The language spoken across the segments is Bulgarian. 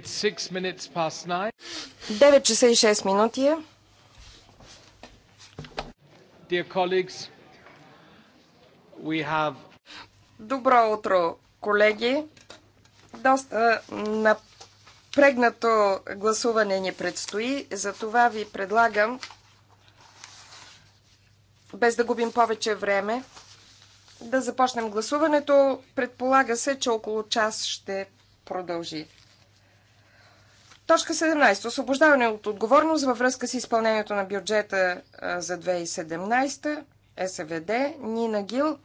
9 часа и 6 минути е. Добро утро, колеги. Доста е, напрегнато гласуване ни предстои, затова ви предлагам, без да губим повече време, да започнем гласуването. Предполага се, че около час ще продължи. Точка 17. Освобождаване от отговорност във връзка с изпълнението на бюджета за 2017. СВД. Нина Гил.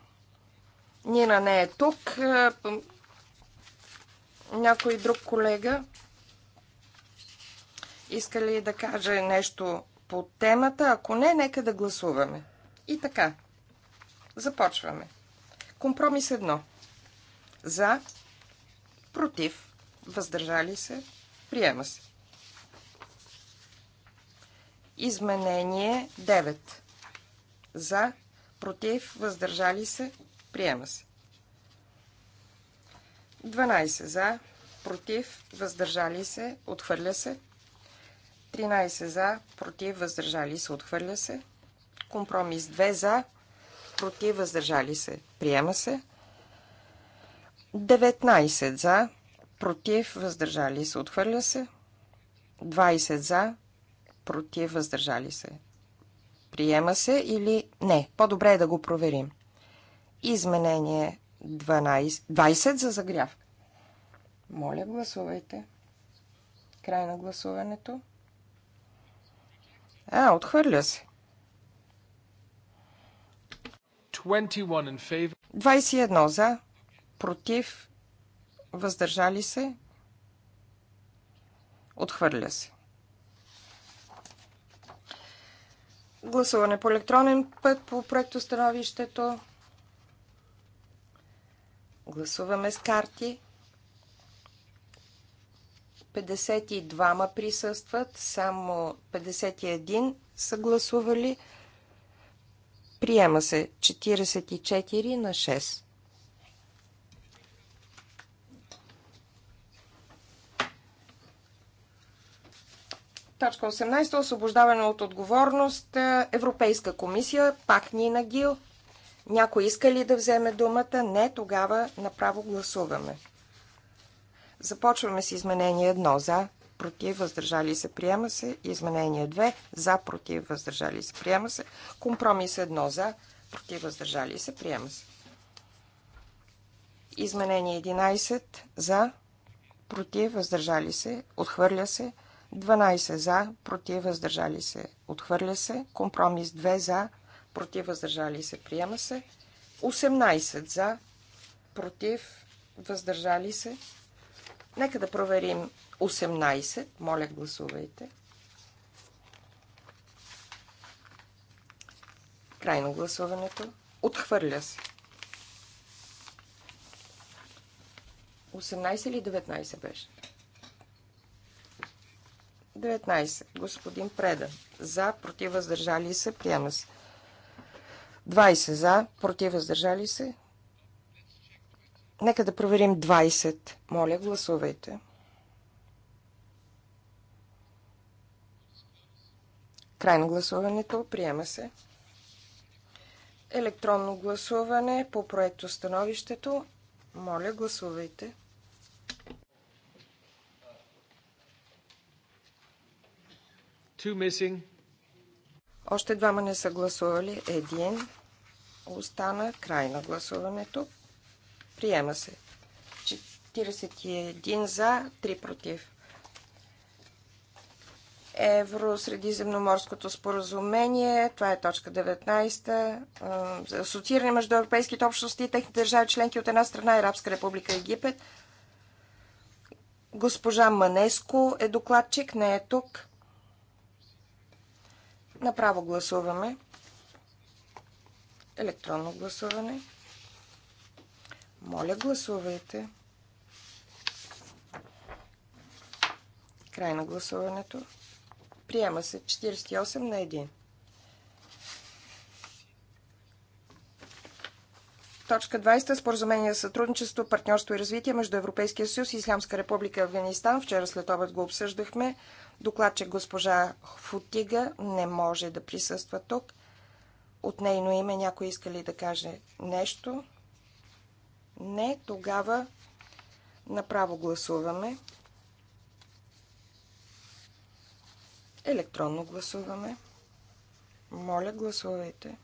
Нина не е тук. Някой друг колега иска ли да каже нещо по темата? Ако не, нека да гласуваме. И така. Започваме. Компромис едно. За, против, въздържали се, приема се. Изменение 9. За, против, въздържали се, приема се. 12 за, против, въздържали се, отхвърля се. 13 за, против, въздържали се, отхвърля се. Компромис 2 за, против, въздържали се, приема се. 19 за, против, въздържали се, отхвърля се. 20 за, против, въздържали се. Приема се или не? По-добре е да го проверим. Изменение 12, 20 за загрявка. Моля, гласувайте. Край на гласуването. А, отхвърля се. 21 за, против, въздържали се, отхвърля се. Гласуване по електронен път по проекто становището. Гласуваме с карти. 52-ма присъстват, само 51 са гласували. Приема се 44 на 6. Точка 18. Е освобождаване от отговорност. Е, Европейска комисия. Пак Нина Гил. Някой иска ли да вземе думата? Не, тогава направо гласуваме. Започваме с изменение 1. За, против, въздържали се, приема се. Изменение 2. За, против, въздържали се, приема се. Компромис 1. За, против, въздържали се, приема се. Изменение 11. За, против, въздържали се, отхвърля се. 12 за, против, въздържали се, отхвърля се. Компромис 2 за, против, въздържали се, приема се. 18 за, против, въздържали се. Нека да проверим 18. Моля, гласувайте. Край на гласуването. Отхвърля се. 18 или 19 беше? 19. Господин Преда. За, против, въздържали се, приема се. 20 за, против, въздържали се. Нека да проверим 20. Моля, гласувайте. Крайно гласуването. Приема се. Електронно гласуване по проекто становището. Моля, гласувайте. Още двама не са гласували. Един остана. Край на гласуването. Приема се. 41 за, 3 против. Евро-средиземноморското споразумение. Това е точка 19. За асоцииране между европейските общности и техните държави членки от една страна Арабска република Египет. Госпожа Манеско е докладчик, не е тук. Направо гласуваме. Електронно гласуване. Моля, гласувайте. Край на гласуването. Приема се 48 на 1. Точка 20. Споразумение за сътрудничество, партньорство и развитие между Европейския съюз и Ислямска република Афганистан. Вчера след обед го обсъждахме. че госпожа Футига не може да присъства тук. От нейно име някой иска ли да каже нещо? Не, тогава направо гласуваме. Електронно гласуваме. Моля, гласувайте.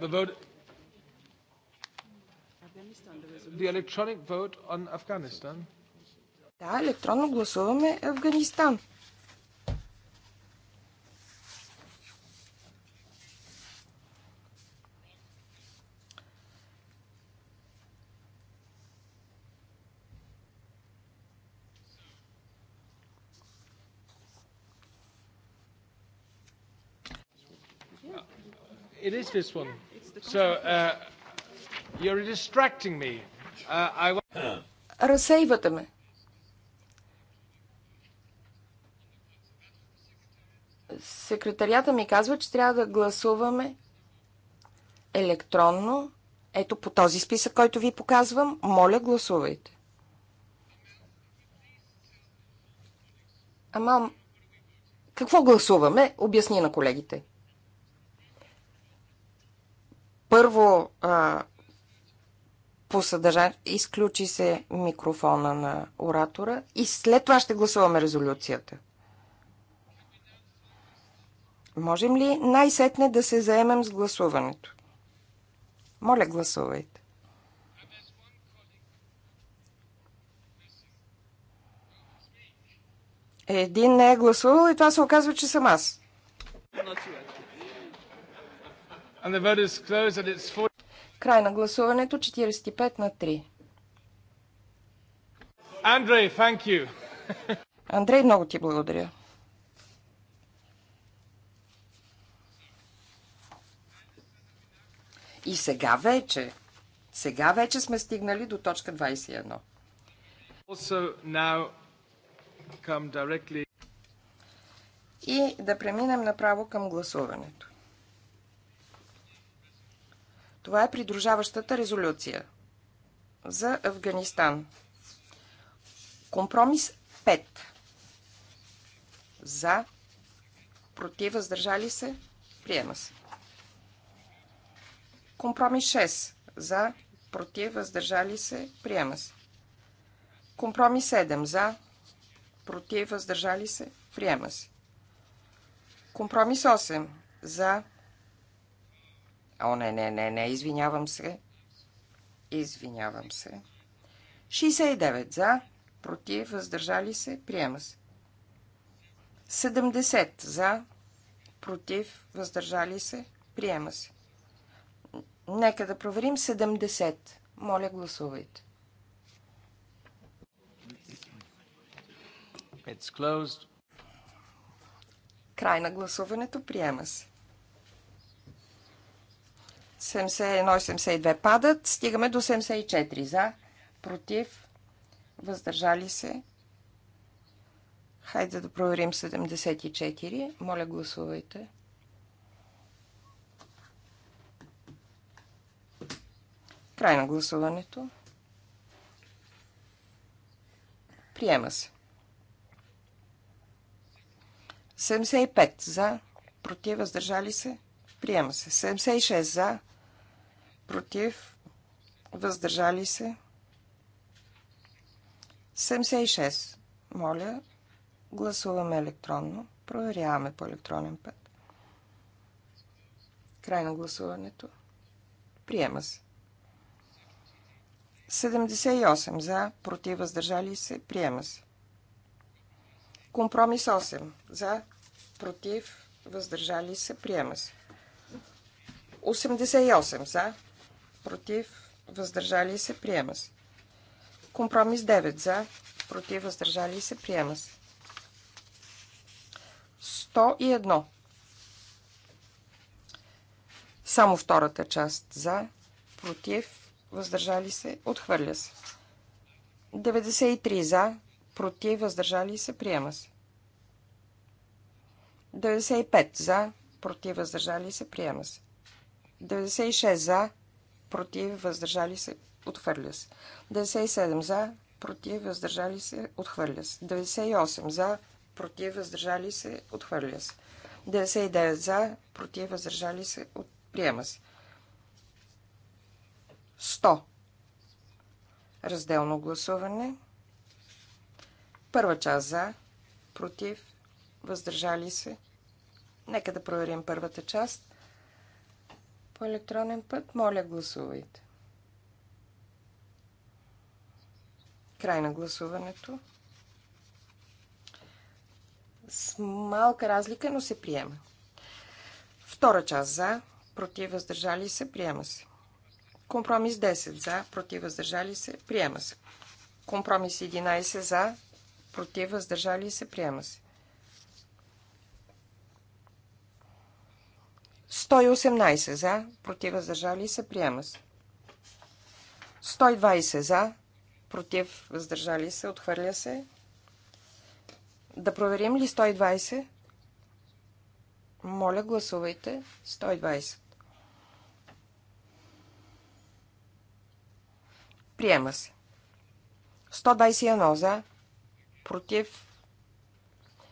The vote. The electronic vote on Afghanistan. Да, електронно гласуваме Афганистан. is this one? So, uh, you're distracting me. Uh, I... Разсейвате ме. Секретарията ми казва, че трябва да гласуваме електронно. Ето по този списък, който ви показвам. Моля, гласувайте. Ама, какво гласуваме? Обясни на колегите. Първо, а, по съдържание, изключи се микрофона на оратора и след това ще гласуваме резолюцията. Можем ли най-сетне да се заемем с гласуването? Моля, гласувайте. Един не е гласувал и това се оказва, че съм аз. Край на гласуването 45 на 3. Андрей, thank you. Андрей, много ти благодаря. И сега вече, сега вече сме стигнали до точка 21. Directly... И да преминем направо към гласуването. Това е придружаващата резолюция за Афганистан. Компромис 5. За, против, въздържали се, приема се. Компромис 6. За, против, въздържали се, приема се. Компромис 7. За, против, въздържали се, приема се. Компромис 8. За, О, не, не, не, не, извинявам се. Извинявам се. 69 за, против, въздържали се, приема се. 70 за, против, въздържали се, приема се. Нека да проверим 70. Моля, гласувайте. Край на гласуването приема се. 71-72 падат. Стигаме до 74. За, против, въздържали се. Хайде да проверим 74. Моля, гласувайте. Край на гласуването. Приема се. 75 за, против, въздържали се. Приема се. 76 за, против, въздържали се. 76. Моля, гласуваме електронно. Проверяваме по електронен път. Край на гласуването. Приема се. 78 за, против, въздържали се. Приема се. Компромис 8 за, против, въздържали се. Приема се. 88 за, против, въздържали се, приема се. Компромис 9 за, против, въздържали се, приема се. 101. Само втората част за, против, въздържали се, отхвърля се. 93 за, против, въздържали се, приема се. 95 за, против, въздържали се, приема се. 96 за, против, въздържали се, отхвърля се. 97 за, против, въздържали се, отхвърля се. 98 за, против, въздържали се, отхвърля се. 99 за, против, въздържали се, от... приема се. 100. Разделно гласуване. Първа част за, против, въздържали се. Нека да проверим първата част по електронен път. Моля, гласувайте. Край на гласуването. С малка разлика, но се приема. Втора част за, против, въздържали се, приема се. Компромис 10 за, против, въздържали се, приема се. Компромис 11 за, против, въздържали се, приема се. 118 за, против въздържали се, приема се. 120 за, против въздържали се, отхвърля се. Да проверим ли 120? Моля, гласувайте 120. Приема се. 121 за, против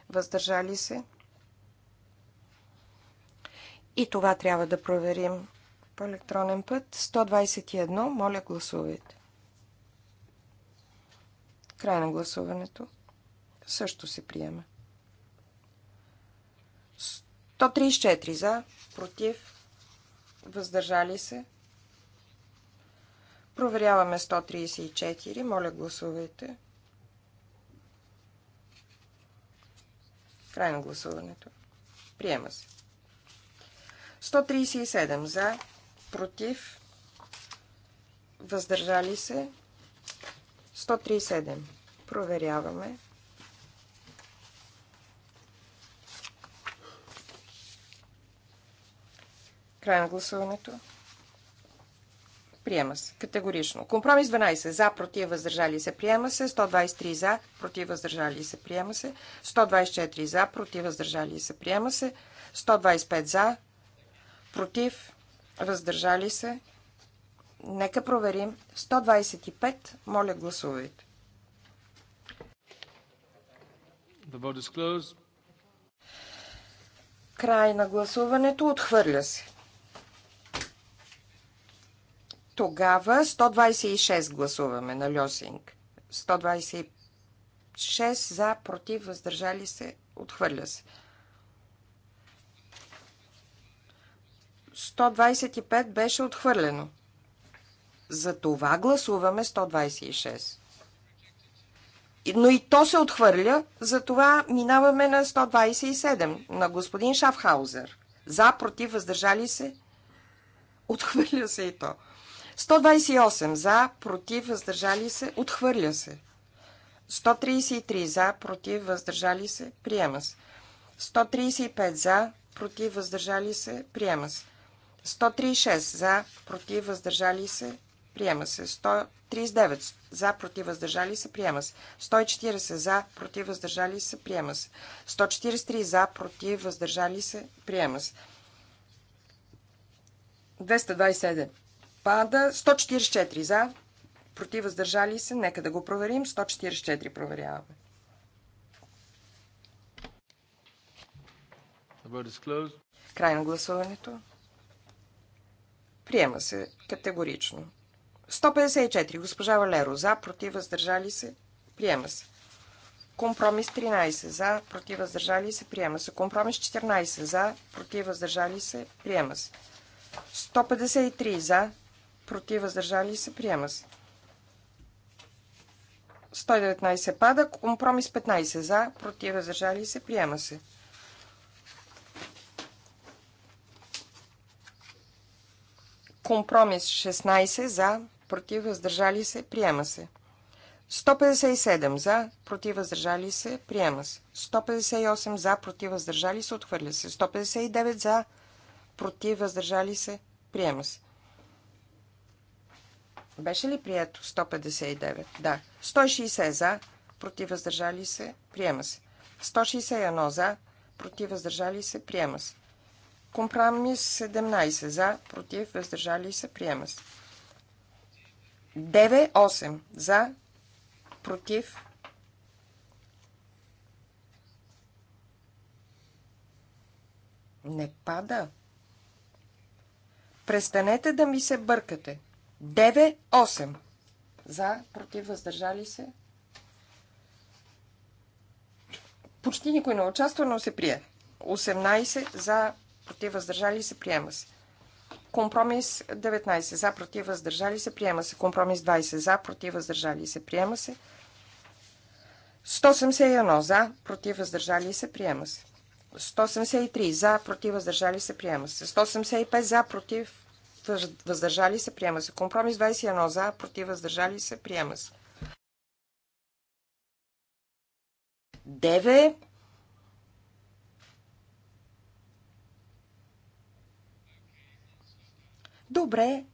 въздържали се. И това трябва да проверим по електронен път. 121. Моля, гласувайте. Край на гласуването. Също се приема. 134 за, против, въздържали се. Проверяваме 134. Моля, гласувайте. Край на гласуването. Приема се. 137 за, против, въздържали се. 137. Проверяваме. Край на гласуването. Приема се. Категорично. Компромис 12. За, против, въздържали се. Приема се. 123 за, против, въздържали се. Приема се. 124 за, против, въздържали се. Приема се. 125 за, против, въздържали се. Нека проверим. 125, моля гласувайте. Край на гласуването отхвърля се. Тогава 126 гласуваме на Льосинг. 126 за, против, въздържали се, отхвърля се. 125 беше отхвърлено. За това гласуваме 126. Но и то се отхвърля, затова минаваме на 127 на господин Шафхаузер. За, против, въздържали се. Отхвърля се и то. 128 за, против, въздържали се. Отхвърля се. 133 за, против, въздържали се. Приема се. 135 за, против, въздържали се. Приема се. 136 за, против, въздържали се, приема се. 139 за, против, въздържали се, приема се. 140 за, против, въздържали се, приема се. 143 за, против, въздържали се, приема се. 227 пада. 144 за, против, въздържали се. Нека да го проверим. 144 проверяваме. Край на гласуването. Приема се категорично. 154. Госпожа Валеро. За, против, въздържали се. Приема се. Компромис 13. За, против, въздържали се. Приема се. Компромис 14. За, против, въздържали се. Приема се. 153. За, против, въздържали се. Приема се. 119 пада. Компромис 15. За, против, въздържали се. Приема се. Компромис 16 за, против, въздържали се, приема се. 157 за, против, въздържали се, приема се. 158 за, против, въздържали се, отхвърля се. 159 за, против, въздържали се, приема се. Беше ли прието 159? Да. 160 за, против, въздържали се, приема се. 161 за, против, въздържали се, приема се. Компромис 17 за, против, въздържали се, приема се. 9-8 за, против. Не пада. Престанете да ми се бъркате. 9-8 за, против, въздържали се. Почти никой не участва, но се прие. 18 за, против, въздържали се, приема се. Компромис 19 за, против, въздържали се, приема се. Компромис 20 за, против, въздържали се, приема се. 171 за, против, въздържали се, приема се. 173 за, против, въздържали се, приема се. 185 за, против, въздържали се, приема се. Компромис 21 за, против, въздържали се, приема се. 9 Добре,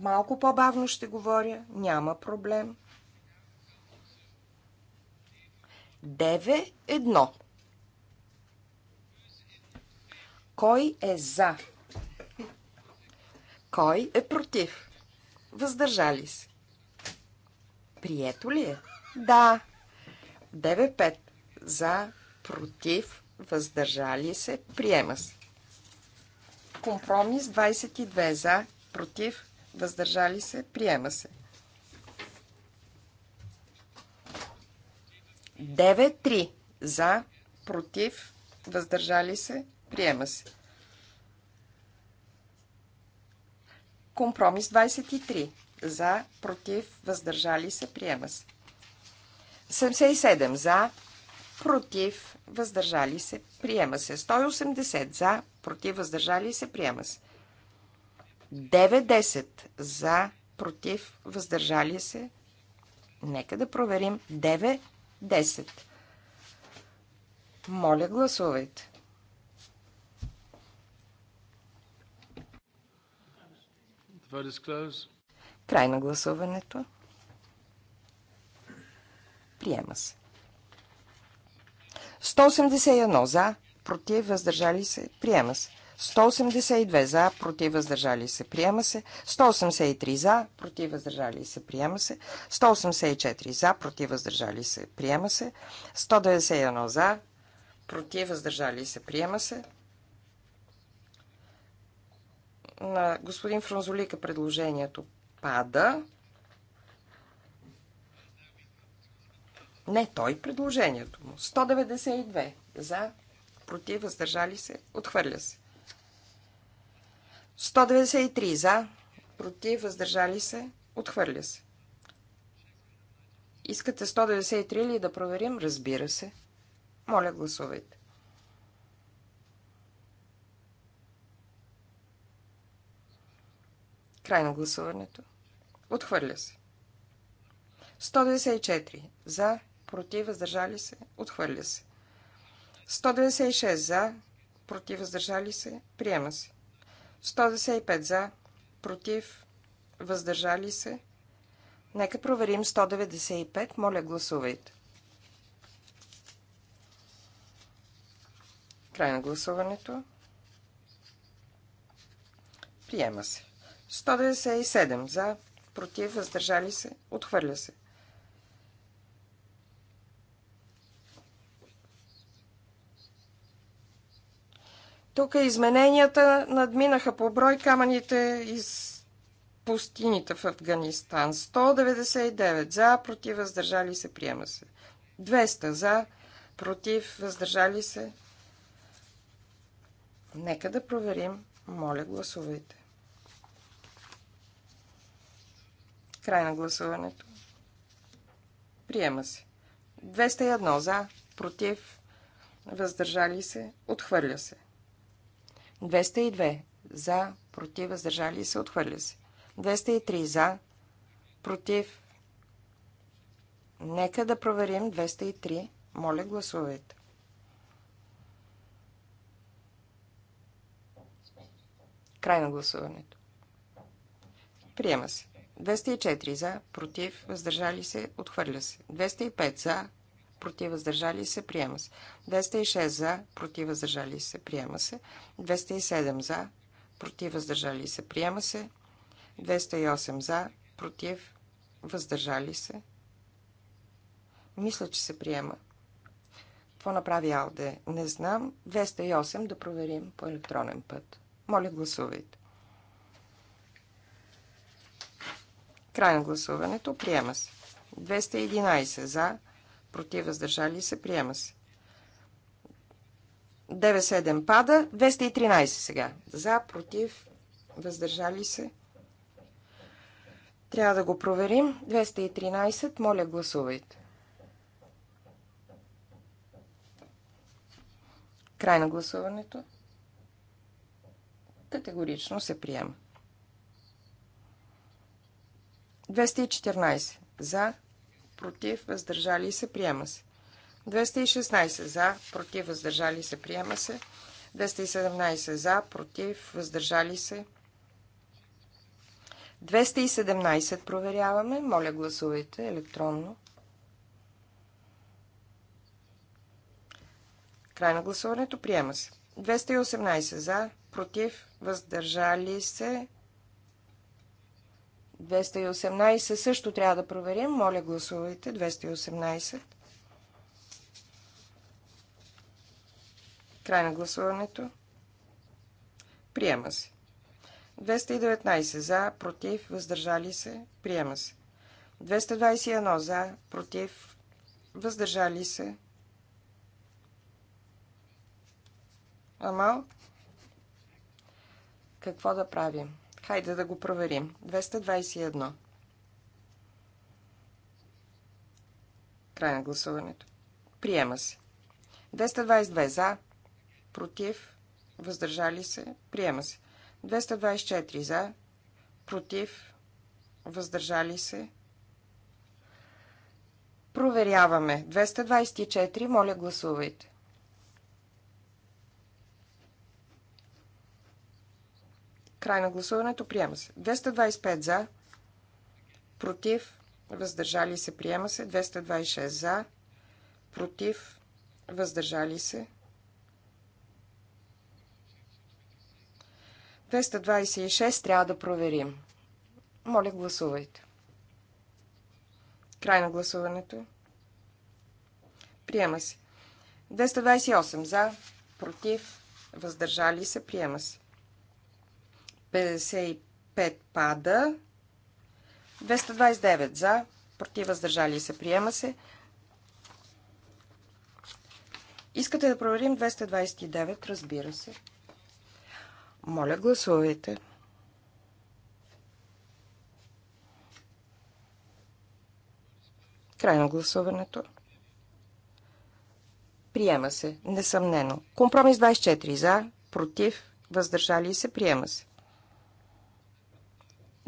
малко по-бавно ще говоря, няма проблем. 9-1. Кой е за? Кой е против? Въздържали се. Прието ли е? Да. 9-5. За, против, въздържали се, приема се. Компромис 22 за, против, въздържали се, приема се. 9-3 за, против, въздържали се, приема се. Компромис 23 за, против, въздържали се, приема се. 77 за, против, въздържали се, приема се. 180 за, против, въздържали се, приема се. 9-10 за, против, въздържали се. Нека да проверим 9-10. Моля, гласувайте. Край на гласуването. Приема се. 181 за, против, въздържали се. Приема се. 182 за, против въздържали се, приема се. 183 за, против въздържали се, приема се. 184 за, против въздържали се, приема се. 191 за, против въздържали се, приема се. На господин Фронзолика предложението пада. Не, той предложението му. 192 за, против въздържали се, отхвърля се. 193 за, против, въздържали се, отхвърля се. Искате 193 ли да проверим? Разбира се. Моля, гласувайте. Край на гласуването. Отхвърля се. 194 за, против, въздържали се, отхвърля се. 196 за, против, въздържали се, приема се. 195 за, против, въздържали се. Нека проверим 195. Моля, гласувайте. Край на гласуването. Приема се. 197 за, против, въздържали се, отхвърля се. Тук измененията надминаха по брой камъните из пустините в Афганистан. 199 за, против, въздържали се, приема се. 200 за, против, въздържали се. Нека да проверим. Моля, гласувайте. Край на гласуването. Приема се. 201 за, против, въздържали се, отхвърля се. 202 за, против, въздържали се, отхвърля се. 203 за, против. Нека да проверим 203. Моля, гласувайте. Край на гласуването. Приема се. 204 за, против, въздържали се, отхвърля се. 205 за, против въздържали се, приема се. 206 за, против въздържали се, приема се. 207 за, против въздържали се, приема се. 208 за, против въздържали се. Мисля, че се приема. Какво направи Алде? Не знам. 208 да проверим по електронен път. Моля, гласувайте. Край на гласуването. Приема се. 211 за, против, въздържали се, приема се. 9-7 пада, 213 сега. За, против, въздържали се. Трябва да го проверим. 213, моля гласувайте. Край на гласуването. Категорично се приема. 214 за, против, въздържали се, приема се. 216 за, против, въздържали се, приема се. 217 за, против, въздържали се. 217 проверяваме. Моля, гласувайте електронно. Край на гласуването. Приема се. 218 за, против, въздържали се. 218 също трябва да проверим. Моля, гласувайте. 218. Край на гласуването. Приема се. 219 за, против, въздържали се. Приема се. 221 за, против, въздържали се. Амал, какво да правим? Хайде да го проверим. 221. Край на гласуването. Приема се. 222 за, против, въздържали се, приема се. 224 за, против, въздържали се. Проверяваме. 224, моля гласувайте. Край на гласуването. Приема се. 225 за. Против. Въздържали се. Приема се. 226 за. Против. Въздържали се. 226 трябва да проверим. Моля, гласувайте. Край на гласуването. Приема се. 228 за, против, въздържали се, приема се. 55 пада. 229 за, против въздържали се, приема се. Искате да проверим 229, разбира се. Моля, гласувайте. Край на гласуването. Приема се, несъмнено. Компромис 24 за, против, въздържали се, приема се.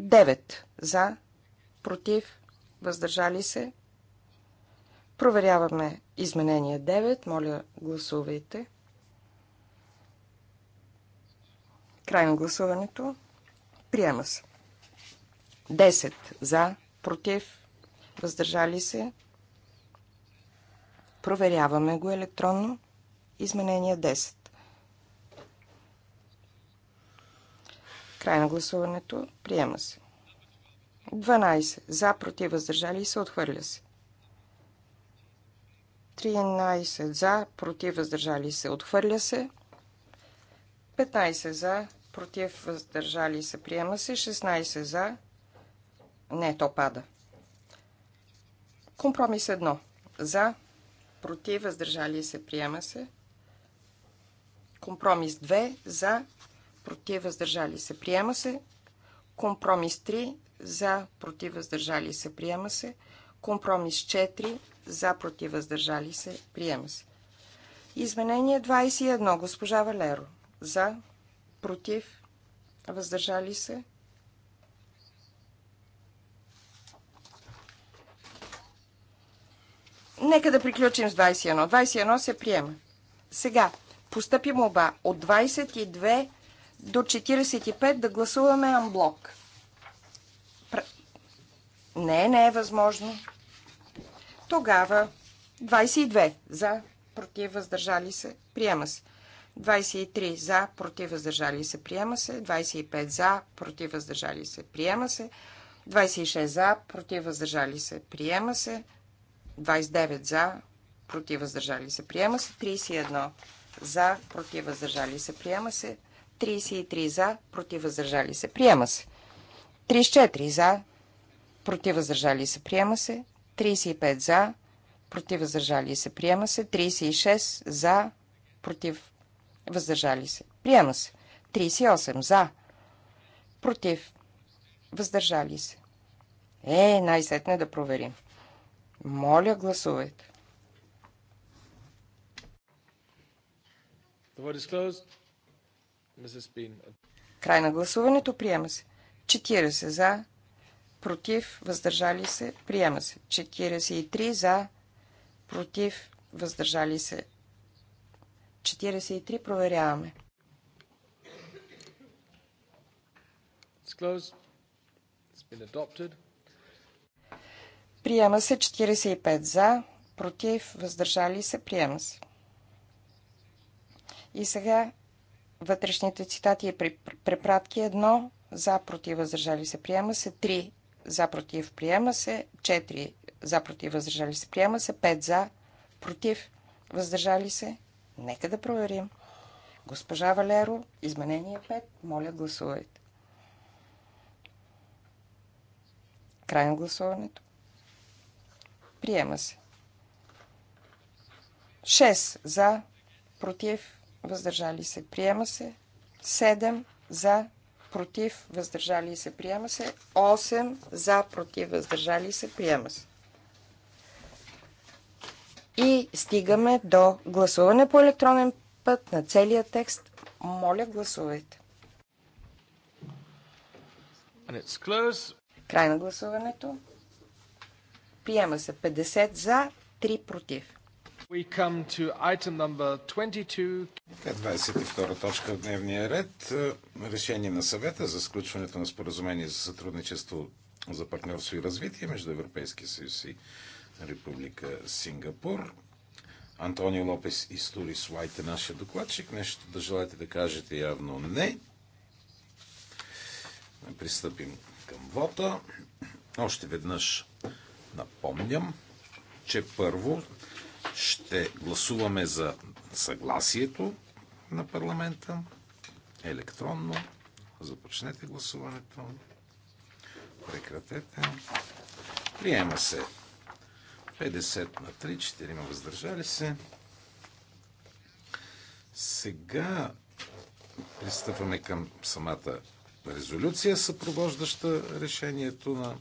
9 за, против, въздържали се. Проверяваме изменение 9. Моля, гласувайте. Край на гласуването. Приема се. 10 за, против, въздържали се. Проверяваме го електронно. Изменение 10. Край на гласуването. Приема се. 12. За, против, въздържали се. Отхвърля се. 13. За, против, въздържали се. Отхвърля се. 15. За, против, въздържали се. Приема се. 16. За. Не, то пада. Компромис 1. За, против, въздържали се. Приема се. Компромис 2. За, против, въздържали се, приема се. Компромис 3 за, против, въздържали се, приема се. Компромис 4 за, против, въздържали се, приема се. Изменение 21. Госпожа Валеро. За, против, въздържали се. Нека да приключим с 21. 21 се приема. Сега, постъпи молба от 22 до 45 да гласуваме амблок. Не, не е възможно. Тогава 22 за, против, въздържали се, приема се. 23 за, против, въздържали се, приема се. 25 за, против, въздържали се, приема се. 26 за, против, въздържали се, приема се. 29 за, против, въздържали се, приема се. 31 за, против, въздържали се, приема се. 33 за, против въздържали се, приема се. 34 за, против въздържали се, приема се. 35 за, против въздържали се, приема се. 36 за, против въздържали се, приема се. 38 за, против въздържали се. Е, най-сетне да проверим. Моля, гласувайте. The vote is closed. Край на гласуването. Приема се. 40 за. Против. Въздържали се. Приема се. 43 за. Против. Въздържали се. 43. Проверяваме. Приема се 45 за, против, въздържали се, приема се. И сега вътрешните цитати и препратки 1 за против въздържали се приема се 3 за против приема се 4 за против възражали се приема се 5 за против въздържали се. Нека да проверим. Госпожа Валеро, изменение 5, моля гласувайте. Край на гласуването. Приема се. 6 за, против, въздържали се, приема се. 7 за, против, въздържали се, приема се. 8 за, против, въздържали се, приема се. И стигаме до гласуване по електронен път на целия текст. Моля, гласувайте. Край на гласуването. Приема се 50 за, 3 против. We come to item number 22. точка в дневния ред. Е, решение на съвета за сключването на споразумение за сътрудничество за партньорство и развитие между Европейския съюз и Република Сингапур. Антонио Лопес и Стури Уайт е нашия докладчик. Нещо да желаете да кажете явно не. Пристъпим към вота. Още веднъж напомням, че първо ще гласуваме за съгласието на парламента електронно. Започнете гласуването. Прекратете. Приема се 50 на 3, 4 въздържали се. Сега пристъпваме към самата резолюция, съпровождаща решението на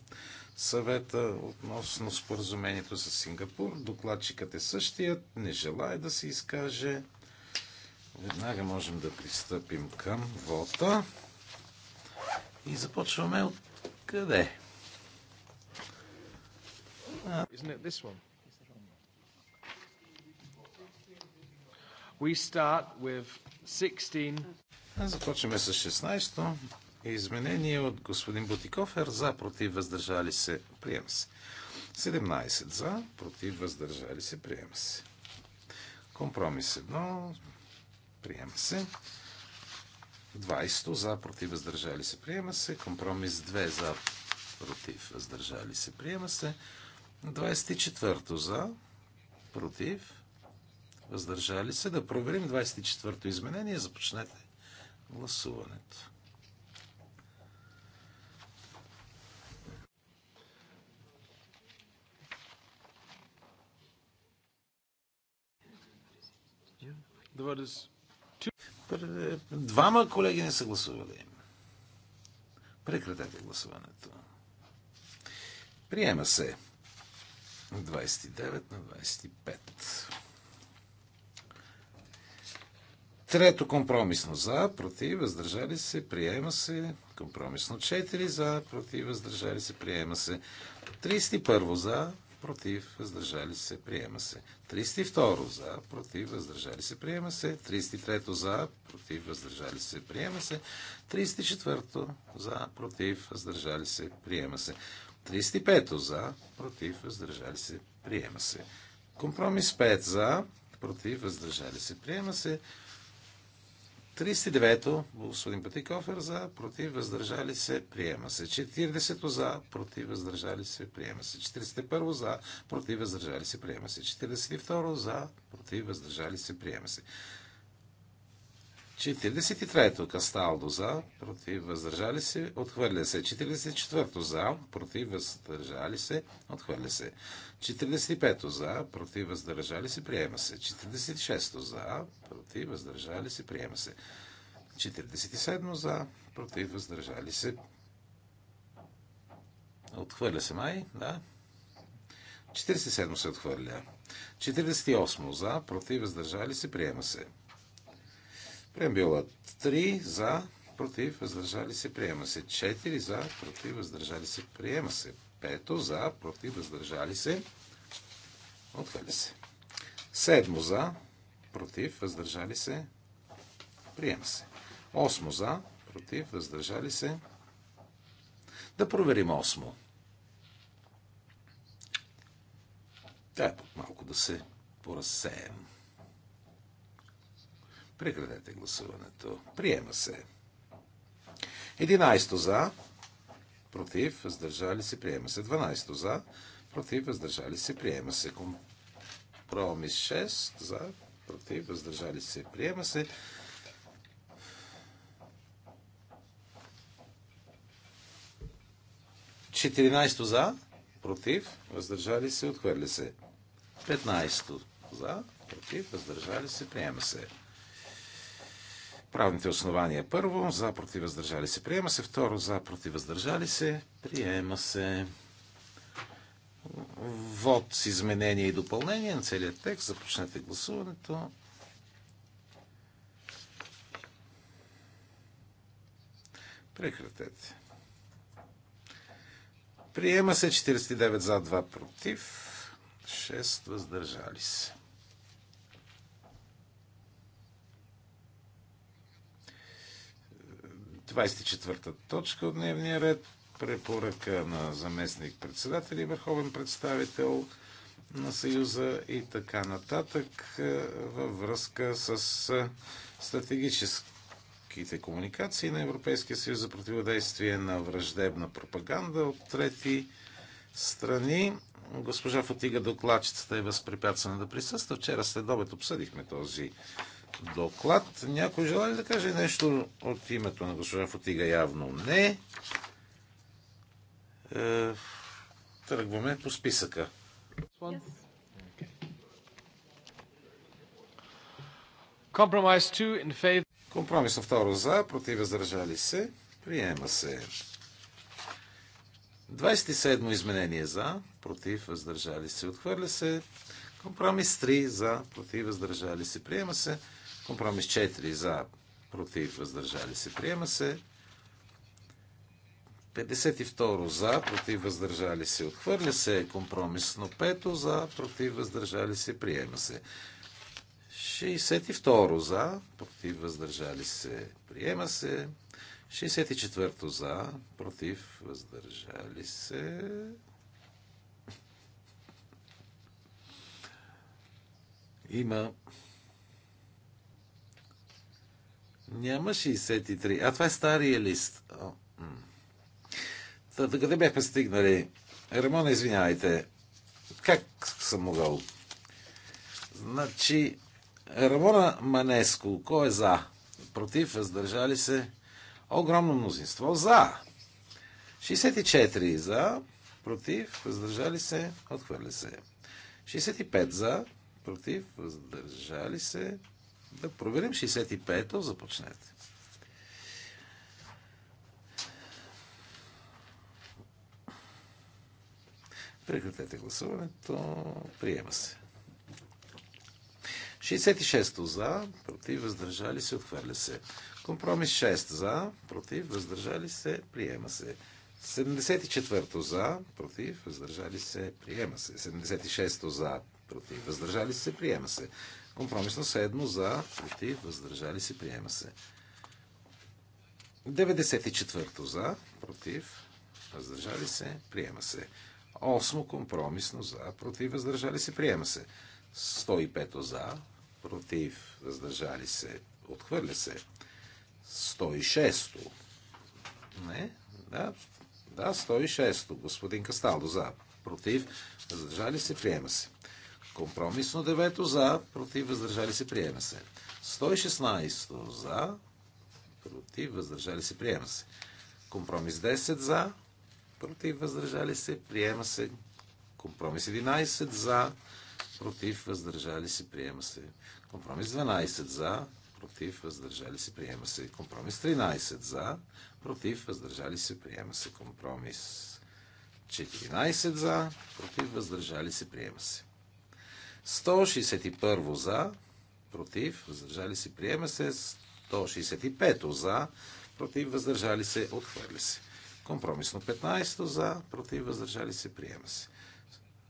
съвета относно споразумението с Сингапур. Докладчикът е същият, не желая да се изкаже. Веднага можем да пристъпим към вота. И започваме от къде? We start with 16. Започваме с 16-то изменение от господин Бутикофер за, против, въздържали се, приема се. 17 за, против, въздържали се, приема се. Компромис 1, приема се. 20 за, против, въздържали се, приема се. Компромис 2 за, против, въздържали се, приема се. 24 за, против, въздържали се. Да проверим 24-то изменение. Започнете гласуването. Двама колеги не са гласували. Прекратете гласуването. Приема се 29 на 25. Трето компромисно за, против, въздържали се, приема се. Компромисно 4 за, против, въздържали се, приема се. 31 за, против, въздържали се, приема се. 32 за, против, въздържали се, приема се. 33 за, против, въздържали се, приема се. 34 за, против, въздържали се, приема се. 35 за, против, въздържали се, приема се. Компромис 5 за, против, въздържали се, приема се. 39-то, господин Патикофер, за, против, въздържали се, приема се. 40-то за, против, въздържали се, приема се. 41-то за, против, въздържали се, приема се. 42-то за, против, въздържали се, приема се. 43-то Касталдо за, против въздържали се, отхвърля се. 44-то за, против въздържали се, отхвърля се. 45-то за, против въздържали се, приема се. 46-то за, против въздържали се, приема се. 47-то за, против въздържали се. Отхвърля се май, да. 47 се отхвърля. 48 за, против въздържали се, приема се. Преамбюла 3 за, против, въздържали се, приема се. 4 за, против, въздържали се, приема се. 5 за, против, въздържали се, отхвърля се. 7 за, против, въздържали се, приема се. 8 за, против, въздържали се. Да проверим 8. Трябва малко да се поразсеем. Прекратете гласуването. Приема се. 11 за, против, въздържали се, приема се. 12 за, против, въздържали се, приема се. Компромис 6 за, против, въздържали се, приема се. Четиринайсто за, против, въздържали се, отхвърли се. Петнайсто за, против, въздържали се, приема се. Правните основания. Първо, за против въздържали се. Приема се. Второ, за против въздържали се. Приема се. Вод с изменение и допълнение на целият текст. Започнете гласуването. Прекратете. Приема се 49 за 2 против, 6 въздържали се. 24-та точка от дневния ред. Препоръка на заместник председател и върховен представител на Съюза и така нататък е, във връзка с е, стратегическите комуникации на Европейския съюз за противодействие на враждебна пропаганда от трети страни. Госпожа Фатига докладчицата е възпрепятствана да присъства. Вчера след обед обсъдихме този доклад. Някой желая ли да каже нещо от името на госпожа Фотига? Явно не. Е, тръгваме по списъка. Компромис Okay. второ за, против въздържали се. Приема се. 27 изменение за, против въздържали се. Отхвърля се. Компромис 3 за, против въздържали се. Приема се. Компромис 4 за, против, въздържали се, приема се. 52 за, против, въздържали се, отхвърля се. Компромис на 5 за, против, въздържали се, приема се. 62 за, против, въздържали се, приема се. 64 за, против, въздържали се. Има няма 63. А това е стария лист. Та, къде бяхме стигнали? Рамона, извинявайте. Как съм могъл? Значи, Рамона Манеско, кой е за? Против, въздържали се. Огромно мнозинство за. 64 за, против, въздържали се, отхвърля се. 65 за, против, въздържали се, да проверим 65-то, започнете. Прекратете гласуването. Приема се. 66-то за, против, въздържали се, отхвърля се. Компромис 6 за, против, въздържали се, приема се. 74-то за, против, въздържали се, приема се. 76-то за, против, въздържали се, приема се. Компромисно седмо за, против, въздържали се, приема се. 94-то за, против, въздържали се, приема се. Осмо компромисно за, против, въздържали се, приема се. 105 за, против, въздържали се, отхвърля се. 106 Не, да, да, 106 Господин Касталдо за, против, въздържали се, приема се. Компромисно 9 за, против, въздържали се, приема се. 116 за, против, въздържали се, приема се. Компромис 10 за, против, въздържали се, приема се. Компромис 11 за, против, въздържали се, приема се. Компромис 12 за, против, въздържали се, приема се. Компромис 13 за, против, въздържали се, приема се. Компромис 14 за, против, въздържали се, приема се. 161 за, против, въздържали се, приема се. 165 за, против, въздържали се, отхвърли се. Компромисно 15 за, против, въздържали се, приема се.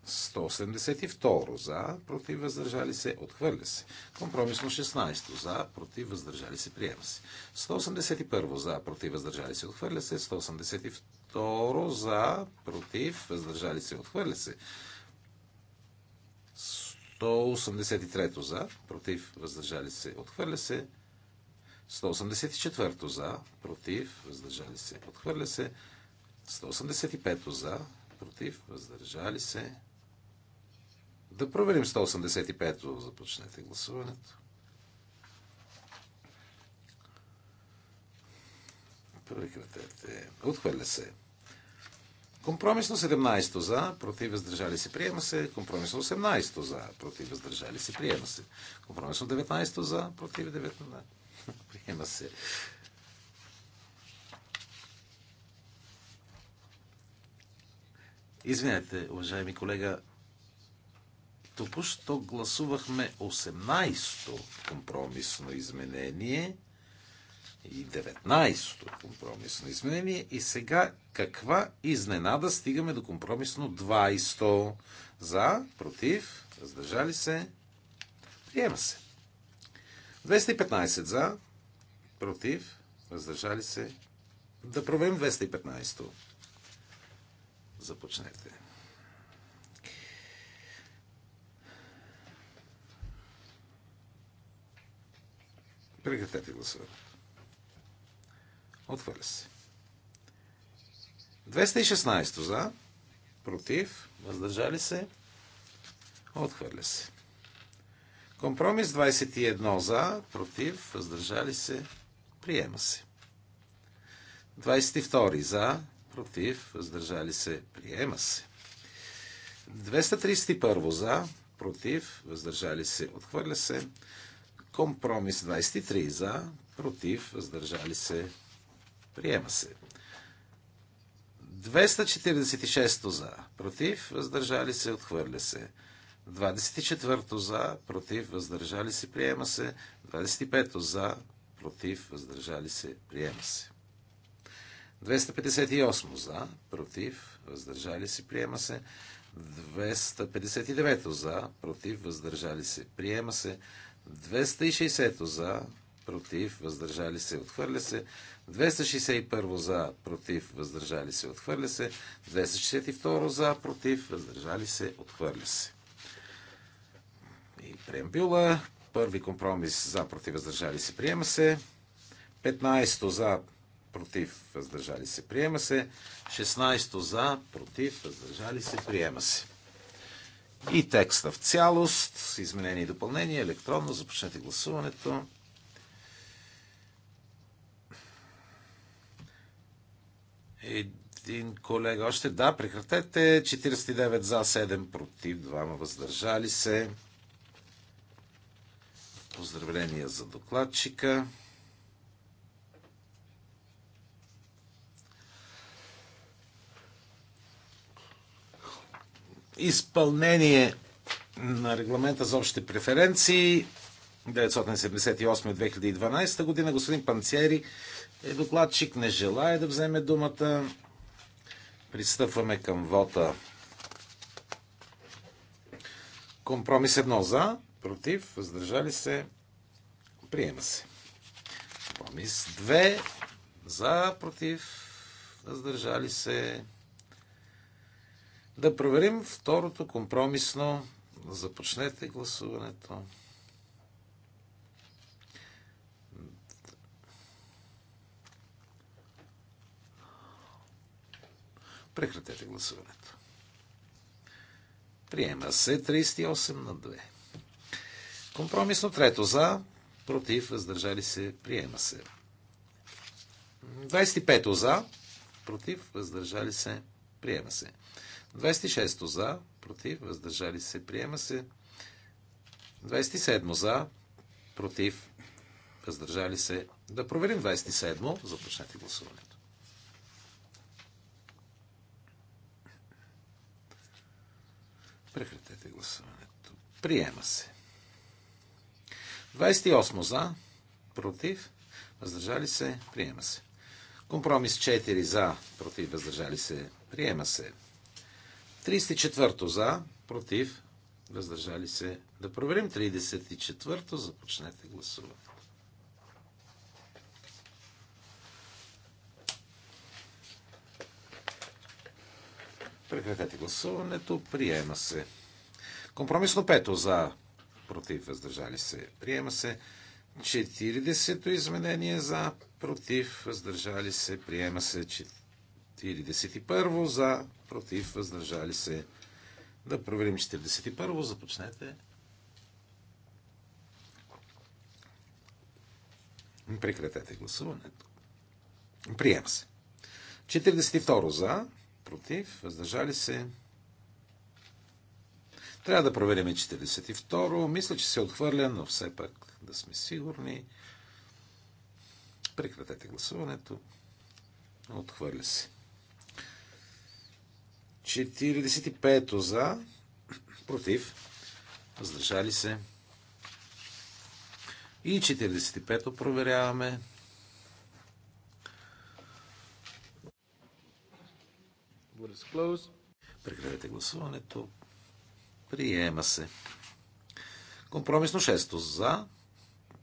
172 за, против въздържали се, отхвърля се. Компромисно 16 за, против въздържали се, приема се. 181 за, против въздържали се, отхвърля се. 182 за, против въздържали се, отхвърля се. 183 за, против, въздържали се, отхвърля се. 184 за, против, въздържали се, отхвърля се. 185 за, против, въздържали се. Да проверим 185-то, започнете гласуването. Прекратете. Отхвърля се. Компромисно 17 за, против въздържали се, приема се. Компромисно 18 за, против въздържали се, приема се. Компромисно 19 за, против 19. Приема се. Извинете, уважаеми колега, току-що гласувахме 18-то компромисно изменение и 19-то компромисно изменение. И сега каква изненада стигаме до компромисно 20-то? За, против, въздържали се, приема се. 215 за, против, въздържали се. Да проверим 215-то. Започнете. Прекратете гласуване. Отвърля се. 216 за. Против. Въздържали се. Отхвърля се. Компромис 21 за. Против. Въздържали се. Приема се. 22 за. Против. Въздържали се. Приема се. 231 за. Против. Въздържали се. Отхвърля се. Компромис 23 за. Против. Въздържали се. Приема се. 246 за, против, въздържали се, отхвърля се. 24 за, против, въздържали се, приема се. 25 за, против, въздържали се, приема се. 258 за, против, въздържали се, приема се. 259 за, против, въздържали се, приема се. 260 за, против, въздържали се, отхвърля се. 261 за, против, въздържали се, отхвърля се. 262 за, против, въздържали се, отхвърля се. И преамбюла. Първи компромис за, против, въздържали се, приема се. 15 за, против, въздържали се, приема се. 16 за, против, въздържали се, приема се. И текста в цялост, изменение и допълнение, електронно, започнете гласуването. Един колега още. Да, прекратете. 49 за, 7 против, 2 въздържали се. Поздравления за докладчика. Изпълнение на регламента за общите преференции 978 2012 година господин Панцери е, докладчик не желая да вземе думата. Пристъпваме към вота. Компромис едно за, против, въздържали се, приема се. Компромис 2 за, против, въздържали се. Да проверим второто компромисно. Започнете гласуването. Прекратете гласуването. Приема се 38 на 2. Компромисно трето за, против, въздържали се, приема се. 25 за, против, въздържали се, приема се. 26 за, против, въздържали се, приема се. 27 за, против, въздържали се. Да проверим 27. Започнете гласуването. Прекратете гласуването. Приема се. 28 за, против, въздържали се, приема се. Компромис 4 за, против, въздържали се, приема се. 34 за, против, въздържали се. Да проверим 34-то, започнете гласуване. Прекратете гласуването. Приема се. Компромисно пето за против въздържали се. Приема се. 40-то изменение за против въздържали се. Приема се. 41-во за против въздържали се. Да проверим 41-во. Започнете. Прекратете гласуването. Приема се. 42 за против, въздържали се. Трябва да проверим 42. Мисля, че се е отхвърля, но все пак да сме сигурни. Прекратете гласуването. Отхвърля се. 45 за, против, въздържали се. И 45-то проверяваме. Прекратете гласуването. Приема се. Компромисно 6 за,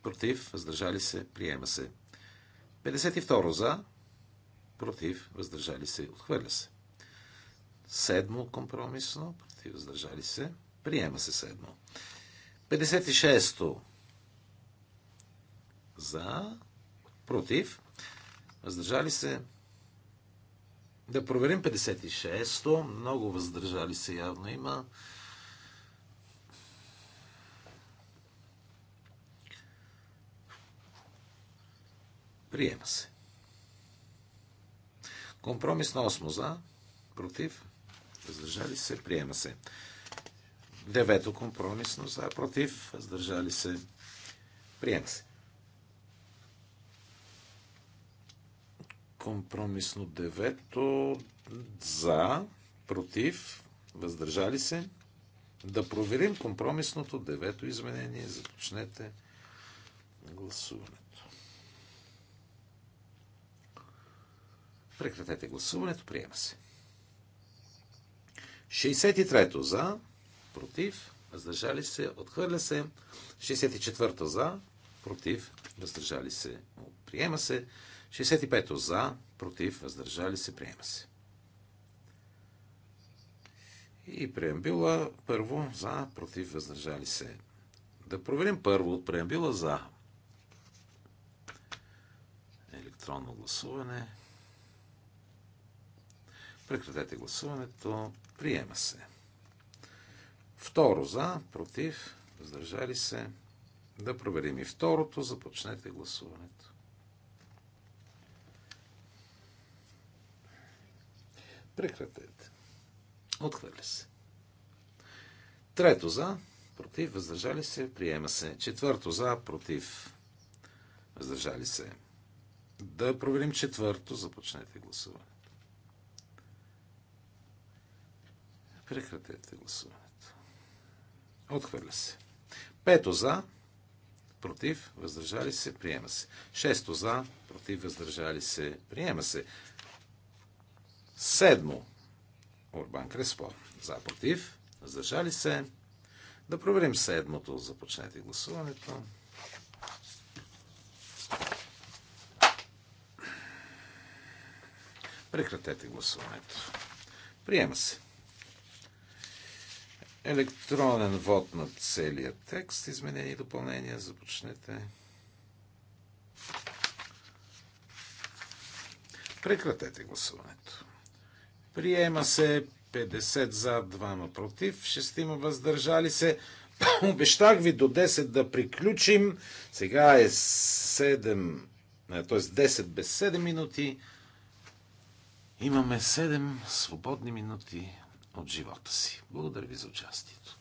против, въздържали се, приема се. 52 за, против, въздържали се, отхвърля се. Седмо компромисно, против, въздържали се, приема се седмо. 56 за, против, въздържали се, да проверим 56-то. Много въздържали се явно има. Приема се. Компромис на 8 за, против, въздържали се, приема се. Девето компромисно за, против, въздържали се, приема се. Компромисно девето за, против, въздържали се. Да проверим компромисното девето изменение. Започнете гласуването. Прекратете гласуването. Приема се. 63-то за, против, въздържали се, отхвърля се. 64-то за, против, въздържали се, приема се. 65 за, против, въздържали се, приема се. И преамбила първо за, против, въздържали се. Да проверим първо от преамбила за. Електронно гласуване. Прекратете гласуването. Приема се. Второ за, против, въздържали се. Да проверим и второто. Започнете гласуването. Прекратете. Отхвърля се. Трето за, против, въздържали се, приема се. Четвърто за, против, въздържали се. Да проверим четвърто, започнете гласуването. Прекратете гласуването. Отхвърля се. Пето за, против, въздържали се, приема се. Шесто за, против, въздържали се, приема се. Седмо. Орбан Креспо. За, против. Въздържали се. Да проверим седмото. Започнете гласуването. Прекратете гласуването. Приема се. Електронен вод на целия текст. Изменени и допълнения. Започнете. Прекратете гласуването. Приема се 50 за, 2 против, 6 въздържали се. Обещах ви до 10 да приключим. Сега е 7, е, т.е. 10 без 7 минути. Имаме 7 свободни минути от живота си. Благодаря ви за участието.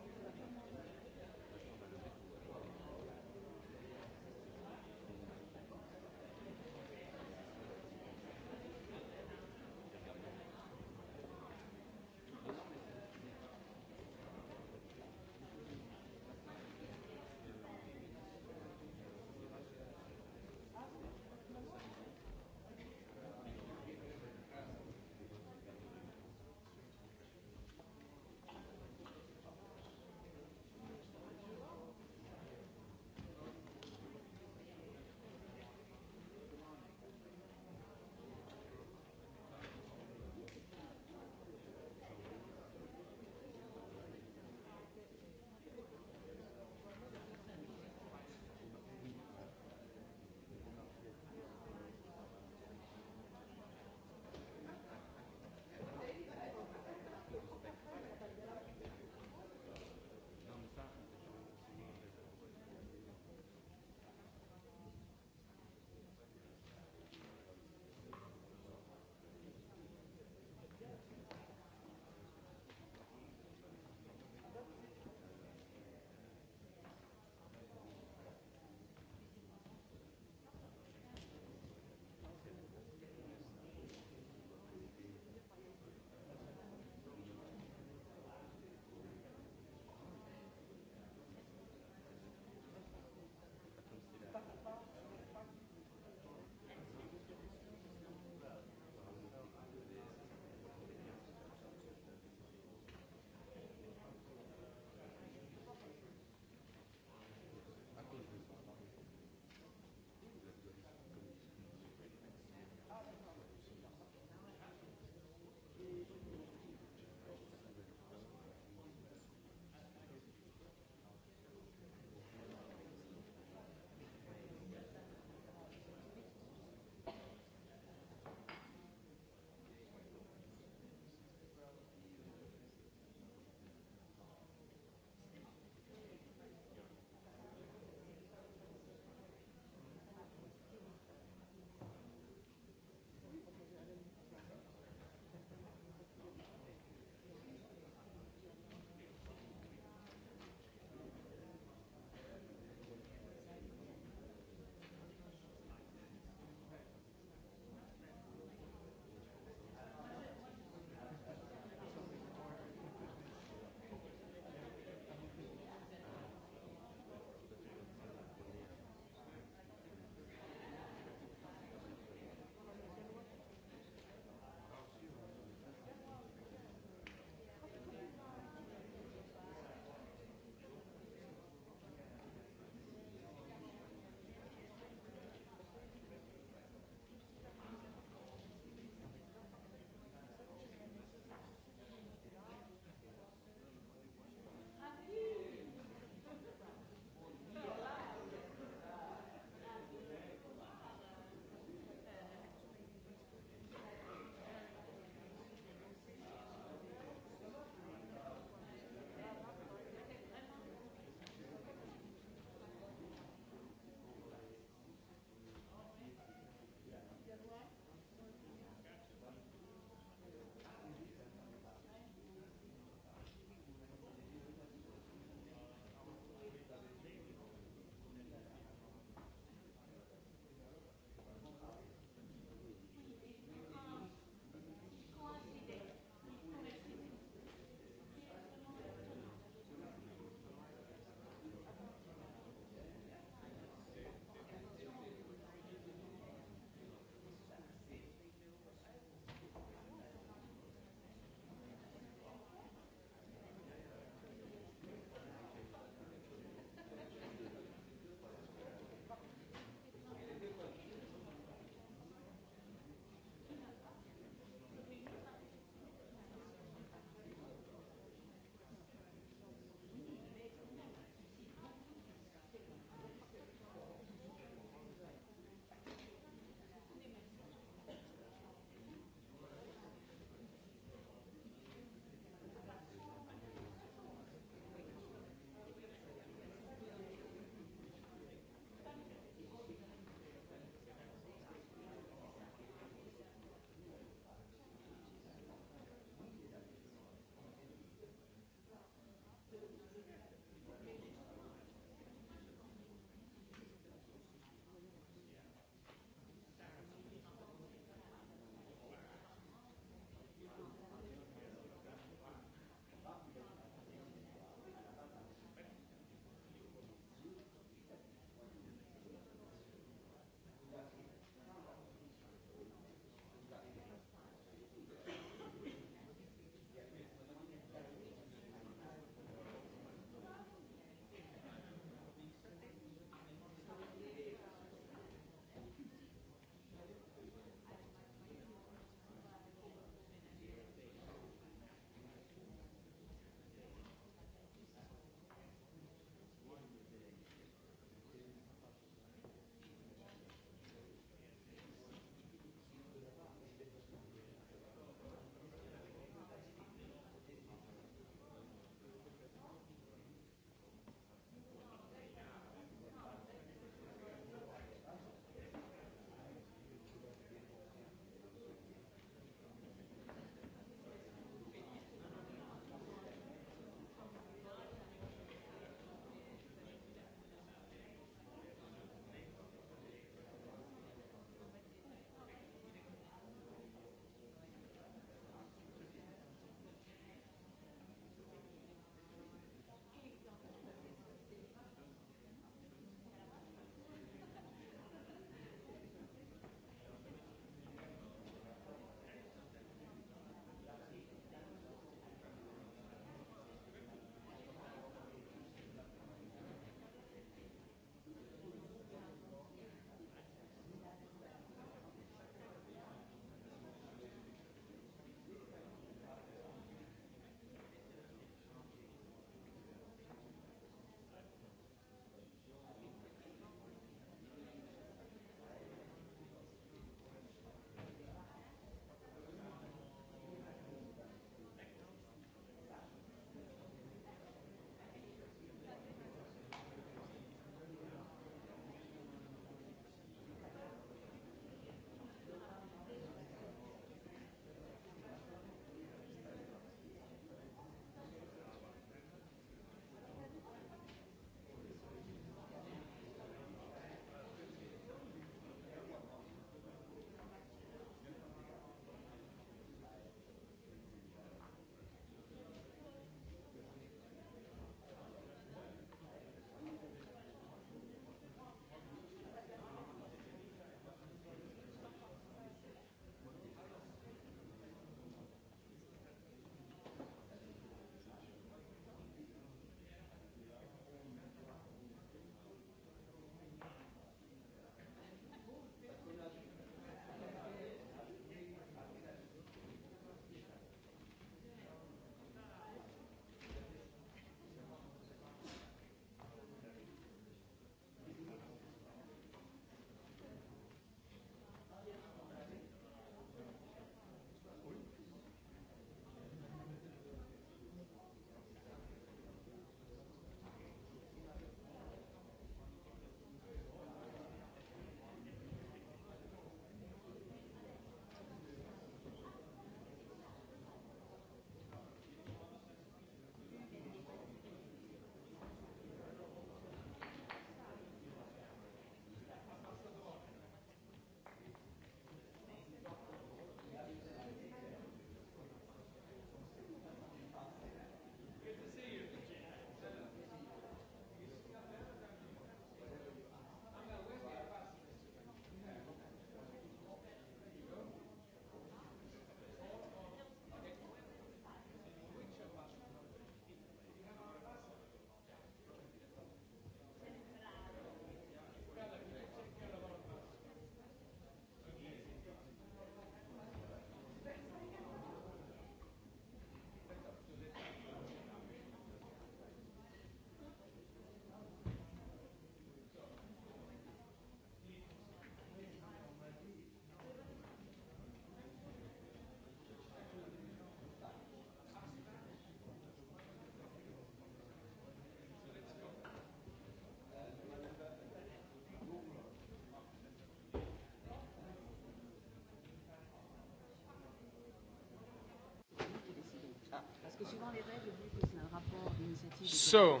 So.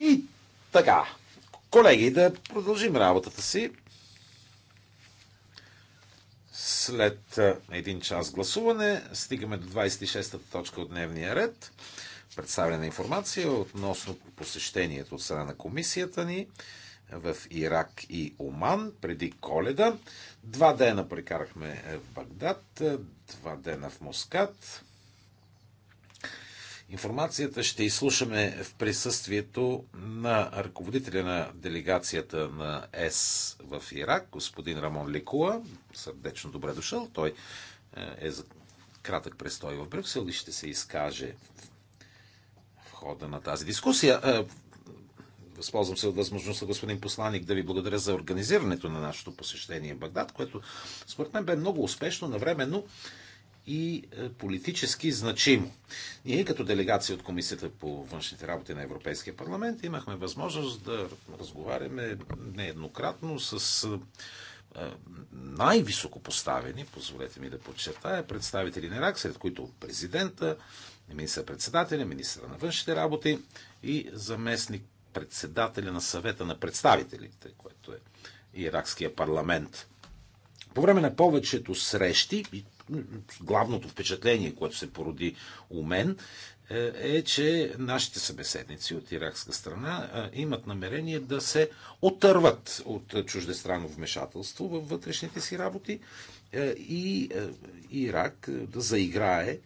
И така, колеги, да продължим работата си. След един час гласуване стигаме до 26-та точка от дневния ред. Представена информация относно посещението от страна на комисията ни в Ирак и Оман преди коледа. Два дена прекарахме в Багдад, два дена в Москат. Информацията ще изслушаме в присъствието на ръководителя на делегацията на ЕС в Ирак, господин Рамон Ликуа. Сърдечно добре дошъл. Той е, е за кратък престой в Брюксел и ще се изкаже в хода на тази дискусия. Е, възползвам се от възможността, господин посланик, да ви благодаря за организирането на нашето посещение в Багдад, което според мен бе много успешно, навременно. Но и е, политически значимо. Ние като делегация от Комисията по външните работи на Европейския парламент имахме възможност да разговаряме нееднократно с е, е, най-високо поставени, позволете ми да подчертая, представители на Ирак, сред които президента, министър-председателя, министра на външните работи и заместник председателя на съвета на представителите, което е иракския парламент. По време на повечето срещи, и главното впечатление, което се породи у мен, е, е че нашите събеседници от иракска страна имат намерение да се отърват от чуждестранно вмешателство във вътрешните си работи е, и е, Ирак да заиграе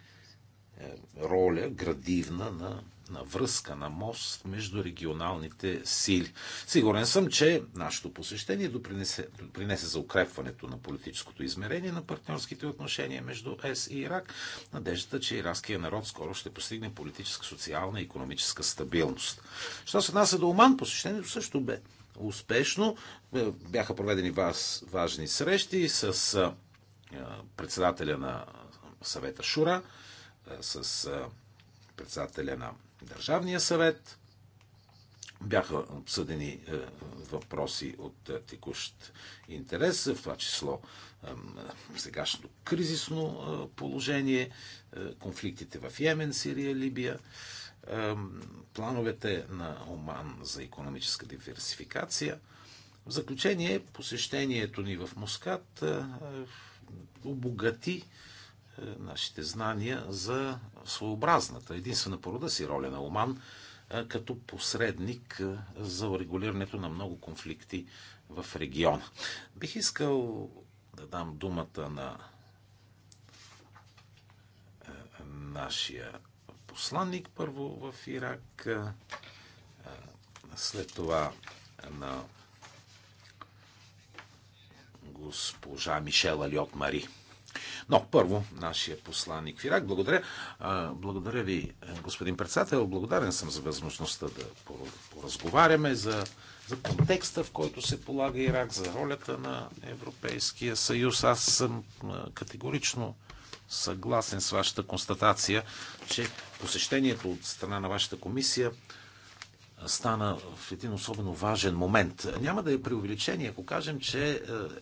роля градивна на на връзка, на мост между регионалните сили. Сигурен съм, че нашето посещение допринесе, допринесе за укрепването на политическото измерение на партньорските отношения между ЕС и Ирак. Надеждата, че иракския народ скоро ще постигне политическа, социална и економическа стабилност. Що се отнася до Оман, посещението също бе успешно. Е, бяха проведени вас, важни срещи с председателя на съвета Шура, е, с председателя на Държавния съвет. Бяха обсъдени е, въпроси от е, текущ интерес, в това число сегашното кризисно е, положение, конфликтите в Йемен, Сирия, Либия, плановете на Оман за економическа диверсификация. В заключение, посещението ни в Москат обогати е, нашите знания за своеобразната, единствена порода си роля на Оман е, като посредник е, за урегулирането на много конфликти в региона. Бих искал да дам думата на нашия посланник първо в Ирак, след това на госпожа Мишела Льот Мари. Но първо, нашия посланник в Ирак. Благодаря. Благодаря ви, господин председател. Благодарен съм за възможността да поразговаряме за, за контекста, в който се полага Ирак, за ролята на Европейския съюз. Аз съм категорично съгласен с вашата констатация, че посещението от страна на вашата комисия стана в един особено важен момент. Няма да е преувеличение, ако кажем, че е,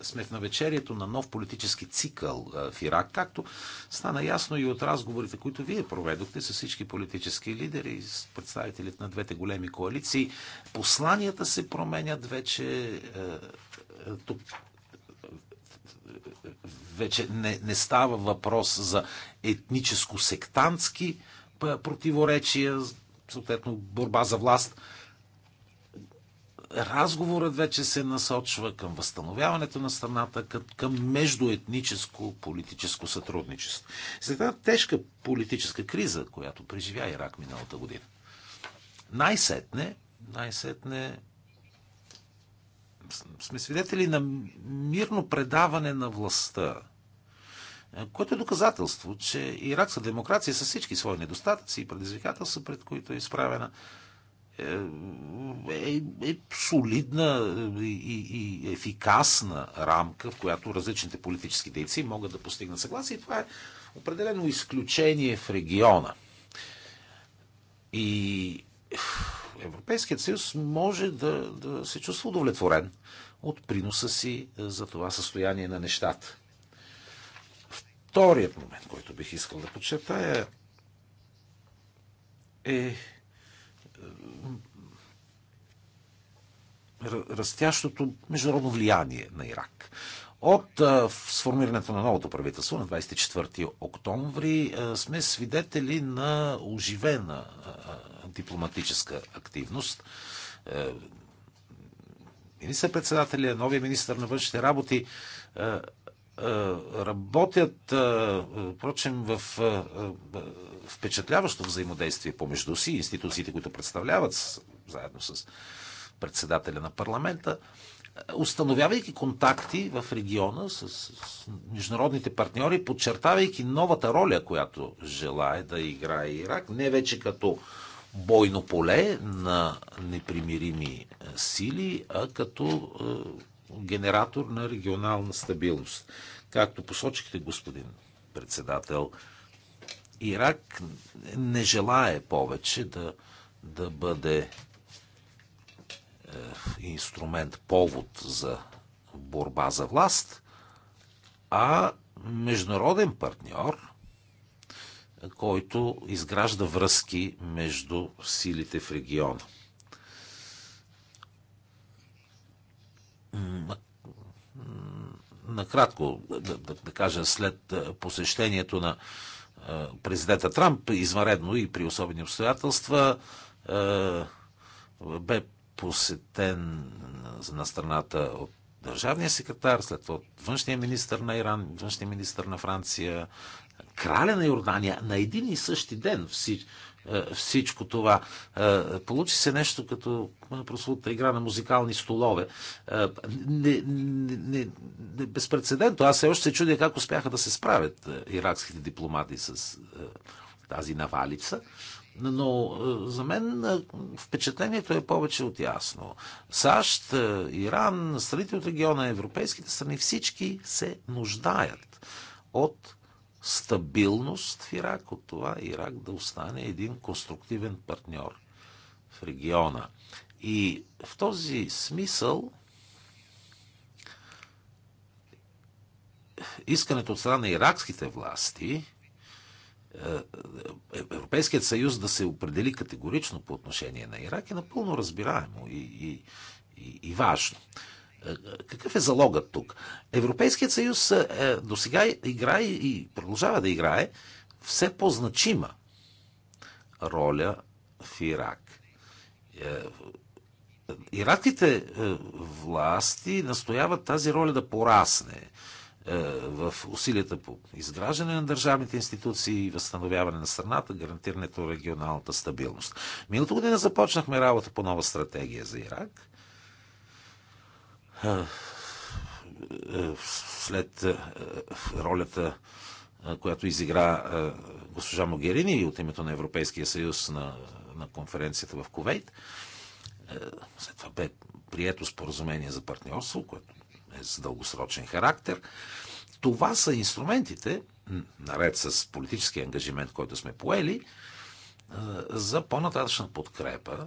сме в навечерието на нов политически цикъл е, в Ирак, както стана ясно и от разговорите, които вие проведохте с всички политически лидери с представителите на двете големи коалиции. Посланията се променят вече е, тук вече не, не става въпрос за етническо-сектантски противоречия, съответно борба за власт. Разговорът вече се насочва към възстановяването на страната, към междуетническо политическо сътрудничество. След една тежка политическа криза, която преживя Ирак миналата година, най-сетне, най-сетне сме свидетели на мирно предаване на властта е, което е доказателство, че иракска демокрация с всички свои недостатъци и предизвикателства, пред които е изправена, е, е, е солидна е, и, и ефикасна рамка, в която различните политически дейци могат да постигнат съгласие. И това е определено изключение в региона. И Европейският съюз може да, да се чувства удовлетворен от приноса си за това състояние на нещата. Вторият момент, който бих искал да подчертая е, е растящото международно влияние на Ирак. От е, сформирането на новото правителство на 24 октомври е, сме свидетели на оживена дипломатическа активност. Министър-председателя, новия министър на външните работи е, работят, е, впрочем, в е, впечатляващо взаимодействие помежду си, институциите, които представляват, заедно с председателя на парламента, установявайки контакти в региона с, с международните партньори, подчертавайки новата роля, която желая да играе Ирак, не вече като бойно поле на непримирими сили, а като генератор на регионална стабилност. Както посочихте, господин председател, Ирак не желае повече да, да бъде е, инструмент, повод за борба за власт, а международен партньор, който изгражда връзки между силите в региона. накратко да, да, да кажа, след посещението на президента Трамп, извънредно и при особени обстоятелства, бе посетен на страната от държавния секретар, след това от външния министр на Иран, външния министр на Франция, краля на Йордания, на един и същи ден. Всич, е, всичко това. Е, получи се нещо като е, прослута игра на музикални столове. Не, не, не, не безпредседентно. Аз все още се чудя как успяха да се справят иракските дипломати с тази навалица. Но за мен впечатлението е повече от ясно. САЩ, Иран, страните от региона, европейските страни, всички се нуждаят от стабилност в Ирак, от това Ирак да остане един конструктивен партньор в региона. И в този смисъл искането от страна на иракските власти е, е, Европейският съюз да се определи категорично по отношение на Ирак е напълно разбираемо и, и, и, и важно. Какъв е залогът тук? Европейският съюз е, е до сега играе и продължава да играе все по-значима роля в Ирак. Е, иракските е, власти настояват тази роля да порасне в усилията по изграждане на държавните институции и възстановяване на страната, гарантирането на регионалната стабилност. Миналата година започнахме работа по нова стратегия за Ирак е, след е, ролята, е, която изигра госпожа Могерини от името на Европейския съюз на, на конференцията в Ковейт. След това бе прието споразумение за партньорство, което е с дългосрочен характер. Това са инструментите, наред с политически ангажимент, който сме поели, за по-нататъчна подкрепа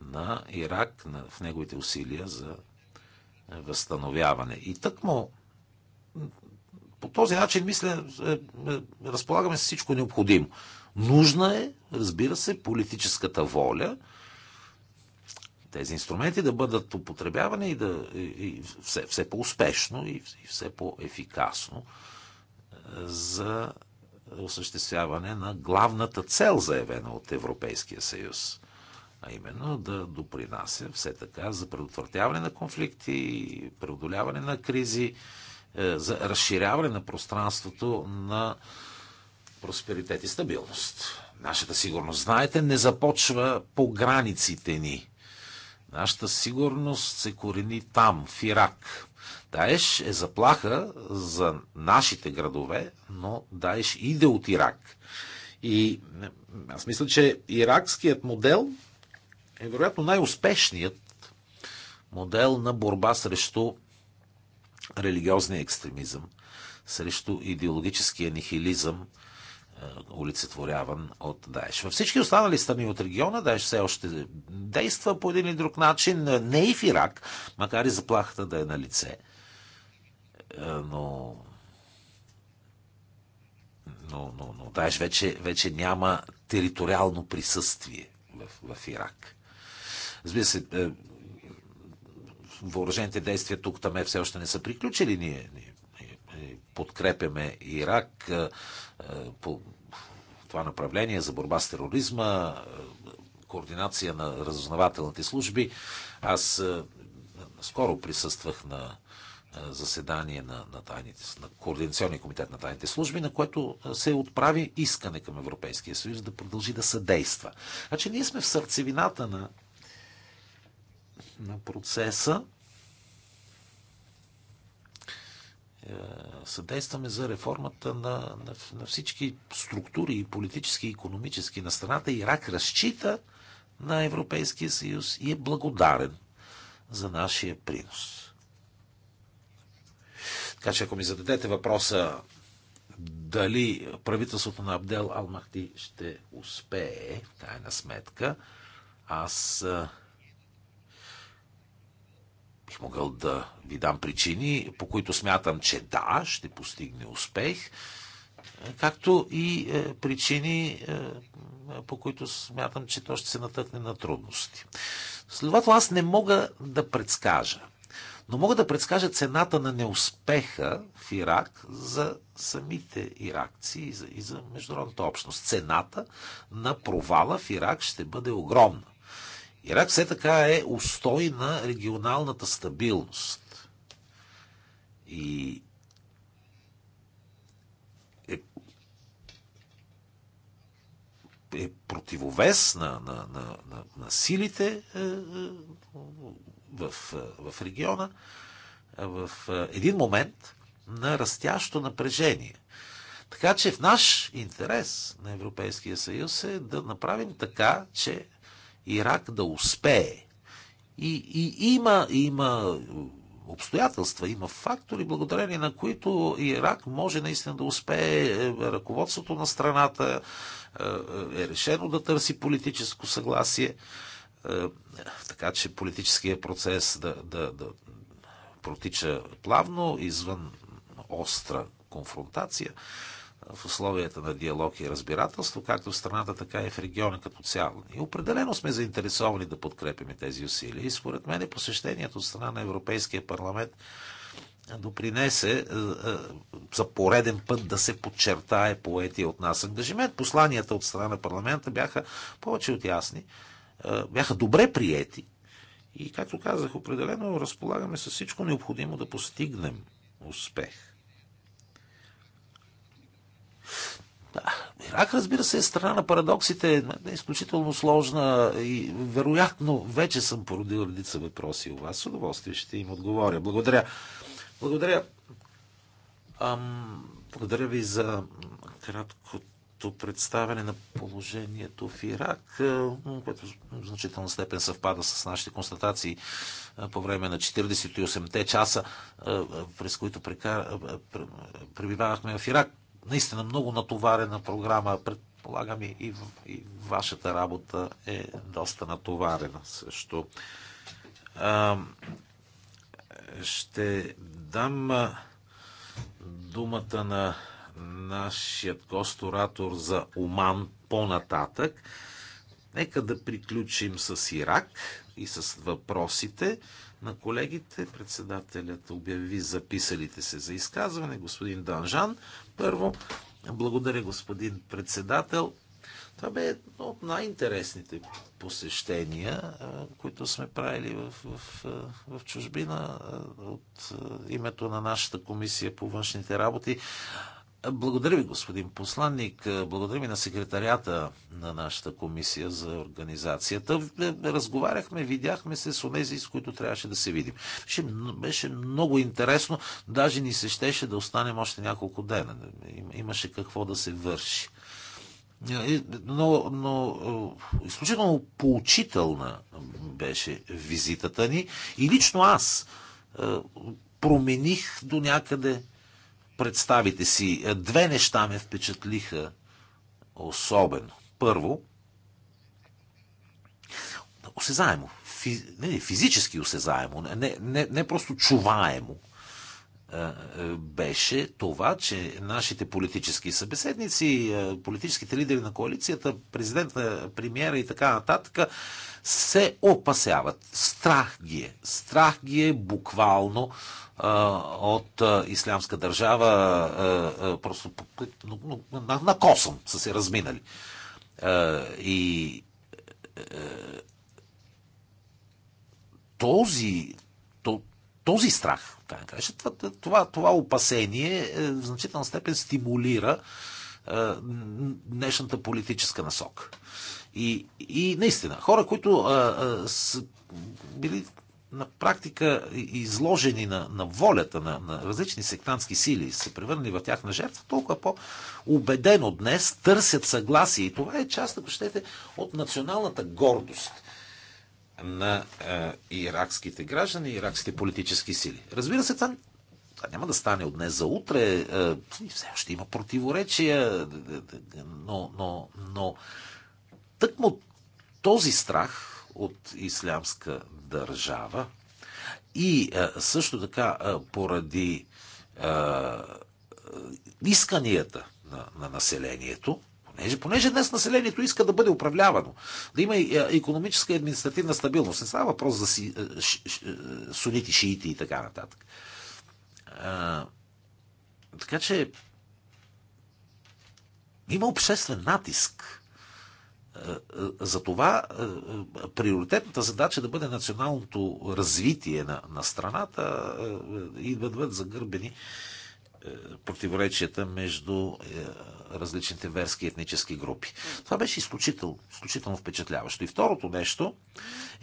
на Ирак в неговите усилия за възстановяване. И тъкмо по този начин, мисля, е, е, разполагаме с всичко необходимо. Нужна е, разбира се, политическата воля тези инструменти да бъдат употребявани и, да, и все, все по-успешно и, все по-ефикасно е, за осъществяване на главната цел, заявена от Европейския съюз а именно да допринася все така за предотвратяване на конфликти, преодоляване на кризи, е, за разширяване на пространството на просперитет и стабилност. Нашата сигурност, знаете, не започва по границите ни. Нашата сигурност се корени там, в Ирак. Даеш е заплаха за нашите градове, но Даеш иде от Ирак. И аз мисля, че иракският модел е вероятно най-успешният модел на борба срещу религиозния екстремизъм, срещу идеологическия нихилизъм, е, олицетворяван от Даеш. Във всички останали страни от региона Даеш все още действа по един или друг начин, е, не и в Ирак, макар и заплахата да е на лице. Е, но но, но, но Даеш вече, вече няма териториално присъствие в, в Ирак. Разбира се, е, въоръжените действия тук там е, все още не са приключили. Ние, ние, ние подкрепяме Ирак е, по това направление за борба с тероризма, координация на разузнавателните служби. Аз скоро присъствах на заседание на, на, тайните, на Координационния комитет на тайните служби, на което се отправи искане към Европейския съюз да продължи да съдейства. Значи ние сме в сърцевината на на процеса. Е, съдействаме за реформата на, на, на всички структури, и политически, и економически на страната. Ирак разчита на Европейския съюз и е благодарен за нашия принос. Така че ако ми зададете въпроса дали правителството на Абдел Алмахти ще успее, тайна сметка, аз е, бих могъл да ви дам причини, по които смятам, че да, ще постигне успех, както и е, причини, е, по които смятам, че то ще се натъкне на трудности. Следователно, аз не мога да предскажа. Но мога да предскажа цената на неуспеха в Ирак за самите иракци и за, и за международната общност. Цената на провала в Ирак ще бъде огромна. Ирак все така е устой на регионалната стабилност. И е, е противовес на, на, на, на, на силите е, е, в, в региона е, в един момент на растящо напрежение. Така че в наш интерес на Европейския съюз е да направим така, че Ирак да успее. И, и има, има обстоятелства, има фактори, благодарение на които Ирак може наистина да успее. Е, ръководството на страната е, е, е решено да търси политическо съгласие, така че политическия процес да, да, да протича плавно, извън остра конфронтация в условията на диалог и разбирателство, както в страната, така и в региона като цяло. И определено сме заинтересовани да подкрепим тези усилия. И според мен посещението от страна на Европейския парламент допринесе е, е, за пореден път да се подчертае поетия от нас ангажимент. Посланията от страна на парламента бяха повече от ясни, е, бяха добре приети и, както казах, определено разполагаме с всичко необходимо да постигнем успех. Да, Ирак, разбира се, е страна на парадоксите. Е изключително сложна и вероятно вече съм породил редица въпроси у вас. С удоволствие ще им отговоря. Благодаря. Благодаря. Ам, благодаря ви за краткото представяне на положението в Ирак, което в значителна степен съвпада с нашите констатации по време на 48-те часа, през които пребивавахме в Ирак наистина много натоварена програма. Предполагам и, и, и вашата работа е доста натоварена също. А, ще дам думата на нашият гост-оратор за Оман по-нататък. Нека да приключим с Ирак и с въпросите на колегите. Председателят обяви записалите се за изказване, господин Данжан. Първо, благодаря господин председател. Това бе едно от най-интересните посещения, които сме правили в, в, в чужбина от името на нашата комисия по външните работи. Благодаря ви, господин посланник. Благодаря ви на секретарията на нашата комисия за организацията. Разговаряхме, видяхме се с онези, с които трябваше да се видим. Беше, беше много интересно. Даже ни се щеше да останем още няколко дена. Имаше какво да се върши. Но, но изключително поучителна беше визитата ни. И лично аз е, промених до някъде представите си. Е, две неща ме впечатлиха особено. Първо, осезаемо, физически осезаемо, не, не, не просто чуваемо е, беше това, че нашите политически събеседници, е, политическите лидери на коалицията, президента, премиера и така нататък се опасяват. Страх ги е. Страх ги е буквално е, от ислямска държава. Просто на косъм са се разминали. И този този страх, така кажа, това, това, това опасение е, в значителна степен стимулира е, днешната политическа насока. И, и наистина, хора, които а, е, а, са били на практика изложени на, на волята на, на различни сектантски сили, се превърнали в тях на жертва, толкова по-убедено днес търсят съгласие. И това е част, ако щете, от националната гордост – на е, иракските граждани и иракските политически сили. Разбира се, това, това няма да стане от днес за утре. Е, все още има противоречия, е, е, е, но, но, но тъкмо този страх от ислямска държава и е, също така е, поради е, исканията на, на населението, Понеже, понеже днес населението иска да бъде управлявано, да има економическа и административна стабилност. Не става въпрос за си, е, ш, ш, е, сунити, шиити и така нататък. А, така че има обществен натиск е, за това приоритетната задача да бъде националното развитие на, на страната и да бъдат загърбени е, противоречията между е, различните верски и етнически групи. Това беше изключително, изключително впечатляващо. И второто нещо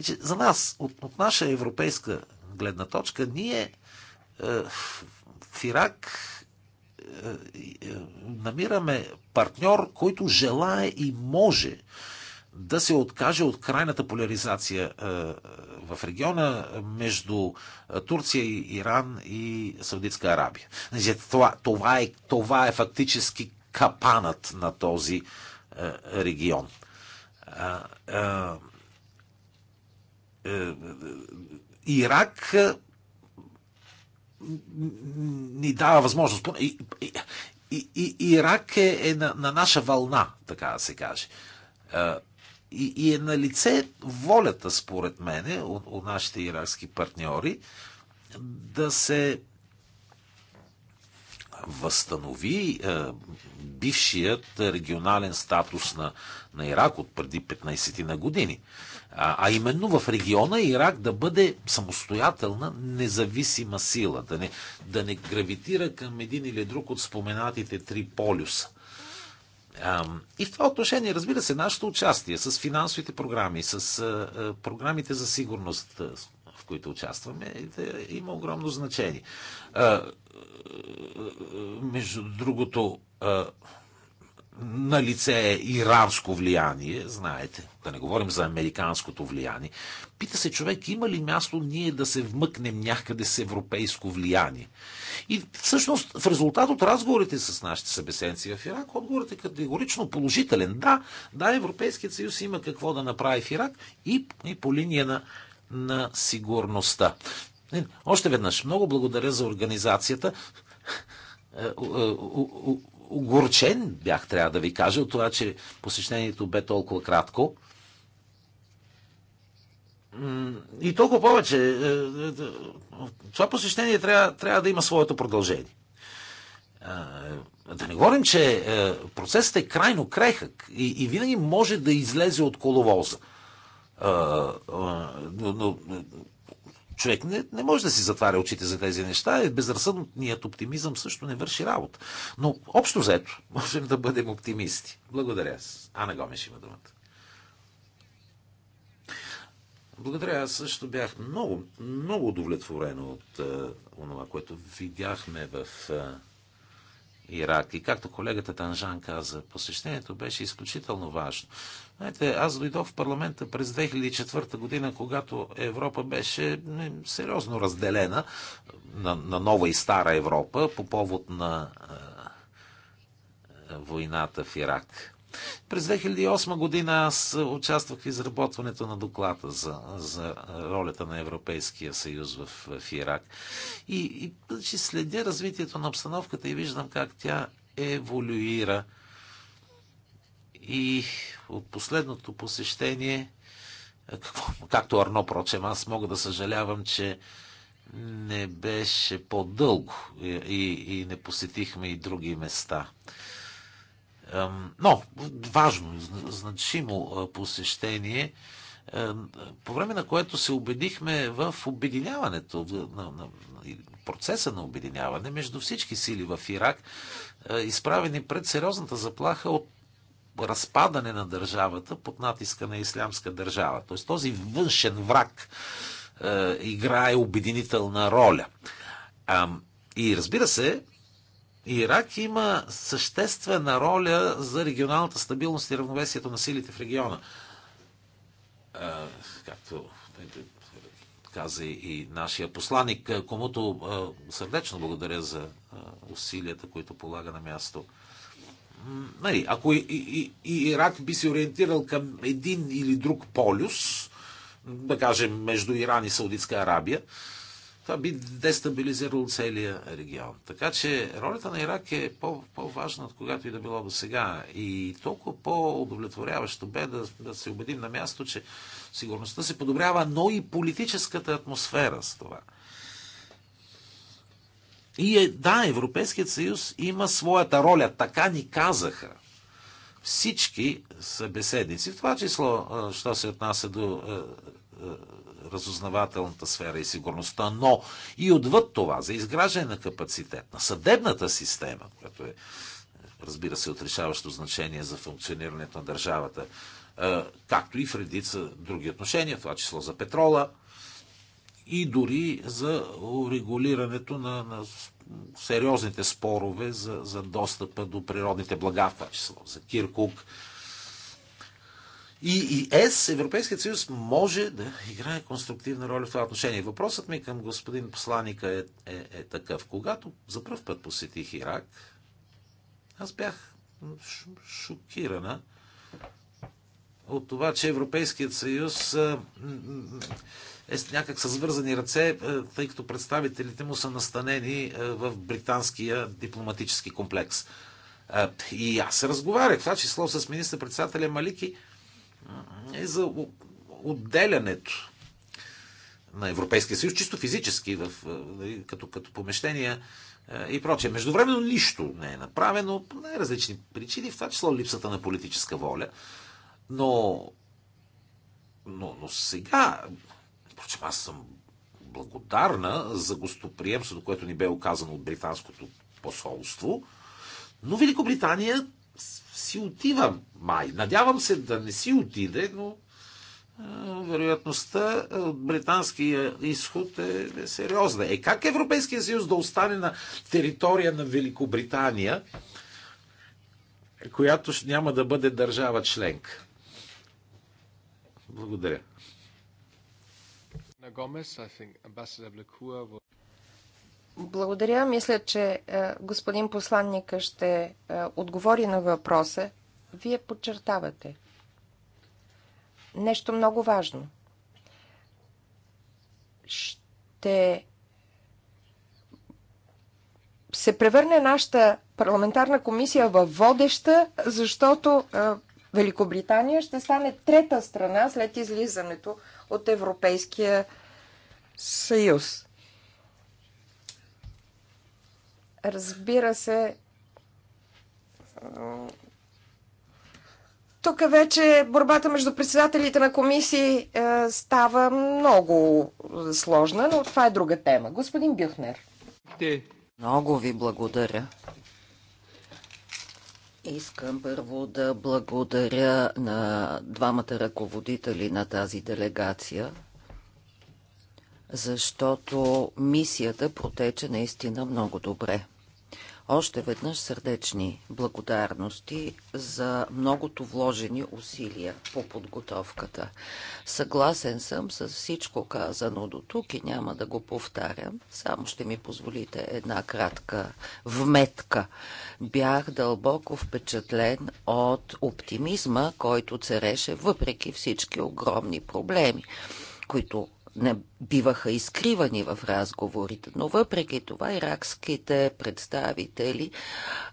е, че за нас, от, от наша европейска гледна точка, ние е, в Ирак е, е, намираме партньор, който желае и може да се откаже от крайната поляризация е, в региона между Турция, Иран и Саудитска Арабия. Значи, това, това, е, това е фактически капанът на този е, регион. Е, Ирак е, ни дава възможност. И, и, и, Ирак е, е на, на наша вълна, така да се каже. И, и е на лице волята, според мене, от, от нашите иракски партньори, да се възстанови е, бившият регионален статус на, на Ирак от преди 15 ти на години. А, а именно в региона Ирак да бъде самостоятелна, независима сила, да не, да не гравитира към един или друг от споменатите три полюса. И в това отношение, разбира се, нашето участие с финансовите програми, с програмите за сигурност, в които участваме, е, има огромно значение. Между другото, на лице е иранско влияние, знаете, да не говорим за американското влияние. Пита се човек, има ли място ние да се вмъкнем някъде с европейско влияние? И всъщност в резултат от разговорите с нашите събесенци в Ирак, отговорът е категорично положителен. Да, да, Европейският съюз има какво да направи в Ирак и, и по линия на, на сигурността. Е, още веднъж, много благодаря за организацията. Е, е, огорчен бях, трябва да ви кажа, от това, че посещението бе толкова кратко. И толкова повече. Е, е, е, това посещение трябва, трябва да има своето продължение. Да не говорим, че процесът е крайно крехък и, и винаги може да излезе от коловоза. Но, но, човек не, не може да си затваря очите за тези неща и безразсъдният оптимизъм също не върши работа. Но общо взето, можем да бъдем оптимисти. Благодаря. Ана Гомеш има думата. Благодаря. Аз също бях много, много удовлетворен от това, е, което видяхме в а, е, Ирак. И както колегата Танжан каза, посещението беше изключително важно. Знаете, аз дойдох в парламента през 2004 година, когато Европа беше сериозно разделена на, на нова и стара Европа по повод на а, е, войната в Ирак. През 2008 година аз участвах в изработването на доклада за, за ролята на Европейския съюз в, в Ирак. И, и значи, следя развитието на обстановката и виждам как тя еволюира. И от последното посещение, както Арно, прочем, аз мога да съжалявам, че не беше по-дълго и, и не посетихме и други места. Но, важно, значимо посещение, по време на което се убедихме в обединяването, на, на, на процеса на обединяване между всички сили в Ирак, изправени пред сериозната заплаха от разпадане на държавата под натиска на ислямска държава. Тоест този външен враг е, играе обединителна роля. А, и разбира се, Ирак има съществена роля за регионалната стабилност и равновесието на силите в региона. Е, както е, е, каза и нашия посланник, комуто сърдечно благодаря за усилията, които полага на място. Нали, ако и, и, и Ирак би се ориентирал към един или друг полюс, да кажем между Иран и Саудитска Арабия, това би дестабилизирало целия регион. Така че ролята на Ирак е по- важна от когато и да било до сега. И толкова по-удовлетворяващо бе да, да се убедим на място, че сигурността се подобрява, но и политическата атмосфера с това. И е, да, Европейският съюз има своята роля, така ни казаха всички събеседници, в това число, що се отнася до разузнавателната сфера и сигурността, но и отвъд това, за изграждане на капацитет на съдебната система, която е, разбира се, отрешаващо значение за функционирането на държавата, е, както и в редица други отношения, това число за петрола, и дори за урегулирането на, на сериозните спорове за, за достъпа до природните блага, в това число за Киркук, и, и ЕС, Европейският съюз, може да играе конструктивна роля в това отношение. Въпросът ми към господин посланика е, е, е такъв. Когато за първ път посетих Ирак, аз бях шокирана от това, че Европейският съюз е с някак с вързани ръце, тъй като представителите му са настанени в британския дипломатически комплекс. И аз разговарях, това число с министър-председателя Малики, е за отделянето на Европейския съюз, чисто физически, в, е, нали, като, като помещения е, и прочее. Междувременно нищо не е направено, най-различни причини, в това число липсата на политическа воля. Но, но, но сега, впрочем, аз съм благодарна за гостоприемството, което ни бе оказано от британското посолство, но Великобритания си отивам, май. Надявам се да не си отиде, но вероятността от британския изход е, е сериозна. Е как Европейския съюз да остане на територия на Великобритания, която няма да бъде държава членка? Благодаря. I think Ambassador Lacour will... Благодаря. Мисля, че е, господин посланника ще е, отговори на въпроса. Вие подчертавате нещо много важно. Ще се превърне нашата парламентарна комисия в водеща, защото е, Великобритания ще стане трета страна след излизането от Европейския съюз. Разбира се, тук вече борбата между председателите на комисии става много сложна, но това е друга тема. Господин Бюхнер. Ти. Много ви благодаря. Искам първо да благодаря на двамата ръководители на тази делегация, защото мисията протече наистина много добре. Още веднъж сърдечни благодарности за многото вложени усилия по подготовката. Съгласен съм с всичко казано до тук и няма да го повтарям. Само ще ми позволите една кратка вметка. Бях дълбоко впечатлен от оптимизма, който цареше въпреки всички огромни проблеми които не биваха изкривани в разговорите, но въпреки това иракските представители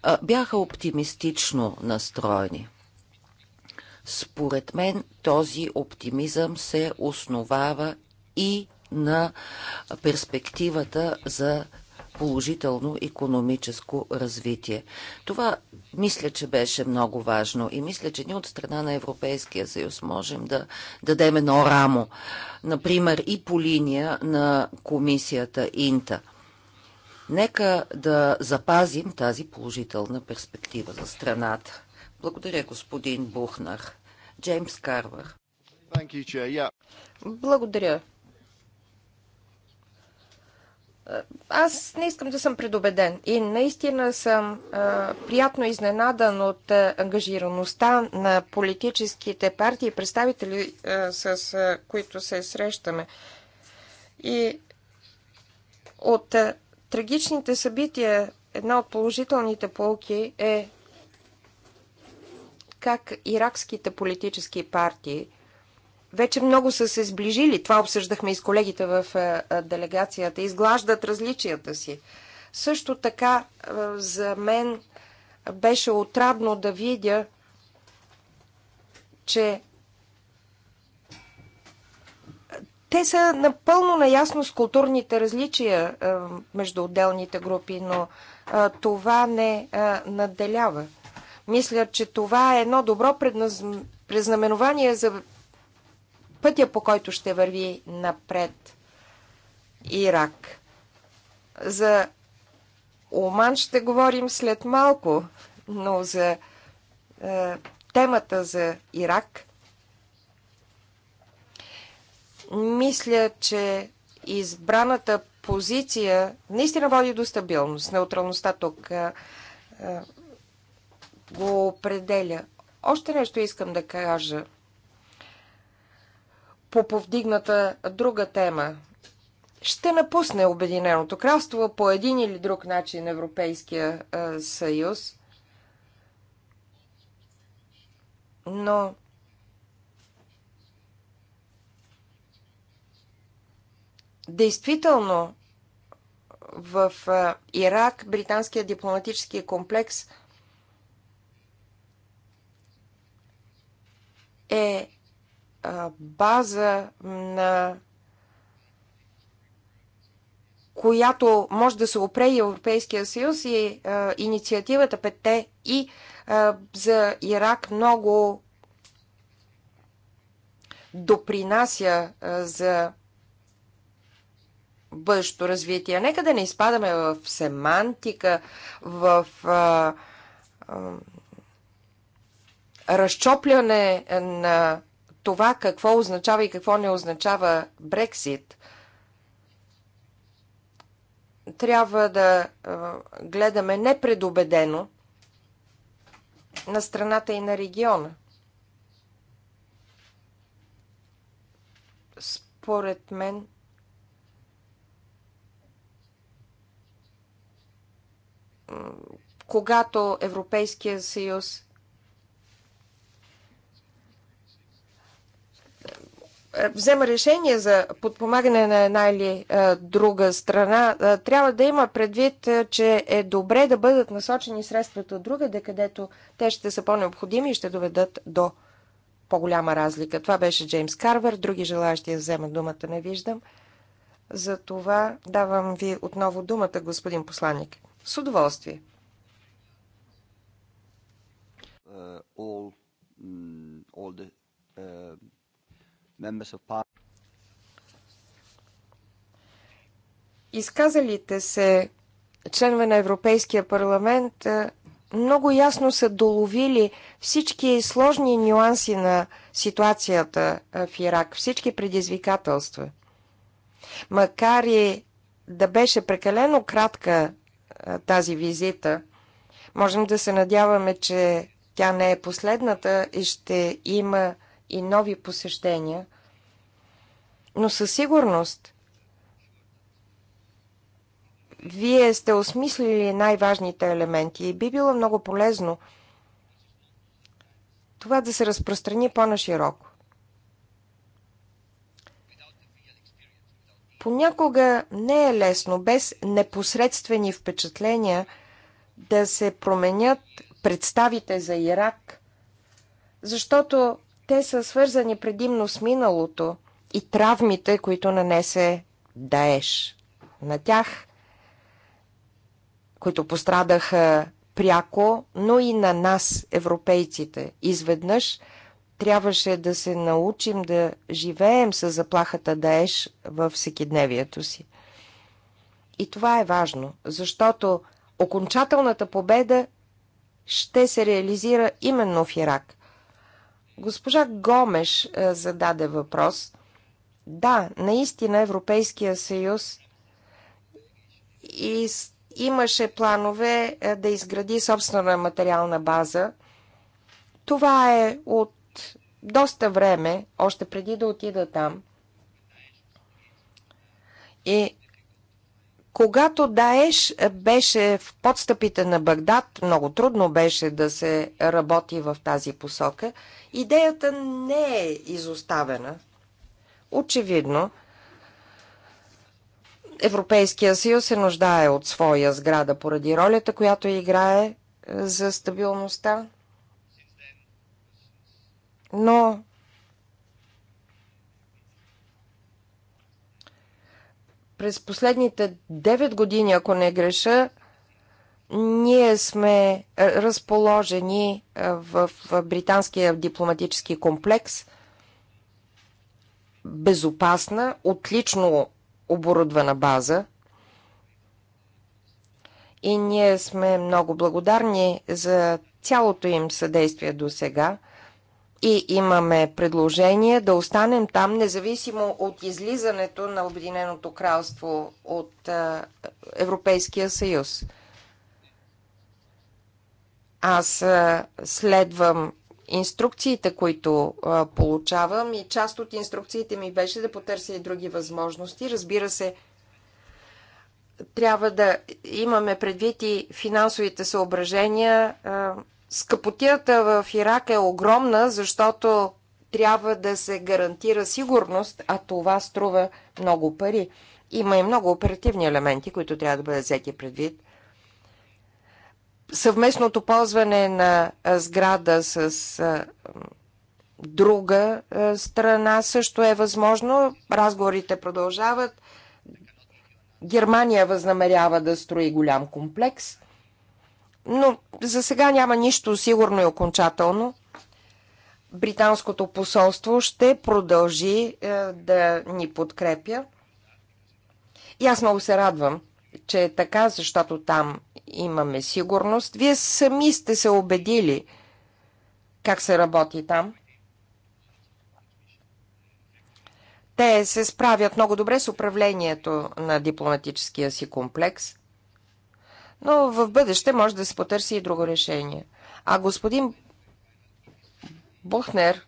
а, бяха оптимистично настроени. Според мен този оптимизъм се основава и на перспективата за положително економическо развитие. Това мисля, че беше много важно и мисля, че ние от страна на Европейския съюз можем да дадем едно рамо, например и по линия на комисията Инта. Нека да запазим тази положителна перспектива за страната. Благодаря, господин Бухнар. Джеймс Карвар. Благодаря. Аз не искам да съм предубеден и наистина съм а, приятно изненадан от а, ангажираността на политическите партии и представители, а, с а, които се срещаме. И от а, трагичните събития, една от положителните полки е как иракските политически партии – вече много са се сближили. Това обсъждахме и с колегите в е, е, делегацията. Изглаждат различията си. Също така е, за мен беше отрадно да видя, че те са напълно наясно с културните различия между отделните групи, но това не надделява. Мисля, че това е едно добро предназнаменование за пътя по който ще върви напред Ирак. За Оман ще говорим след малко, но за е, темата за Ирак мисля, че избраната позиция наистина води до стабилност. Неутралността тук е, е, го определя. Още нещо искам да кажа по повдигната друга тема. Ще напусне Обединеното кралство по един или друг начин Европейския съюз, но действително в Ирак британския дипломатически комплекс е база, на която може да се опре и Европейския съюз и а, инициативата Петте и а, за Ирак много допринася а, за бъдещето развитие. Нека да не изпадаме в семантика, в а, а, разчопляне на това какво означава и какво не означава Брексит, трябва да е, гледаме непредобедено на страната и на региона. Според мен, когато Европейския съюз Е, взема решение за подпомагане на една или е, друга страна, е, трябва да има предвид, че е добре да бъдат насочени средствата от де където те ще са по-необходими и ще доведат до по-голяма разлика. Това беше Джеймс Карвер. Други желаящи да вземат думата не виждам. За това давам ви отново думата, господин посланник. С удоволствие. Uh, all, all the, uh members of parliament. Изказалите се членове на Европейския парламент е, много ясно са доловили всички сложни нюанси на ситуацията е, в Ирак, всички предизвикателства. Макар и да беше прекалено кратка е, тази визита, можем да се надяваме, че тя не е последната и ще има и нови посещения но със сигурност вие сте осмислили най-важните елементи и би било много полезно това да се разпространи по-нашироко. Понякога не е лесно, без непосредствени впечатления, да се променят представите за Ирак, защото те са свързани предимно с миналото и травмите, които нанесе Даеш. На тях, които пострадаха пряко, но и на нас, европейците. Изведнъж трябваше да се научим да живеем с заплахата Даеш във всекидневието си. И това е важно, защото окончателната победа ще се реализира именно в Ирак. Госпожа Гомеш е, зададе въпрос – да, наистина Европейския съюз и имаше планове е, да изгради собствена материална база. Това е от доста време, още преди да отида там. И когато Даеш беше в подстъпите на Багдад, много трудно беше да се работи в тази посока, идеята не е изоставена – Очевидно, Европейския съюз се нуждае от своя сграда поради ролята, която играе е, за стабилността. Но през последните 9 години, ако не греша, ние сме е, разположени е, в британския дипломатически комплекс безопасна, отлично оборудвана база. И ние сме много благодарни за цялото им съдействие до сега. И имаме предложение да останем там, независимо от излизането на Обединеното кралство от Европейския съюз. Аз следвам инструкциите, които а, получавам и част от инструкциите ми беше да потърся и други възможности. Разбира се, трябва да имаме предвид и финансовите съображения. Скъпотията в Ирак е огромна, защото трябва да се гарантира сигурност, а това струва много пари. Има и много оперативни елементи, които трябва да бъдат взети предвид – съвместното ползване на сграда с друга страна също е възможно. Разговорите продължават. Германия възнамерява да строи голям комплекс, но за сега няма нищо сигурно и окончателно. Британското посолство ще продължи да ни подкрепя. И аз много се радвам, че е така, защото там имаме сигурност. Вие сами сте се убедили как се работи там. Те се справят много добре с управлението на дипломатическия си комплекс, но в бъдеще може да се потърси и друго решение. А господин Бухнер,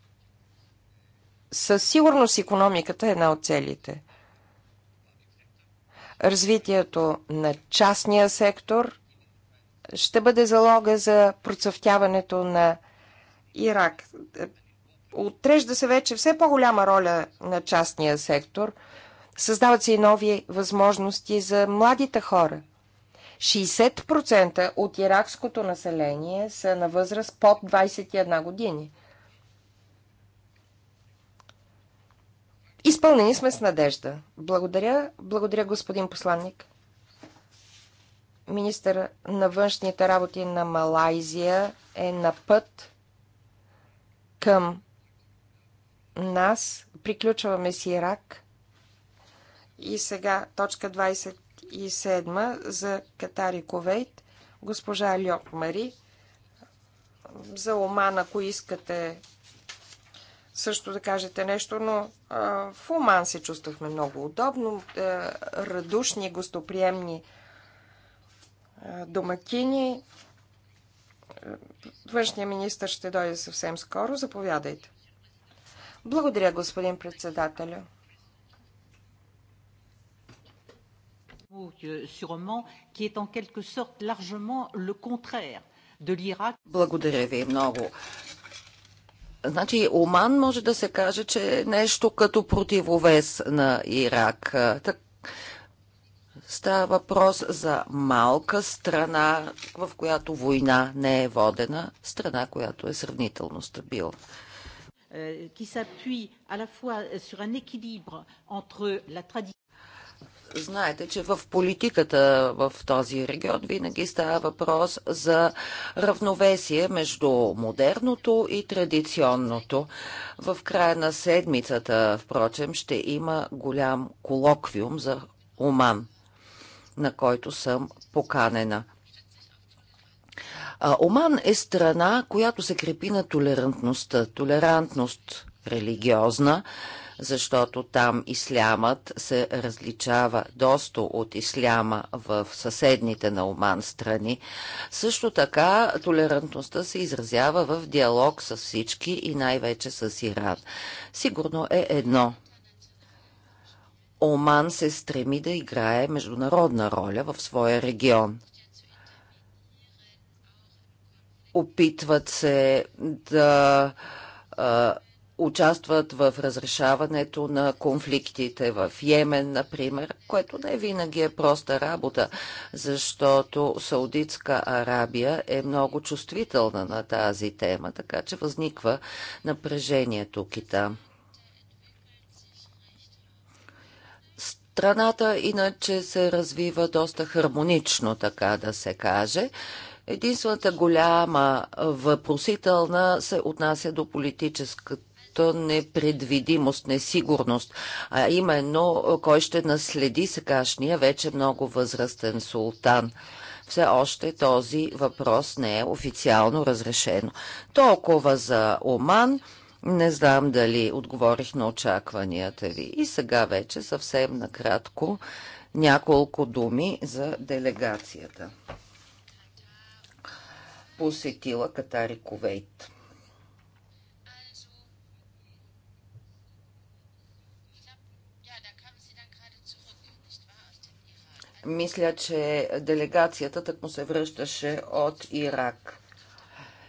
със сигурност економиката е една от целите – Развитието на частния сектор ще бъде залога за процъфтяването на Ирак. Отрежда се вече все по-голяма роля на частния сектор. Създават се и нови възможности за младите хора. 60% от иракското население са на възраст под 21 години – Изпълнени сме с надежда. Благодаря, благодаря господин посланник. Министър на външните работи на Малайзия е на път към нас. Приключваме с Ирак. И сега точка 27 за Катари Ковейт. Госпожа Льок Мари. За омана, ако искате също да кажете нещо, но а, в Оман се чувствахме много удобно, а, е, радушни, гостоприемни а, е, домакини. Е, външният министр ще дойде съвсем скоро. Заповядайте. Благодаря, господин председателю. Благодаря ви много. Значи Оман може да се каже, че е нещо като противовес на Ирак. Так, става въпрос за малка страна, в която война не е водена, страна, която е сравнително стабилна qui s'appuie à la fois sur un équilibre entre la tradition Знаете, че в политиката в този регион винаги става въпрос за равновесие между модерното и традиционното. В края на седмицата, впрочем, ще има голям колоквиум за Оман, на който съм поканена. Оман е страна, която се крепи на толерантността. Толерантност религиозна, защото там ислямът се различава доста от исляма в съседните на Оман страни. Също така толерантността се изразява в диалог с всички и най-вече с Иран. Сигурно е едно. Оман се стреми да играе международна роля в своя регион опитват се да а, участват в разрешаването на конфликтите в Йемен, например, което не винаги е проста работа, защото Саудитска Арабия е много чувствителна на тази тема, така че възниква напрежение тук и там. Страната иначе се развива доста хармонично, така да се каже. Единствената голяма въпросителна се отнася до политическата цялата непредвидимост, несигурност, а именно кой ще наследи сегашния вече много възрастен султан. Все още този въпрос не е официално разрешено. Толкова за Оман. Не знам дали отговорих на очакванията ви. И сега вече съвсем накратко няколко думи за делегацията. Посетила Катари Ковейт. Мисля, че делегацията так му се връщаше от Ирак.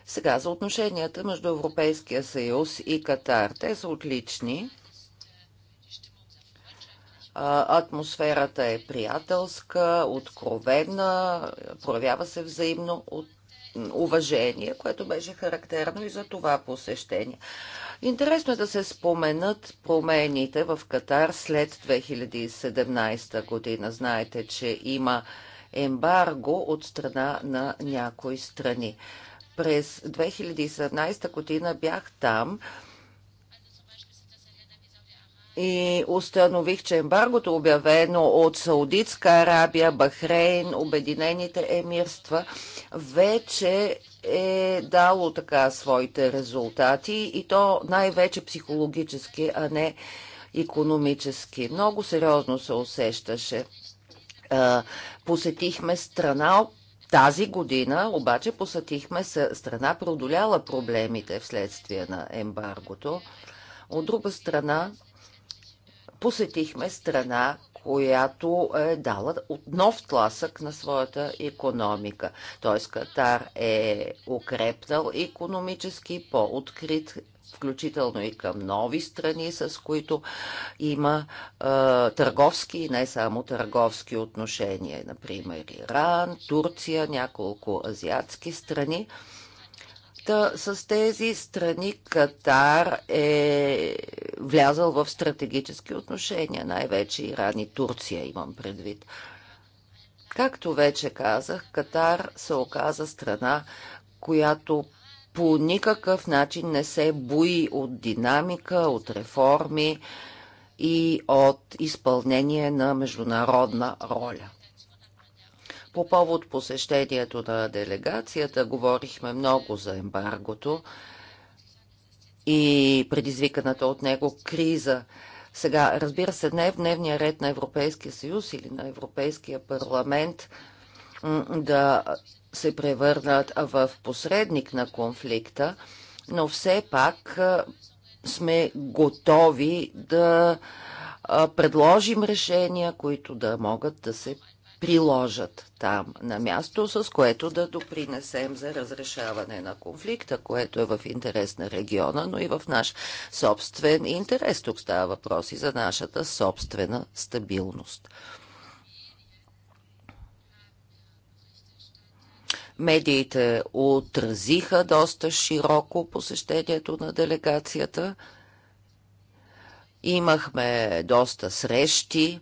Сега за отношенията между Европейския съюз и Катар. Те са отлични. Атмосферата е приятелска, откровена, проявява се взаимно от уважение, което беше характерно и за това посещение. Интересно е да се споменат промените в Катар след 2017 година. Знаете, че има ембарго от страна на някои страни. През 2017 година бях там и установих, че ембаргото, обявено от Саудитска Арабия, Бахрейн, Обединените емирства, вече е дало така своите резултати и то най-вече психологически, а не економически. Много сериозно се усещаше. Посетихме страна тази година, обаче посетихме страна, преодоляла проблемите вследствие на ембаргото. От друга страна, посетихме страна, която е дала нов тласък на своята економика. Т.е. Катар е укрепнал економически, по-открит, включително и към нови страни, с които има е, търговски и не само търговски отношения. Например, Иран, Турция, няколко азиатски страни среща с тези страни. Катар е влязал в стратегически отношения, най-вече Иран и Турция имам предвид. Както вече казах, Катар се оказа страна, която по никакъв начин не се бои от динамика, от реформи и от изпълнение на международна роля. По повод посещението на делегацията говорихме много за ембаргото и предизвиканата от него криза. Сега, разбира се, не е в дневния ред на Европейския съюз или на Европейския парламент да се превърнат в посредник на конфликта, но все пак сме готови да предложим решения, които да могат да се приложат там на място, с което да допринесем за разрешаване на конфликта, което е в интерес на региона, но и в наш собствен интерес. Тук става въпрос и за нашата собствена стабилност. Медиите отразиха доста широко посещението на делегацията. Имахме доста срещи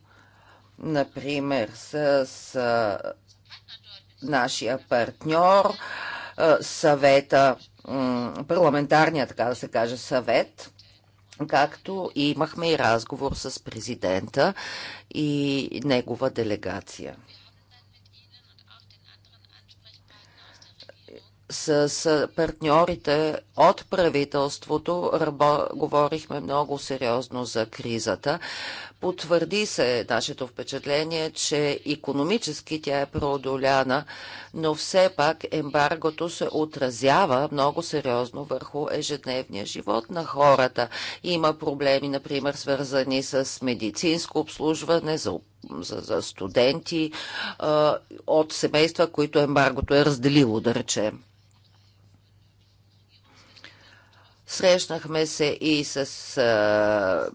например, с нашия партньор, съвета, парламентарния, така да се каже, съвет, както имахме и разговор с президента и негова делегация. с партньорите от правителството говорихме много сериозно за кризата. Потвърди се нашето впечатление, че економически тя е преодоляна, но все пак ембаргото се отразява много сериозно върху ежедневния живот на хората. Има проблеми, например, свързани с медицинско обслужване, за за, за студенти а, от семейства, които ембаргото е разделило, да речем. Срещнахме се и с а,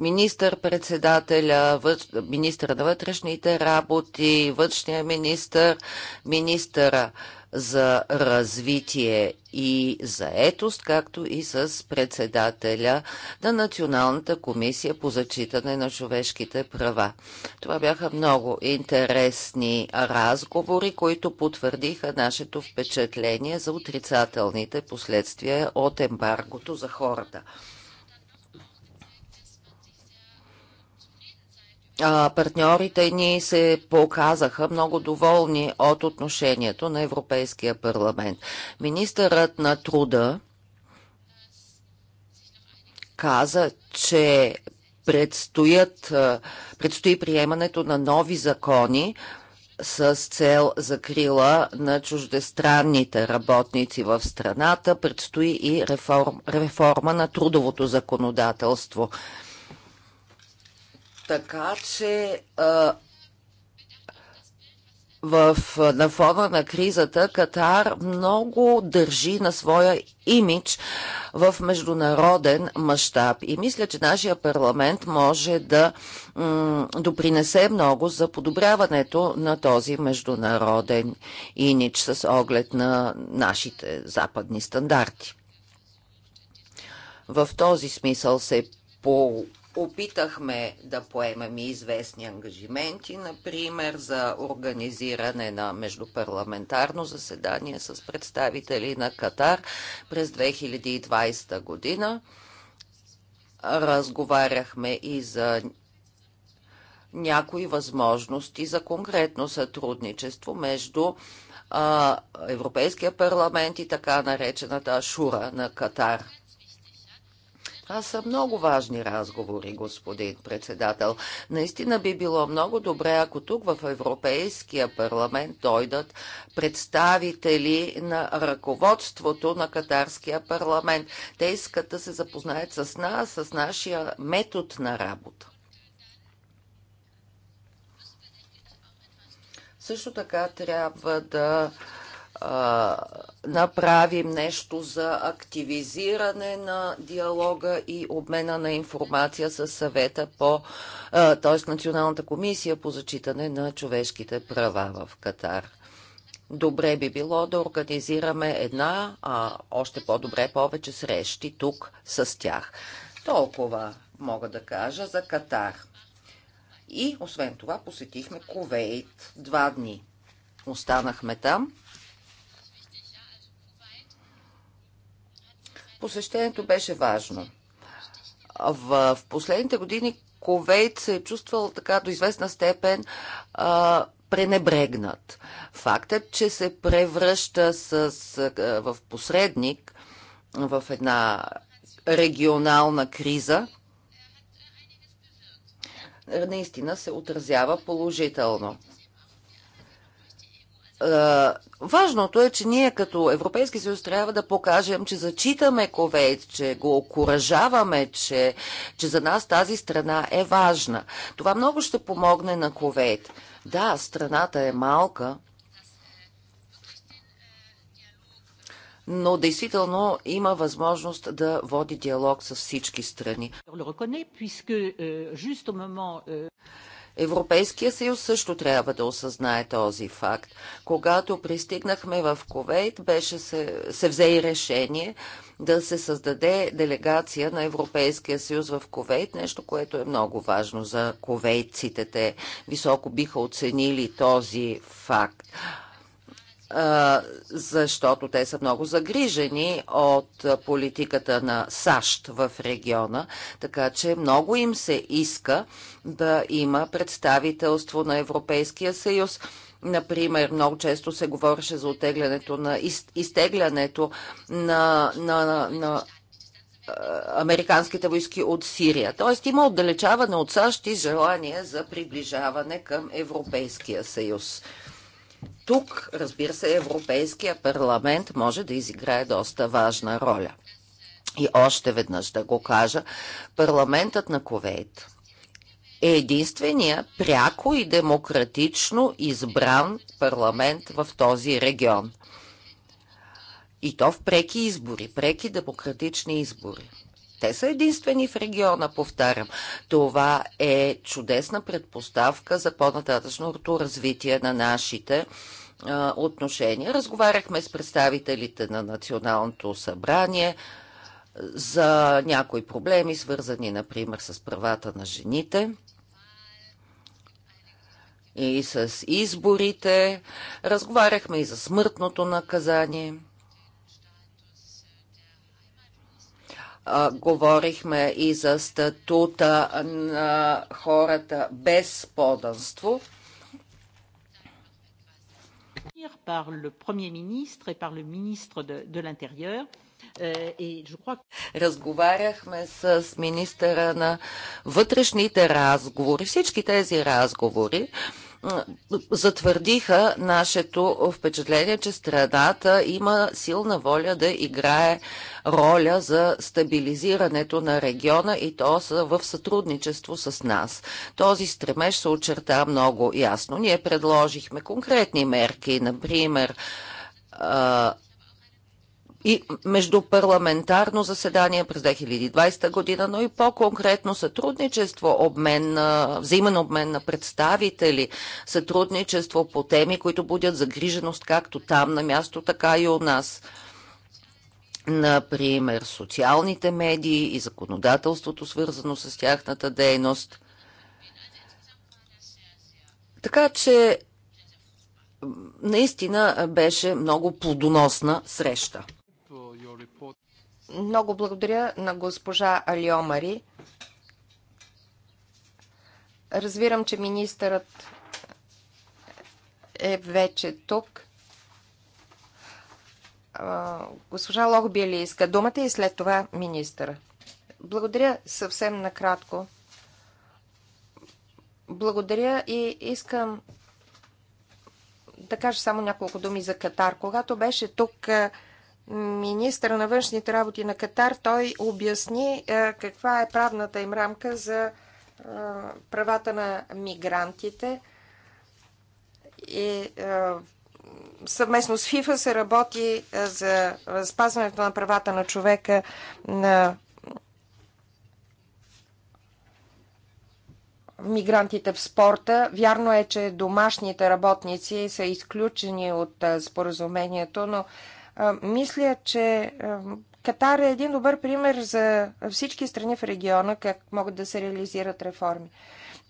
министър-председателя, министъра на вътрешните работи, външния министър, министъра за развитие и заетост, както и с председателя на Националната комисия по зачитане на човешките права. Това бяха много интересни разговори, които потвърдиха нашето впечатление за отрицателните последствия от ембаргото за хората. партньорите ни се показаха много доволни от отношението на Европейския парламент. Министърът на труда каза, че предстоят, предстои приемането на нови закони с цел закрила на чуждестранните работници в страната. Предстои и реформ, реформа на трудовото законодателство така че в, на фона на кризата Катар много държи на своя имидж в международен мащаб. И мисля, че нашия парламент може да допринесе много за подобряването на този международен имидж с оглед на нашите западни стандарти. В този смисъл се по Опитахме да поемем известни ангажименти, например за организиране на междупарламентарно заседание с представители на Катар през 2020 година. Разговаряхме и за някои възможности за конкретно сътрудничество между Европейския парламент и така наречената Шура на Катар. Това са много важни разговори, господин председател. Наистина би било много добре, ако тук в Европейския парламент дойдат представители на ръководството на Катарския парламент. Те искат да се запознаят с нас, с нашия метод на работа. Също така трябва да а, направим нещо за активизиране на диалога и обмена на информация с съвета по, т.е. Националната комисия по зачитане на човешките права в Катар. Добре би било да организираме една, а още по-добре повече срещи тук с тях. Толкова мога да кажа за Катар. И освен това посетихме Ковейт два дни. Останахме там Посещението беше важно. В последните години Ковейт се е чувствал така до известна степен а, пренебрегнат. Фактът, че се превръща с, а, в посредник в една регионална криза, наистина се отразява положително. Е, важното е, че ние като Европейски съюз трябва да покажем, че зачитаме Ковейт, че го окоръжаваме, че, че за нас тази страна е важна. Това много ще помогне на Ковейт. Да, страната е малка, но действително има възможност да води диалог с всички страни. Европейския съюз също трябва да осъзнае този факт. Когато пристигнахме в Ковейт, беше се, се взе и решение да се създаде делегация на Европейския съюз в Ковейт, нещо, което е много важно за ковейтците. Те високо биха оценили този факт защото те са много загрижени от политиката на САЩ в региона, така че много им се иска да има представителство на Европейския съюз. Например, много често се говореше за отеглянето на, из, изтеглянето на, на, на, на американските войски от Сирия. Тоест има отдалечаване от САЩ и желание за приближаване към Европейския съюз. Тук, разбира се, Европейския парламент може да изиграе доста важна роля. И още веднъж да го кажа, парламентът на Ковейт е единствения пряко и демократично избран парламент в този регион. И то в преки избори, преки демократични избори. Те са единствени в региона, повтарям. Това е чудесна предпоставка за по-нататъчното развитие на нашите а, отношения. Разговаряхме с представителите на Националното събрание за някои проблеми, свързани, например, с правата на жените и с изборите. Разговаряхме и за смъртното наказание – говорихме и за статута на хората без поданство. Par le Premier ministre et par le ministre de, de l'Intérieur. Euh, Разговаряхме с министъра на вътрешните разговори, всички тези разговори затвърдиха нашето впечатление, че страната има силна воля да играе роля за стабилизирането на региона и то са в сътрудничество с нас. Този стремеж се очерта много ясно. Ние предложихме конкретни мерки, например и междупарламентарно заседание през 2020 година, но и по-конкретно сътрудничество, обмен на, взаимен обмен на представители, сътрудничество по теми, които будят загриженост както там на място, така и у нас. Например, социалните медии и законодателството, свързано с тяхната дейност. Така че наистина беше много плодоносна среща. Много благодаря на госпожа Алиомари. Разбирам, че министърът е вече тук. Госпожа Лохбили иска думата и след това министъра. Благодаря съвсем накратко. Благодаря и искам да кажа само няколко думи за Катар. Когато беше тук министра на външните работи на Катар, той обясни е, каква е правната им рамка за е, правата на мигрантите. И е, съвместно с ФИФА се работи за спазването на правата на човека на мигрантите в спорта. Вярно е, че домашните работници са изключени от споразумението, но мисля, че Катар е един добър пример за всички страни в региона, как могат да се реализират реформи.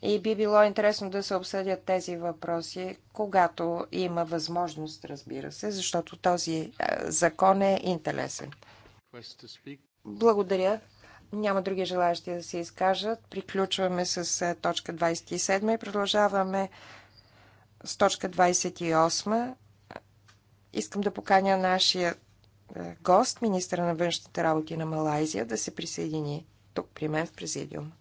И би било интересно да се обсъдят тези въпроси, когато има възможност, разбира се, защото този закон е интересен. Благодаря. Няма други желаящи да се изкажат. Приключваме с точка 27 и продължаваме с точка 28 Искам да поканя нашия е, гост, министра на външните работи на Малайзия, да се присъедини тук при мен в президиума.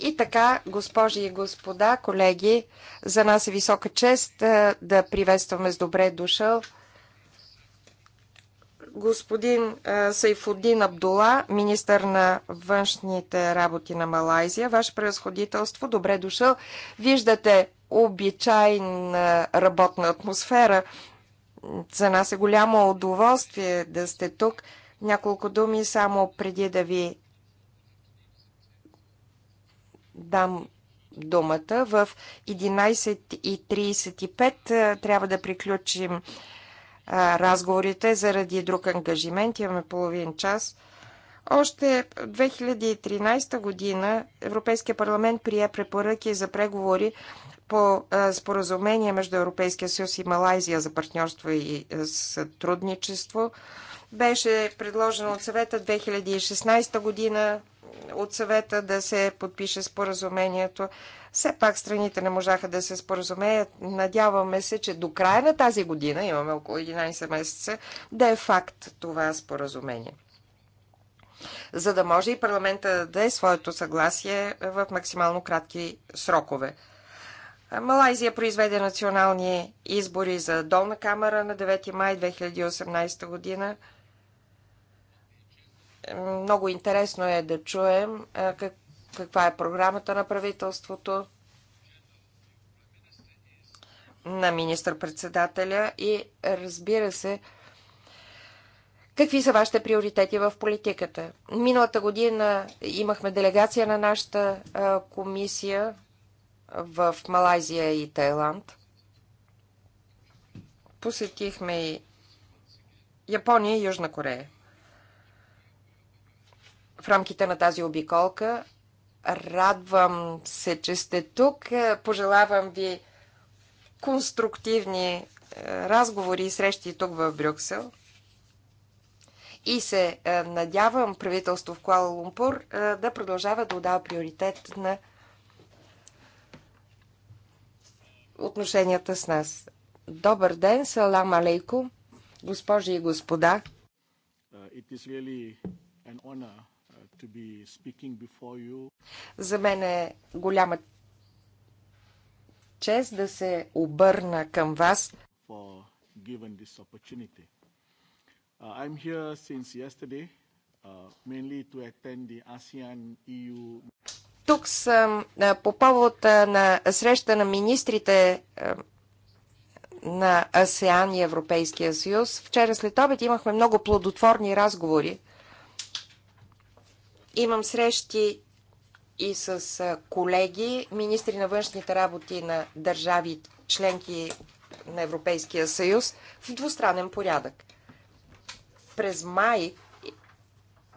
И така, госпожи и господа, колеги, за нас е висока чест е, да приветстваме с добре дошъл господин е, Сайфудин Абдула, министър на външните работи на Малайзия. Ваше превъзходителство, добре дошъл. Виждате обичайна работна атмосфера. За нас е голямо удоволствие да сте тук. Няколко думи само преди да ви дам думата. В 11.35 трябва да приключим разговорите заради друг ангажимент. Имаме половин час. Още в 2013 година Европейския парламент прие препоръки за преговори по споразумение между Европейския съюз и Малайзия за партньорство и сътрудничество. Беше предложено от съвета 2016 година от съвета да се подпише споразумението. Все пак страните не можаха да се споразумеят. Надяваме се, че до края на тази година, имаме около 11 месеца, да е факт това споразумение. За да може и парламента да даде своето съгласие в максимално кратки срокове. Малайзия произведе национални избори за долна камера на 9 май 2018 година. Много интересно е да чуем как, каква е програмата на правителството, на министър-председателя и разбира се, Какви са вашите приоритети в политиката? Миналата година имахме делегация на нашата комисия в Малайзия и Тайланд. Посетихме и Япония и Южна Корея в рамките на тази обиколка. Радвам се, че сте тук. Пожелавам ви конструктивни е, разговори и срещи тук в Брюксел. И се е, надявам правителство в Куала Лумпур е, да продължава да отдава приоритет на отношенията с нас. Добър ден, салам алейко, госпожи и господа. Uh, it is really an honor за мен е голяма чест да се обърна към вас. Uh, uh, e Тук съм по повод на среща на министрите на АСЕАН и Европейския съюз. Вчера след обед имахме много плодотворни разговори. Имам срещи и с колеги, министри на външните работи на държави, членки на Европейския съюз, в двустранен порядък. През май,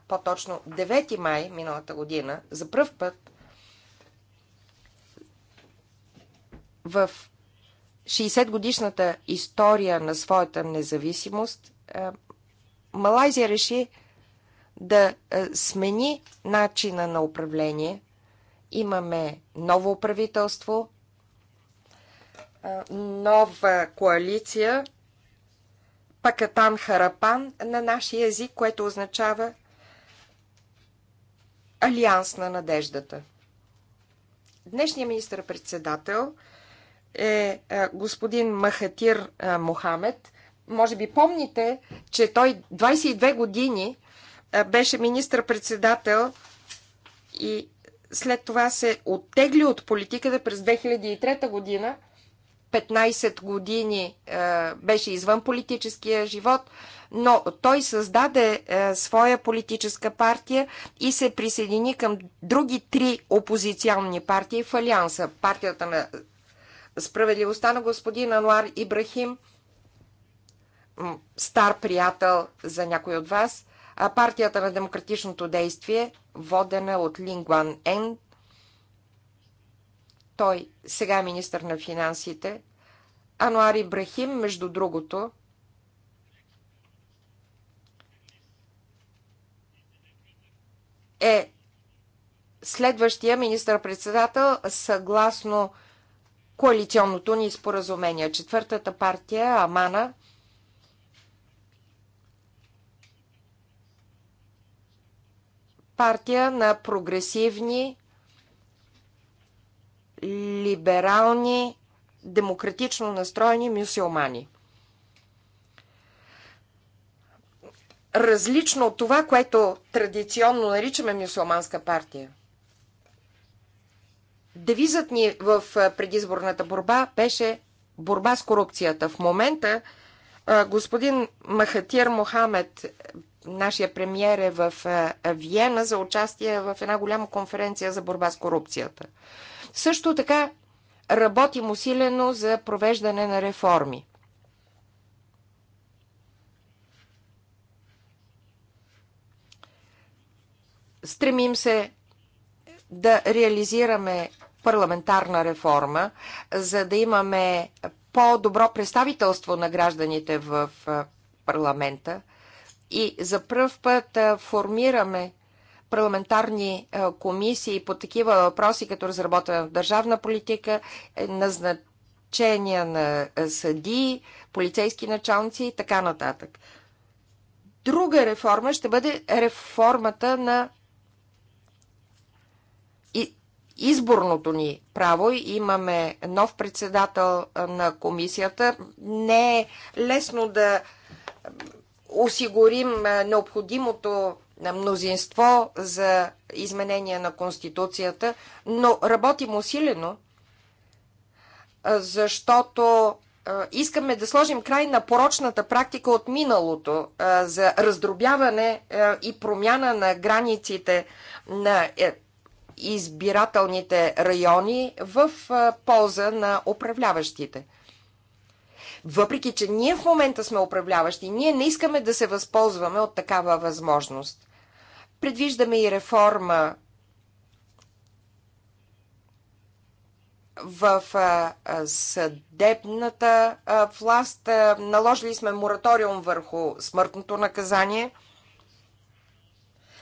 по-точно 9 май миналата година, за първ път в 60-годишната история на своята независимост, Малайзия реши да смени начина на управление. Имаме ново правителство, нова коалиция, пакатан харапан на нашия език, което означава Алианс на надеждата. Днешният министр-председател е господин Махатир Мохамед. Може би помните, че той 22 години беше министър-председател и след това се оттегли от политиката през 2003 година. 15 години беше извън политическия живот, но той създаде своя политическа партия и се присъедини към други три опозиционни партии в Алианса. Партията на справедливостта на господин Ануар Ибрахим, стар приятел за някой от вас – а партията на демократичното действие, водена от Гуан Ен. Той сега е министър на финансите. Ануар Ибрахим, между другото, е следващия министър-председател съгласно коалиционното ни споразумение. Четвъртата партия, Амана, партия на прогресивни, либерални, демократично настроени мюсюлмани. Различно от това, което традиционно наричаме мюсюлманска партия. Девизът ни в предизборната борба беше борба с корупцията. В момента господин Махатир Мохамед Нашия премьер е в е, Виена за участие в една голяма конференция за борба с корупцията. Също така работим усилено за провеждане на реформи. Стремим се да реализираме парламентарна реформа, за да имаме по-добро представителство на гражданите в е, парламента – и за първ път формираме парламентарни комисии по такива въпроси, като разработване на държавна политика, е, назначения на съдии, полицейски началници и така нататък. Друга реформа ще бъде реформата на изборното ни право. Имаме нов председател на комисията. Не е лесно да осигурим необходимото мнозинство за изменение на Конституцията, но работим усилено, защото искаме да сложим край на порочната практика от миналото за раздробяване и промяна на границите на е, избирателните райони в полза на управляващите въпреки че ние в момента сме управляващи, ние не искаме да се възползваме от такава възможност. Предвиждаме и реформа в а, съдебната а, власт. А, наложили сме мораториум върху смъртното наказание.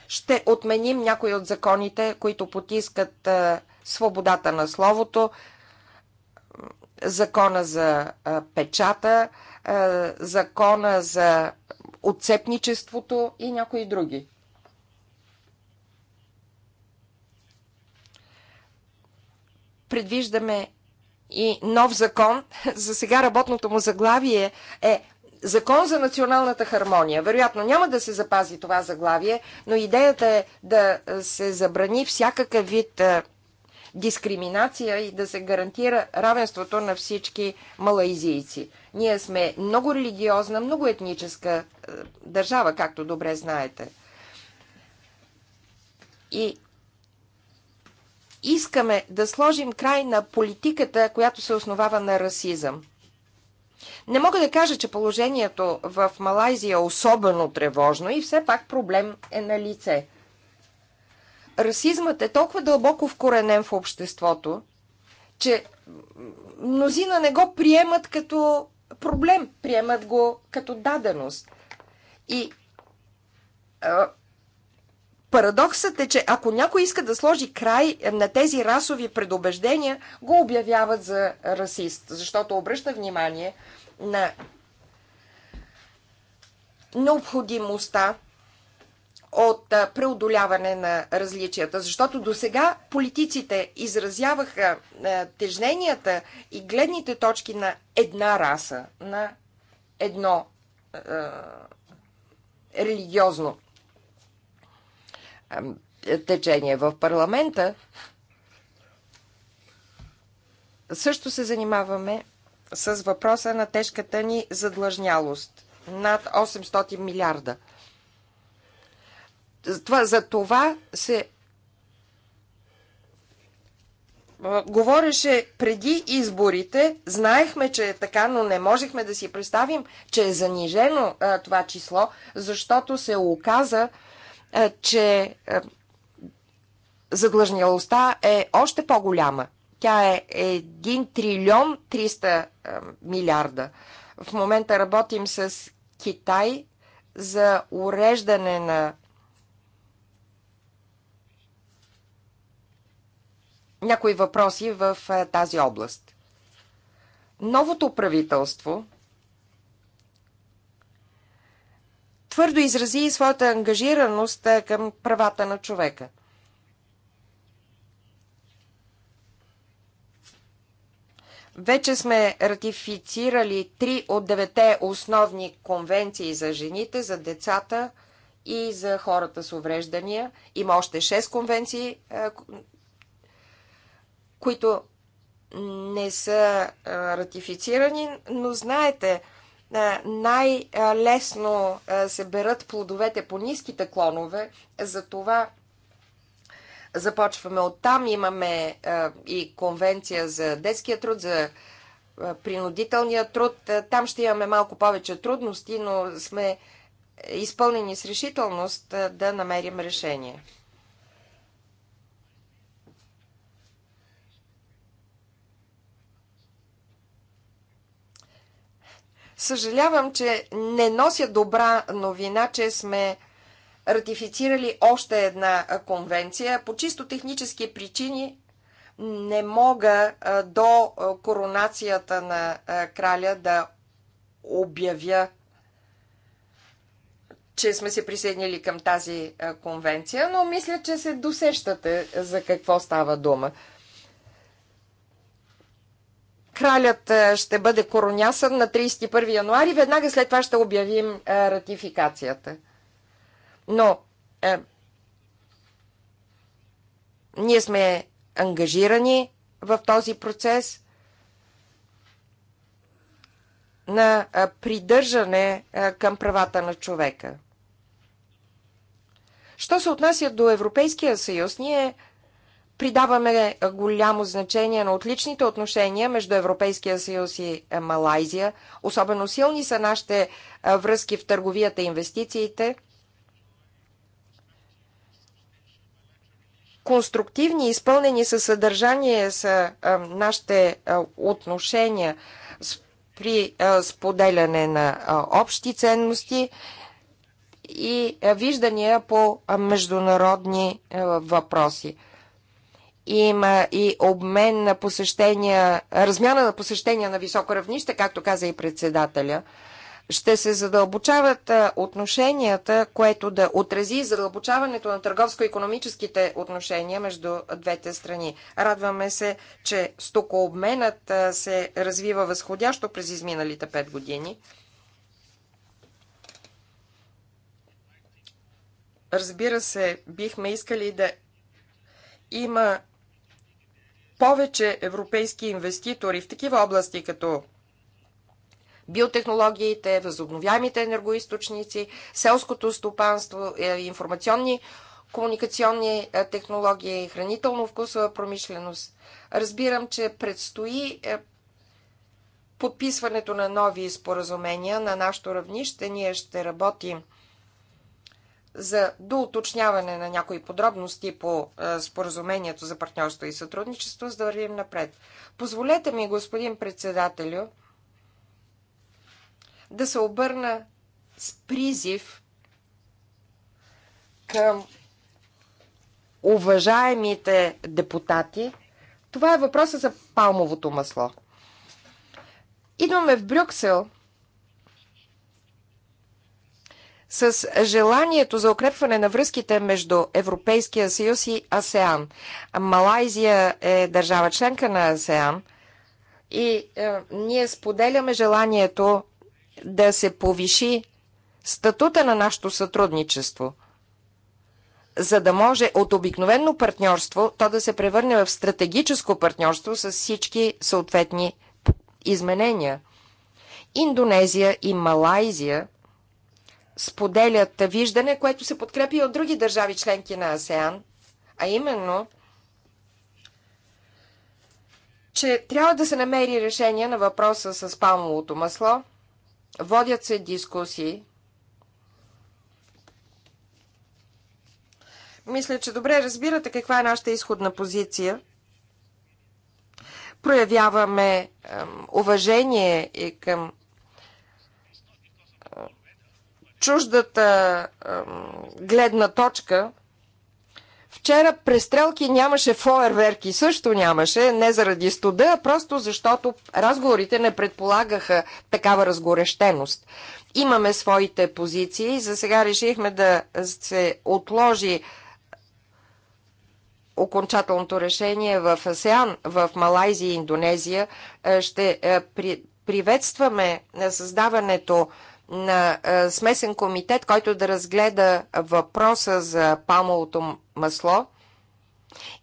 Ще отменим някои от законите, които потискат а, свободата на словото, закона за печата, закона за отцепничеството и някои други. Предвиждаме и нов закон. За сега работното му заглавие е Закон за националната хармония. Вероятно няма да се запази това заглавие, но идеята е да се забрани всякакъв вид дискриминация и да се гарантира равенството на всички малайзийци. Ние сме много религиозна, много етническа е, държава, както добре знаете. И искаме да сложим край на политиката, която се основава на расизъм. Не мога да кажа, че положението в Малайзия е особено тревожно и все пак проблем е на лице – Расизмът е толкова дълбоко вкоренен в обществото, че мнозина не го приемат като проблем, приемат го като даденост. И а, парадоксът е, че ако някой иска да сложи край на тези расови предубеждения, го обявяват за расист, защото обръща внимание на необходимостта от преодоляване на различията. Защото до сега политиците изразяваха тежненията и гледните точки на една раса, на едно е, религиозно течение. В парламента също се занимаваме с въпроса на тежката ни задлъжнялост. Над 800 милиарда това, за това се говореше преди изборите, знаехме, че е така, но не можехме да си представим, че е занижено а, това число, защото се оказа, а, че а, задлъжнялостта е още по-голяма. Тя е 1 трилион 300 а, милиарда. В момента работим с Китай за уреждане на някои въпроси в е, тази област. Новото правителство твърдо изрази и своята ангажираност е, към правата на човека. Вече сме ратифицирали три от девете основни конвенции за жените, за децата и за хората с увреждания. Има още шест конвенции, е, които не са ратифицирани, но знаете, най-лесно се берат плодовете по ниските клонове, затова започваме от там. Имаме и конвенция за детския труд, за принудителния труд. Там ще имаме малко повече трудности, но сме изпълнени с решителност да намерим решение. Съжалявам, че не нося добра новина, че сме ратифицирали още една конвенция. По чисто технически причини не мога до коронацията на краля да обявя, че сме се присъединили към тази конвенция, но мисля, че се досещате за какво става дума. Кралят е, ще бъде коронясан на 31 януари. Веднага след това ще обявим е, ратификацията. Но е, ние сме ангажирани в този процес на е, придържане към правата на човека. Що се отнася до Европейския съюз, ние Придаваме голямо значение на отличните отношения между Европейския съюз и е, Малайзия. Особено силни са нашите е, връзки в търговията и инвестициите. Конструктивни, изпълнени със съдържание са е, нашите отношения при споделяне на общи ценности и виждания по международни въпроси има и обмен на посещения, размяна на посещения на високо равнище, както каза и председателя. Ще се задълбочават отношенията, което да отрази задълбочаването на търговско-економическите отношения между двете страни. Радваме се, че стокообменът се развива възходящо през изминалите пет години. Разбира се, бихме искали да има повече европейски инвеститори в такива области като биотехнологиите, възобновяемите енергоисточници, селското стопанство, е, информационни комуникационни е, технологии, хранително-вкусова промишленост. Разбирам, че предстои е, подписването на нови споразумения на нашето равнище. Ние ще работим за доуточняване на някои подробности по е, споразумението за партньорство и сътрудничество, за да вървим напред. Позволете ми, господин председателю, да се обърна с призив към уважаемите депутати. Това е въпроса за палмовото масло. Идваме в Брюксел – с желанието за укрепване на връзките между Европейския съюз и АСЕАН. Малайзия е държава членка на АСЕАН и е, ние споделяме желанието да се повиши статута на нашето сътрудничество, за да може от обикновено партньорство то да се превърне в стратегическо партньорство с всички съответни изменения. Индонезия и Малайзия споделят виждане, което се подкрепи от други държави членки на АСЕАН, а именно, че трябва да се намери решение на въпроса с палмовото масло. Водят се дискусии. Мисля, че добре разбирате каква е нашата изходна позиция. Проявяваме уважение и към чуждата гледна точка. Вчера престрелки нямаше, фойерверки също нямаше, не заради студа, а просто защото разговорите не предполагаха такава разгорещеност. Имаме своите позиции и за сега решихме да се отложи окончателното решение в АСЕАН, в Малайзия и Индонезия. Е, ще е, приветстваме е, създаването на е, смесен комитет, който да разгледа въпроса за памовото масло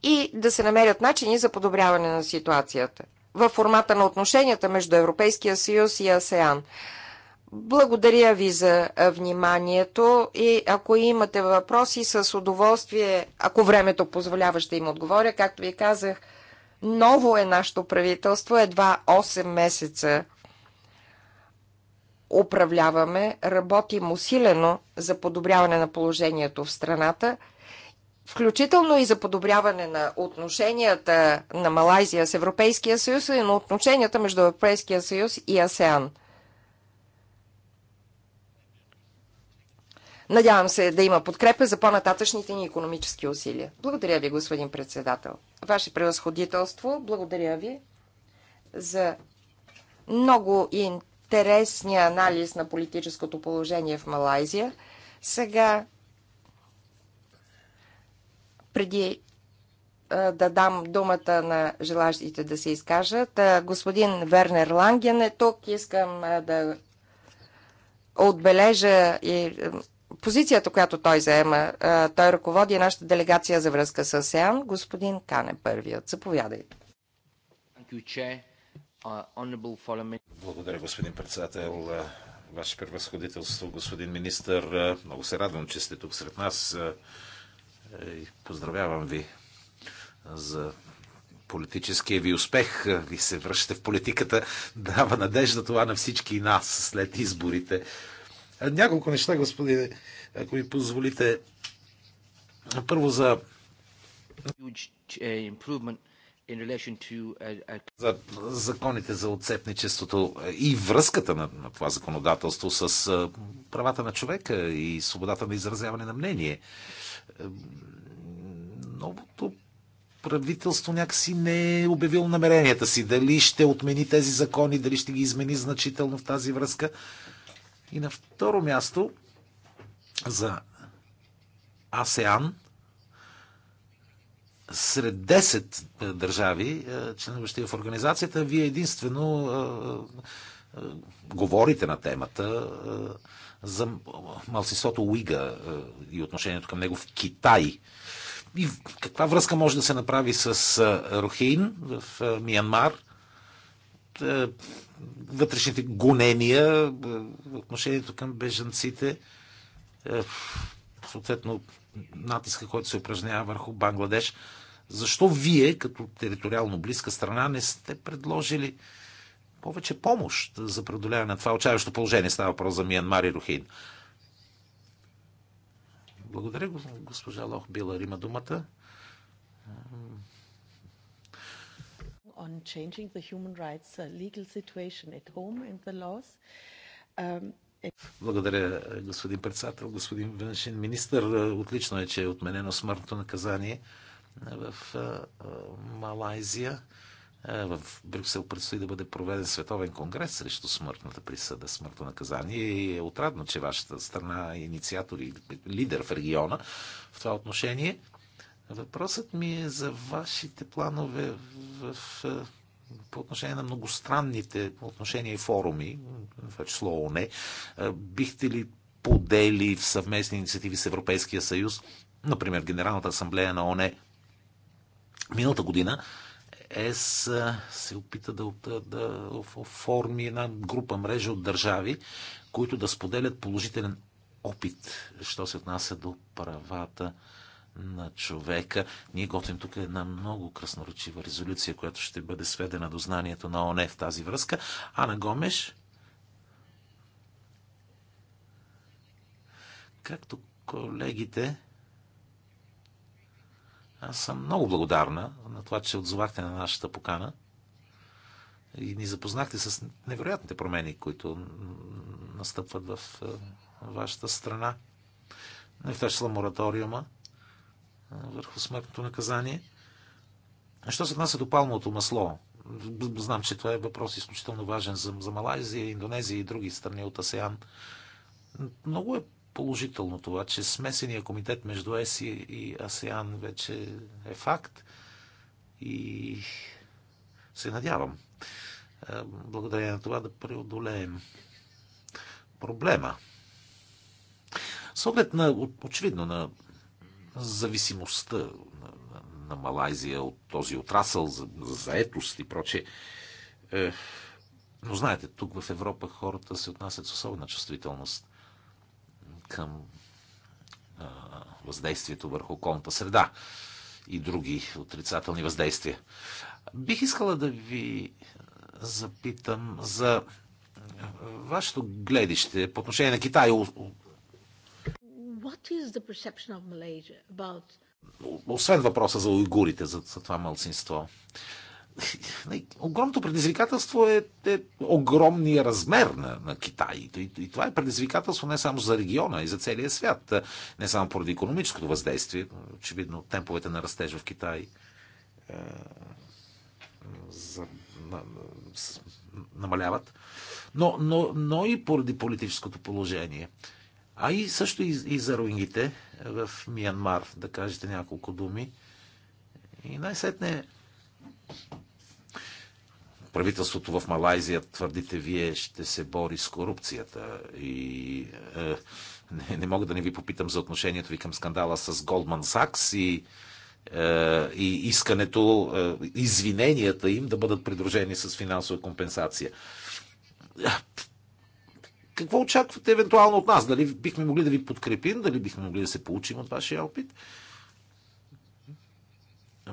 и да се намерят начини за подобряване на ситуацията в формата на отношенията между Европейския съюз и АСЕАН. Благодаря ви за е, вниманието и ако имате въпроси, с удоволствие, ако времето позволява, ще им отговоря. Както ви казах, ново е нашето правителство, едва 8 месеца управляваме, работим усилено за подобряване на положението в страната, включително и за подобряване на отношенията на Малайзия с Европейския съюз и на отношенията между Европейския съюз и АСЕАН. Надявам се да има подкрепа за по-нататъчните ни економически усилия. Благодаря ви, господин председател. Ваше превъзходителство, благодаря ви за много интересно интересния анализ на политическото положение в Малайзия. Сега, преди да дам думата на желащите да се изкажат, господин Вернер Ланген е тук. Искам да отбележа и позицията, която той заема. Той ръководи нашата делегация за връзка с СЕАН. Господин Кане първият. Заповядайте. Uh, Благодаря, господин председател. Uh, ваше превъзходителство, господин министр. Uh, много се радвам, че сте тук сред нас. Поздравявам ви за политическия ви успех. Ви се връщате в политиката. Дава надежда това на всички нас след изборите. Няколко неща, господин, ако ми позволите. Първо за... Uh, uh, за законите за отцепничеството е, и връзката на, на това законодателство с е, правата на човека и свободата на изразяване на мнение. Е, новото правителство някакси не е обявило намеренията си. Дали ще отмени тези закони, дали ще ги измени значително в тази връзка. И на второ място за АСЕАН сред 10 е, държави, е, членуващи в организацията, вие единствено е, говорите на темата за малцинството Уига и отношението към него в Китай. И каква връзка може да се направи с Рохин в Миянмар? Вътрешните гонения, отношението към бежанците, съответно натиска, който се упражнява върху Бангладеш. Защо вие, като териториално близка страна, не сте предложили повече помощ за преодоляване на това отчаяващо положение? Става въпрос за Миянмар и Рухин. Благодаря, госпожа Лох Билър. Има думата. On changing the human rights uh, legal situation at home and the laws. Um, благодаря, господин председател, господин външен министр. Отлично е, че е отменено смъртното наказание в Малайзия. В Брюксел предстои да бъде проведен световен конгрес срещу смъртната присъда, смъртно наказание. И е отрадно, че вашата страна е инициатор и лидер в региона в това отношение. Въпросът ми е за вашите планове в, в, по отношение на многостранните отношения и форуми, в число ОНЕ. Бихте ли подели в съвместни инициативи с Европейския съюз, например Генералната асамблея на ОНЕ, Миналата година ЕС се опита да, да, да оформи една група мрежа от държави, които да споделят положителен опит, що се отнася до правата на човека. Ние готвим тук една много красноречива резолюция, която ще бъде сведена до знанието на ОНЕ в тази връзка. Ана Гомеш, както колегите, аз съм много благодарна на това, че отзовахте на нашата покана и ни запознахте с невероятните промени, които настъпват в вашата страна. Не в мораториума върху смъртното наказание. Що се отнася до палмото масло? Знам, че това е въпрос изключително важен за, за Малайзия, Индонезия и други страни от АСЕАН. Много е положително това, че смесения комитет между ЕС и АСЕАН вече е факт и се надявам е, благодарение на това да преодолеем проблема. С оглед на, очевидно, на зависимостта на, на, на Малайзия от този отрасъл за, за заетост и проче. Е, но знаете, тук в Европа хората се отнасят с особена чувствителност към въздействието върху околната среда и други отрицателни въздействия. Бих искала да ви запитам за вашето гледище по отношение на Китай. What is the perception of Malaysia about... Освен въпроса за уйгурите, за, за това мълцинство. Нали, огромното предизвикателство е, е огромния размер на, на Китай. И, и това е предизвикателство не само за региона, и за целия свят. Е, не само поради економическото въздействие. Очевидно, темповете на растежа в Китай е, за, на, с, намаляват. Но, но, но и поради политическото положение. А и също и, и за руингите е, в Миянмар, да кажете няколко думи. И най-сетне Правителството в Малайзия, твърдите вие, ще се бори с корупцията. И е, не, не мога да не ви попитам за отношението ви към скандала с Голдман Сакс и, е, и искането, е, извиненията им да бъдат придружени с финансова компенсация какво очаквате евентуално от нас? Дали бихме могли да ви подкрепим, дали бихме могли да се получим от вашия опит?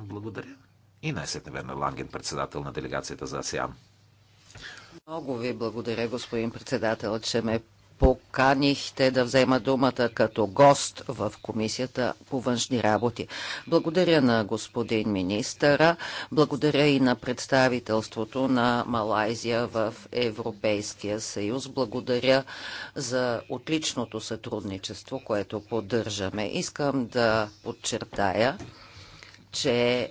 Благодаря. И най-сетне Вернер Ланген, председател на делегацията за АСЕАН. Много ви благодаря, господин председател, че ме поканихте да взема думата като гост в Комисията по външни работи. Благодаря на господин министъра, благодаря и на представителството на Малайзия в Европейския съюз, благодаря за отличното сътрудничество, което поддържаме. Искам да подчертая, че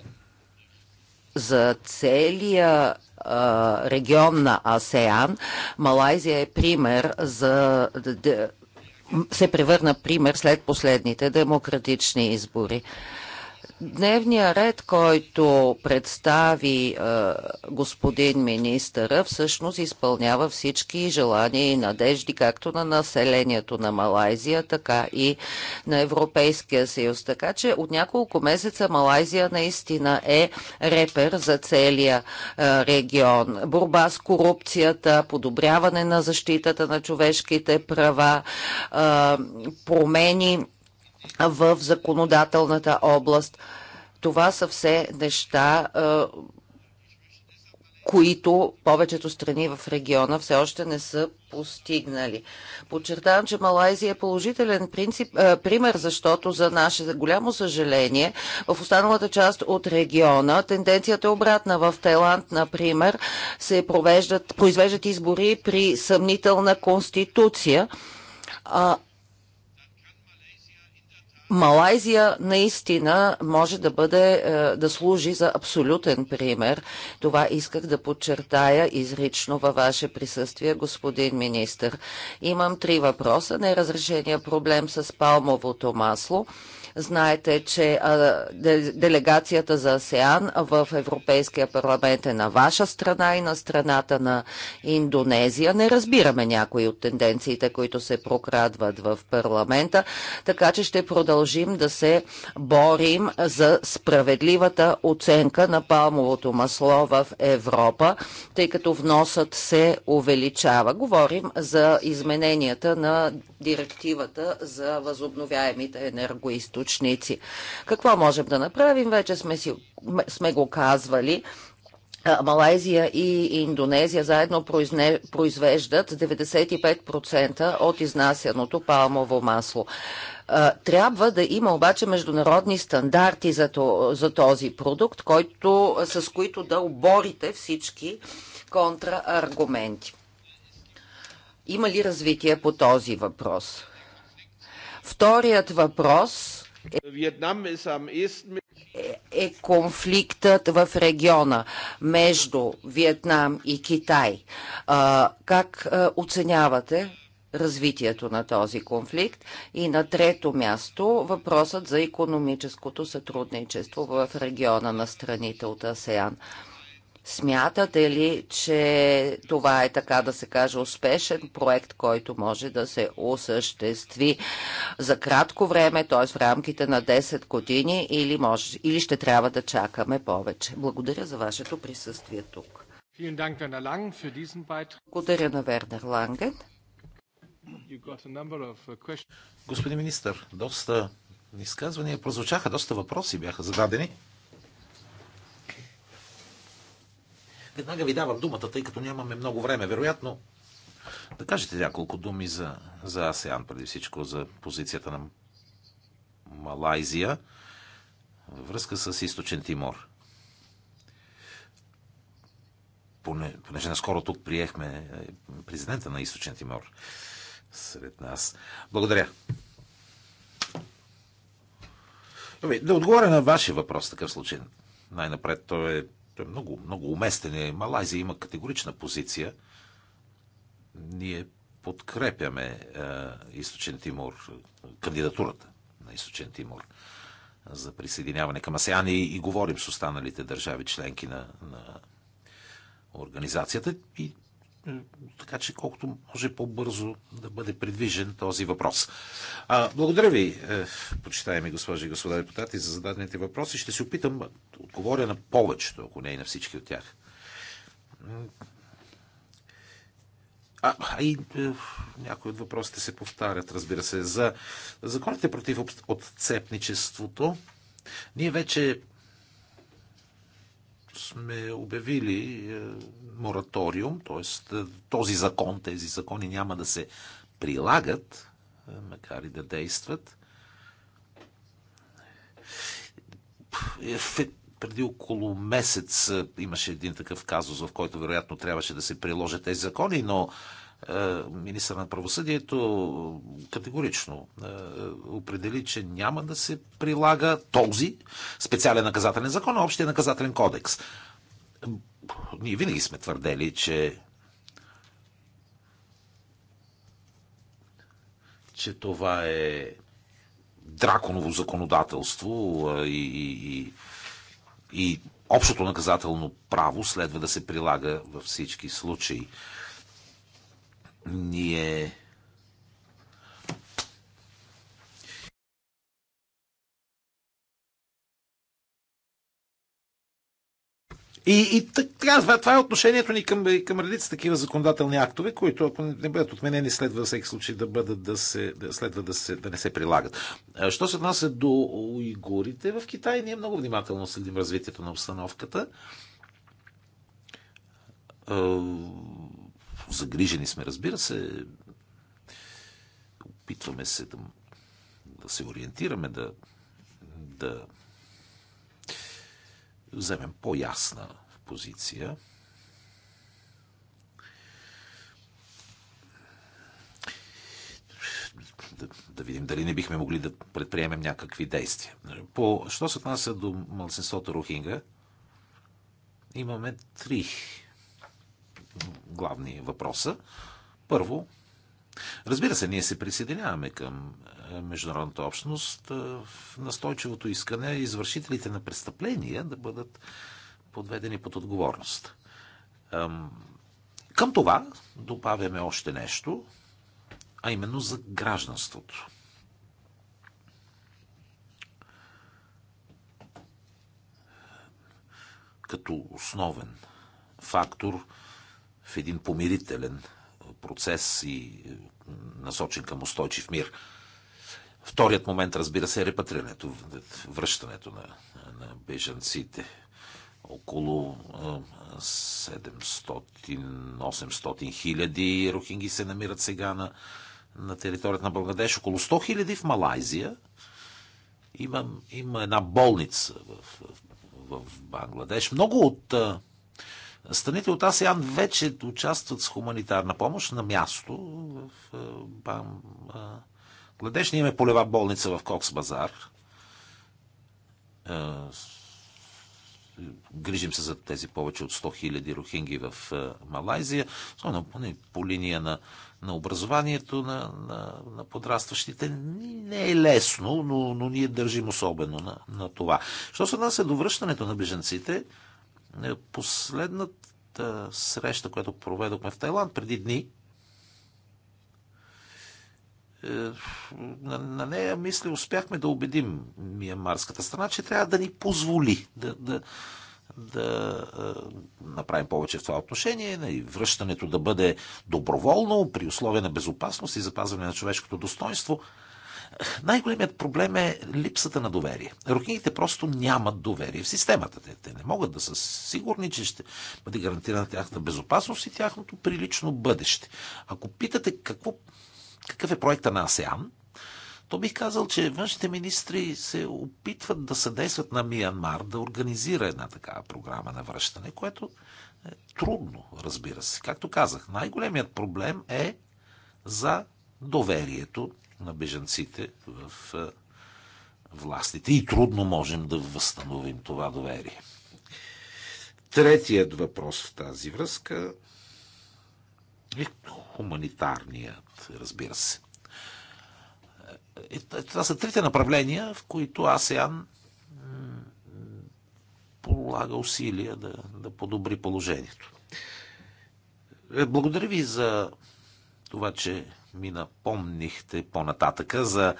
за целия регион на АСЕАН, Малайзия е пример за се превърна пример след последните демократични избори. Дневният ред, който представи е, господин министъра, всъщност изпълнява всички желания и надежди, както на населението на Малайзия, така и на Европейския съюз. Така че от няколко месеца Малайзия наистина е репер за целия е, регион. Борба с корупцията, подобряване на защитата на човешките права, е, промени в законодателната област. Това са все неща, е, които повечето страни в региона все още не са постигнали. Подчертавам, че Малайзия е положителен принцип, е, пример, защото за наше голямо съжаление в останалата част от региона тенденцията е обратна. В Тайланд, например, се провеждат, произвеждат избори при съмнителна конституция. Малайзия наистина може да бъде, е, да служи за абсолютен пример. Това исках да подчертая изрично във ваше присъствие, господин министр. Имам три въпроса. Неразрешения проблем с палмовото масло Знаете, че делегацията за АСЕАН в Европейския парламент е на ваша страна и на страната на Индонезия. Не разбираме някои от тенденциите, които се прокрадват в парламента, така че ще продължим да се борим за справедливата оценка на палмовото масло в Европа, тъй като вносът се увеличава. Говорим за измененията на директивата за възобновяемите енергоисточници източници. Какво можем да направим? Вече сме, си, сме го казвали. Малайзия и Индонезия заедно произне, произвеждат 95% от изнасяното палмово масло. Трябва да има обаче международни стандарти за, то, за този продукт, който, с които да оборите всички контрааргументи. Има ли развитие по този въпрос? Вторият въпрос е, е, е конфликтът в региона между Виетнам и Китай. А, как а, оценявате развитието на този конфликт? И на трето място въпросът за економическото сътрудничество в региона на страните от АСЕАН. Смятате ли, че това е така да се каже успешен проект, който може да се осъществи за кратко време, т.е. в рамките на 10 години или, може, или ще трябва да чакаме повече? Благодаря за вашето присъствие тук. Благодаря на Вернер Ланген. Uh, Господин министр, доста изказвания прозвучаха, доста въпроси бяха зададени. Веднага ви давам думата, тъй като нямаме много време. Вероятно, да кажете няколко думи за, за АСЕАН, преди всичко за позицията на Малайзия във връзка с Източен Тимор. Поне, понеже наскоро тук приехме е, президента на Източен Тимор сред нас. Благодаря. Ами, да отговоря на вашия въпрос, такъв случай. Най-напред, той е е много, много уместен. Е, Малайзия има категорична позиция. Ние подкрепяме е, Източен Тимор, кандидатурата на Източен Тимор за присъединяване към АСЕАН и, и говорим с останалите държави членки на, на организацията и така че колкото може по-бързо да бъде предвижен този въпрос. А, благодаря ви, е, почитаеми госпожи и господа депутати, за зададените въпроси. Ще се опитам да отговоря на повечето, ако не и на всички от тях. А, а и е, някои от въпросите се повтарят, разбира се. За законите против отцепничеството, ние вече сме обявили е, мораториум, т.е. този закон, тези закони няма да се прилагат, е, макар и да действат. Е, преди около месец имаше един такъв казус, в който вероятно трябваше да се приложат тези закони, но е, министър на правосъдието категорично е, е, определи, че няма да се прилага този специален наказателен закон, а общия наказателен кодекс. Ние винаги сме твърдели, че че това е драконово законодателство и, и, и, и общото наказателно право следва да се прилага във всички случаи. Ние И, и така, това е отношението ни към, към редица такива законодателни актове, които ако не бъдат отменени, следва всеки случай да бъдат да се, да, следва да, се, да не се прилагат. Що се отнася до уйгурите в Китай, ние много внимателно следим развитието на обстановката. Загрижени сме, разбира се. Опитваме се да, да се ориентираме, да, да вземем по-ясна позиция. да, да видим дали не бихме могли да предприемем някакви действия. По, що се отнася до мълцинството Рохинга, имаме три главни въпроса. Първо, разбира се, ние се присъединяваме към е, международната общност е, в настойчивото искане извършителите на престъпления да бъдат подведени под отговорност. Към това добавяме още нещо, а именно за гражданството. Като основен фактор – в един помирителен процес и е, насочен към устойчив мир. Вторият момент, разбира се, е репатрирането, връщането на, на бежанците. Около 700-800 хиляди рухинги се намират сега на, на територията на Бангладеш. Около 100 хиляди в Малайзия. Има, има една болница в, в, в Бангладеш. Много от а, Страните от АСЕАН вече участват с хуманитарна помощ на място в Бам... Гладеш. Ние имаме полева болница в Кокс Базар. Грижим се за тези повече от 100 000 рухинги в Малайзия, особено по линия на, на образованието на, на, на подрастващите. Не е лесно, но, но ние държим особено на, на това. Що се отнася до връщането на беженците, Последната среща, която проведохме в Тайланд преди дни, е, на, на нея, мисля, успяхме да убедим миямарската страна, че трябва да ни позволи да, да, да е, направим повече в това отношение и нали, връщането да бъде доброволно при условия на безопасност и запазване на човешкото достоинство – най-големият проблем е липсата на доверие. Рокингите просто нямат доверие в системата. Те, те не могат да са сигурни, че ще бъде гарантирана тяхната безопасност и тяхното прилично бъдеще. Ако питате какво, какъв е проекта на АСЕАН, то бих казал, че външните министри се опитват да съдействат на Миянмар да организира една такава програма на връщане, което е трудно, разбира се. Както казах, най-големият проблем е за доверието на бежанците в властите и трудно можем да възстановим това доверие. Третият въпрос в тази връзка е хуманитарният, разбира се. Е, е, това са трите направления, в които АСЕАН полага усилия да, да подобри положението. Е, благодаря ви за това, че ми напомнихте по-нататъка за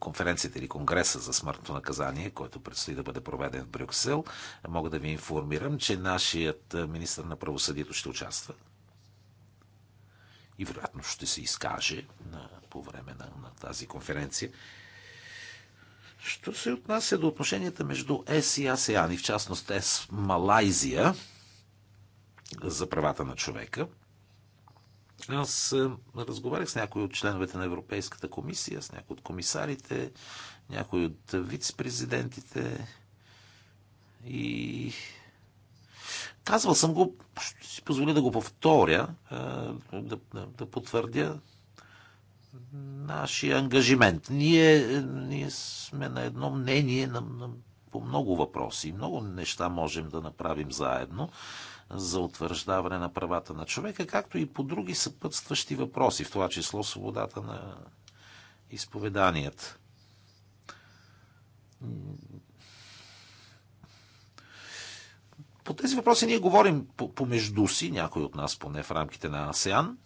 конференцията или конгреса за смъртно наказание, който предстои да бъде проведен в Брюксел. Мога да ви информирам, че нашият министр на правосъдието ще участва и вероятно ще се изкаже на, по време на, на тази конференция. Що се отнася до отношенията между ЕС и АСЕАН и в частност ЕС Малайзия за правата на човека – аз е, разговарях с някои от членовете на Европейската комисия, с някои от комисарите, някои от вице-президентите и казвал съм го, ще си позволя да го повторя, е, да, да, да потвърдя нашия ангажимент. Ние, ние сме на едно мнение на, на, по много въпроси. Много неща можем да направим заедно за утвърждаване на правата на човека, както и по други съпътстващи въпроси, в това число свободата на изповеданията. По тези въпроси ние говорим помежду си, някой от нас поне в рамките на АСЕАН,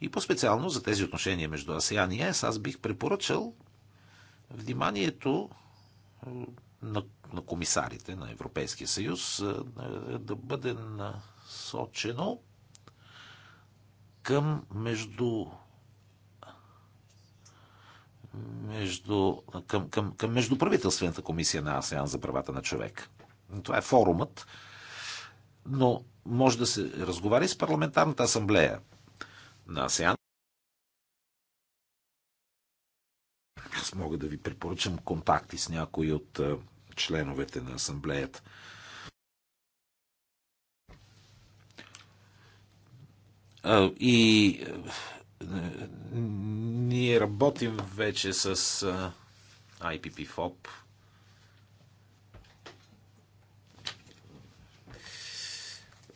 и по-специално за тези отношения между АСЕАН и ЕС, аз бих препоръчал вниманието на, на комисарите на Европейския съюз е, е, да бъде насочено към между между, към, към, към Междуправителствената комисия на АСЕАН за правата на човек. Това е форумът, но може да се разговаря с Парламентарната асамблея на АСЕАН мога да ви препоръчам контакти с някои от е, членовете на асамблеята. И е, ние работим вече с е, IPPFOP.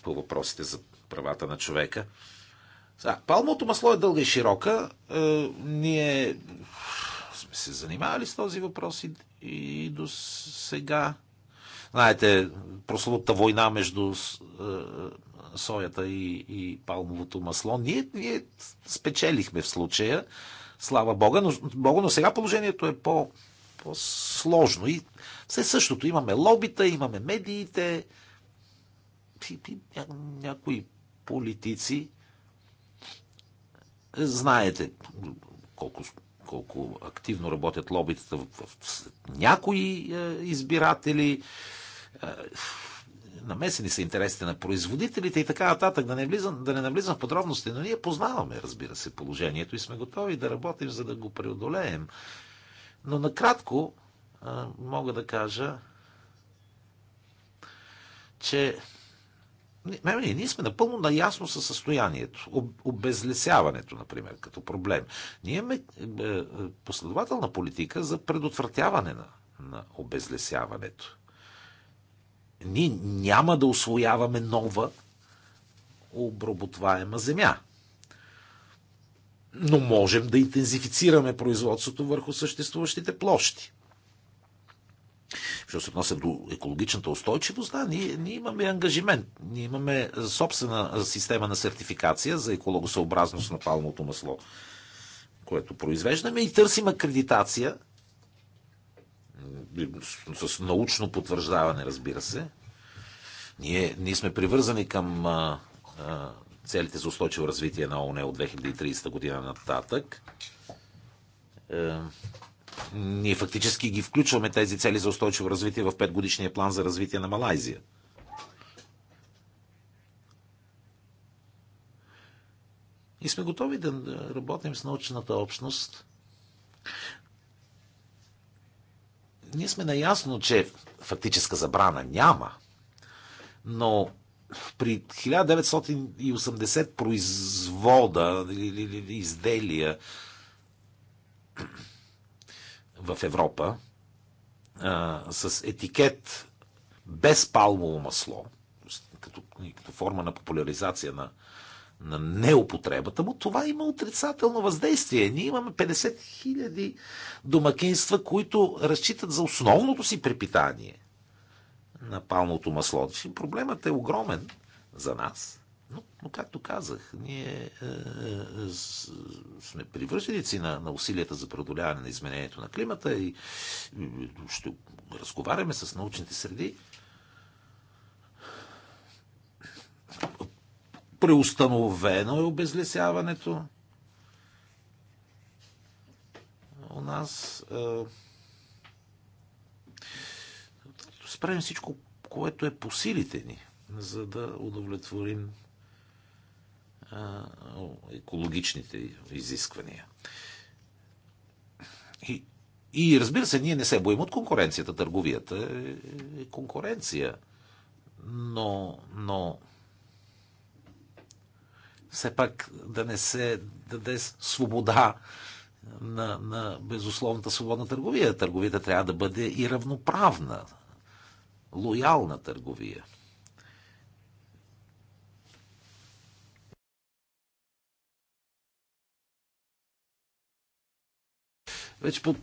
По въпросите за правата на човека. палмото масло е дълга и широка. Е, ние сме се занимавали с този въпрос и, и до сега. Знаете, прословата война между е, соята и, и палмовото масло. Ние, ние спечелихме в случая, слава Бога, но, Бога, но сега положението е по, по-сложно. И все същото. Имаме лобита, имаме медиите, и, и, ня, някои политици. Знаете колко колко активно работят лобитата в, в, в някои е, избиратели. Е, намесени са интересите на производителите и така нататък. Да не, влизам, да не навлизам в подробности, но ние познаваме, разбира се, положението и сме готови да работим, за да го преодолеем. Но накратко е, мога да кажа, че не, не, ние сме напълно наясно със състоянието, обезлесяването, например, като проблем. Ние имаме е, е, последователна политика за предотвратяване на, на обезлесяването. Ние няма да освояваме нова обработваема земя. Но можем да интензифицираме производството върху съществуващите площи. Що се отнася до екологичната устойчивост, да, ние, ние имаме ангажимент. Ние имаме собствена система на сертификация за екологосъобразност на палното масло, което произвеждаме и търсим акредитация с научно потвърждаване, разбира се. Ние, ние сме привързани към а, а, целите за устойчиво развитие на ОНЕ от 2030 година нататък. Ние фактически ги включваме тези цели за устойчиво развитие в петгодишния план за развитие на Малайзия. И сме готови да работим с научната общност. Ние сме наясно, че фактическа забрана няма, но при 1980 производа или изделия в Европа а, с етикет без палмово масло, като, като форма на популяризация на, на неупотребата му, това има отрицателно въздействие. Ние имаме 50 000 домакинства, които разчитат за основното си препитание на палмовото масло. Проблемът е огромен за нас. Но, но както казах, ние е, е сме привърженици на, на усилията за преодоляване на изменението на климата и, и ще разговаряме с научните среди. Преустановено е обезлесяването. У нас. Е, справим всичко, което е по силите ни, за да удовлетворим екологичните изисквания. И, и разбира се, ние не се боим от конкуренцията. Търговията е, е конкуренция. Но, но все пак да не се даде свобода на, на безусловната свободна търговия. Търговията трябва да бъде и равноправна, лоялна търговия. Вече по,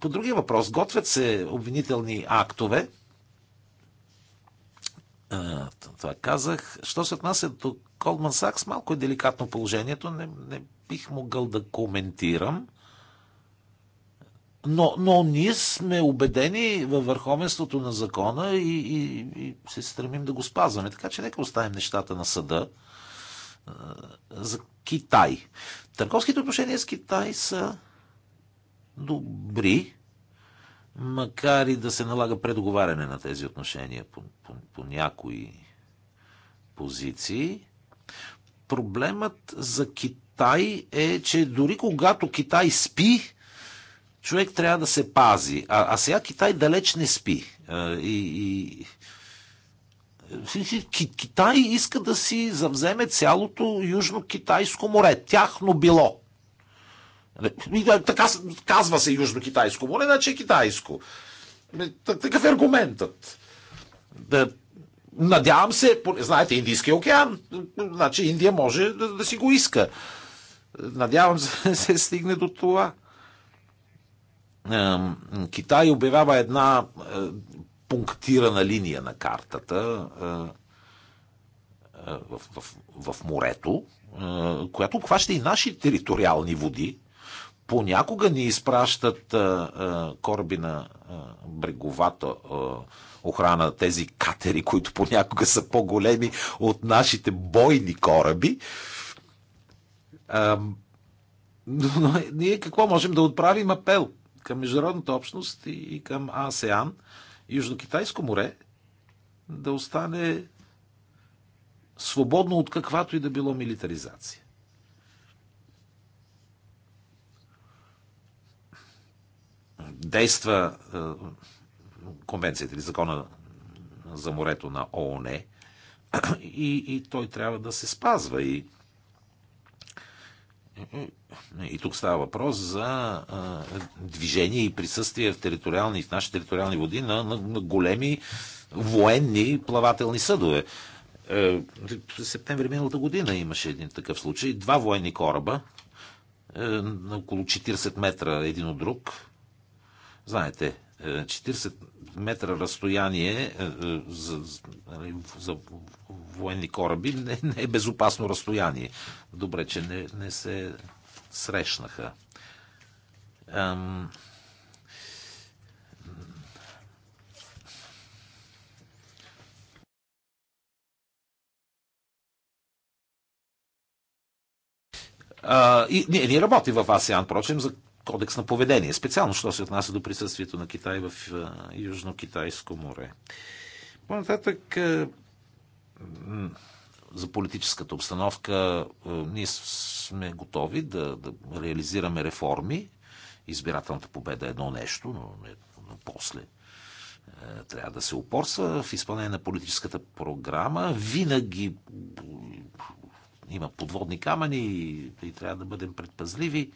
по другия въпрос. Готвят се обвинителни актове. Това казах. Що се отнася до Колман Сакс, малко е деликатно положението. Не, не бих могъл да коментирам. Но, но ние сме убедени във върховенството на закона и, и, и се стремим да го спазваме. Така че нека оставим нещата на съда за Китай. Търговските отношения с Китай са добри, макар и да се налага предоговаряне на тези отношения по, по, по някои позиции. Проблемът за Китай е, че дори когато Китай спи, човек трябва да се пази. А, а сега Китай далеч не спи. А, и, и... Китай иска да си завземе цялото Южно-Китайско море. Тяхно било. Така казва се Южно-Китайско море, значи е китайско. Такъв е аргументът. Да, надявам се, знаете, Индийския океан, значи Индия може да, да си го иска. Надявам се, да се стигне до това. Китай обявява една е, пунктирана линия на картата е, е, в, в, в морето, която обхваща и наши териториални води, понякога ни изпращат а, а, кораби на а, бреговата а, охрана, тези катери, които понякога са по-големи от нашите бойни кораби. А, но, но ние какво можем да отправим апел към международната общност и, и към АСЕАН, Южно-Китайско море, да остане свободно от каквато и да било милитаризация. действа е, конвенцията или закона за морето на ООН и, и той трябва да се спазва. И, и тук става въпрос за а, е, движение и присъствие в, териториални, в наши териториални води на, на, на големи военни плавателни съдове. Е, в септември миналата година имаше един такъв случай. Два военни кораба е, на около 40 метра един от друг Знаете, 40 е, метра разстояние е, е, за, нали, за военни кораби не, не е безопасно разстояние. Добре, че не, не се срещнаха. Ам... А, и, не, ние работи в АСЕАН, прочим, за кодекс на поведение, специално, що се отнася до присъствието на Китай в Южно-Китайско море. По-нататък за политическата обстановка ние сме готови да, да реализираме реформи. Избирателната победа е едно нещо, но, но после трябва да се упорства в изпълнение на политическата програма. Винаги има подводни камъни и, и трябва да бъдем предпазливи.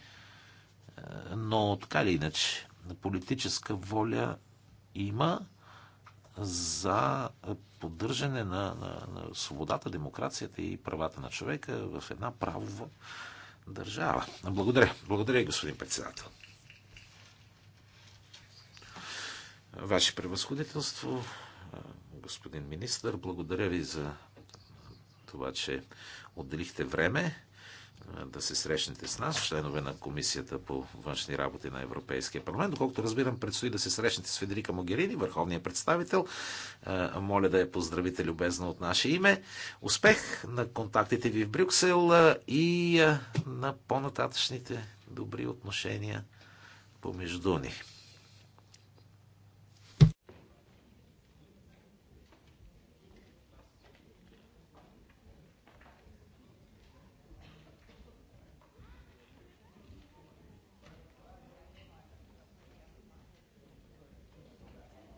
Но така или иначе, политическа воля има за поддържане на, на, на свободата, демокрацията и правата на човека в една правова държава. Благодаря. Благодаря, господин председател. Ваше превъзходителство, господин министр, благодаря ви за това, че отделихте време да се срещнете с нас, членове на Комисията по външни работи на Европейския парламент. Доколкото разбирам, предстои да се срещнете с Федерика Могерини, върховния представител. Моля да я поздравите любезно от наше име. Успех на контактите ви в Брюксел и на по-нататъчните добри отношения помежду ни.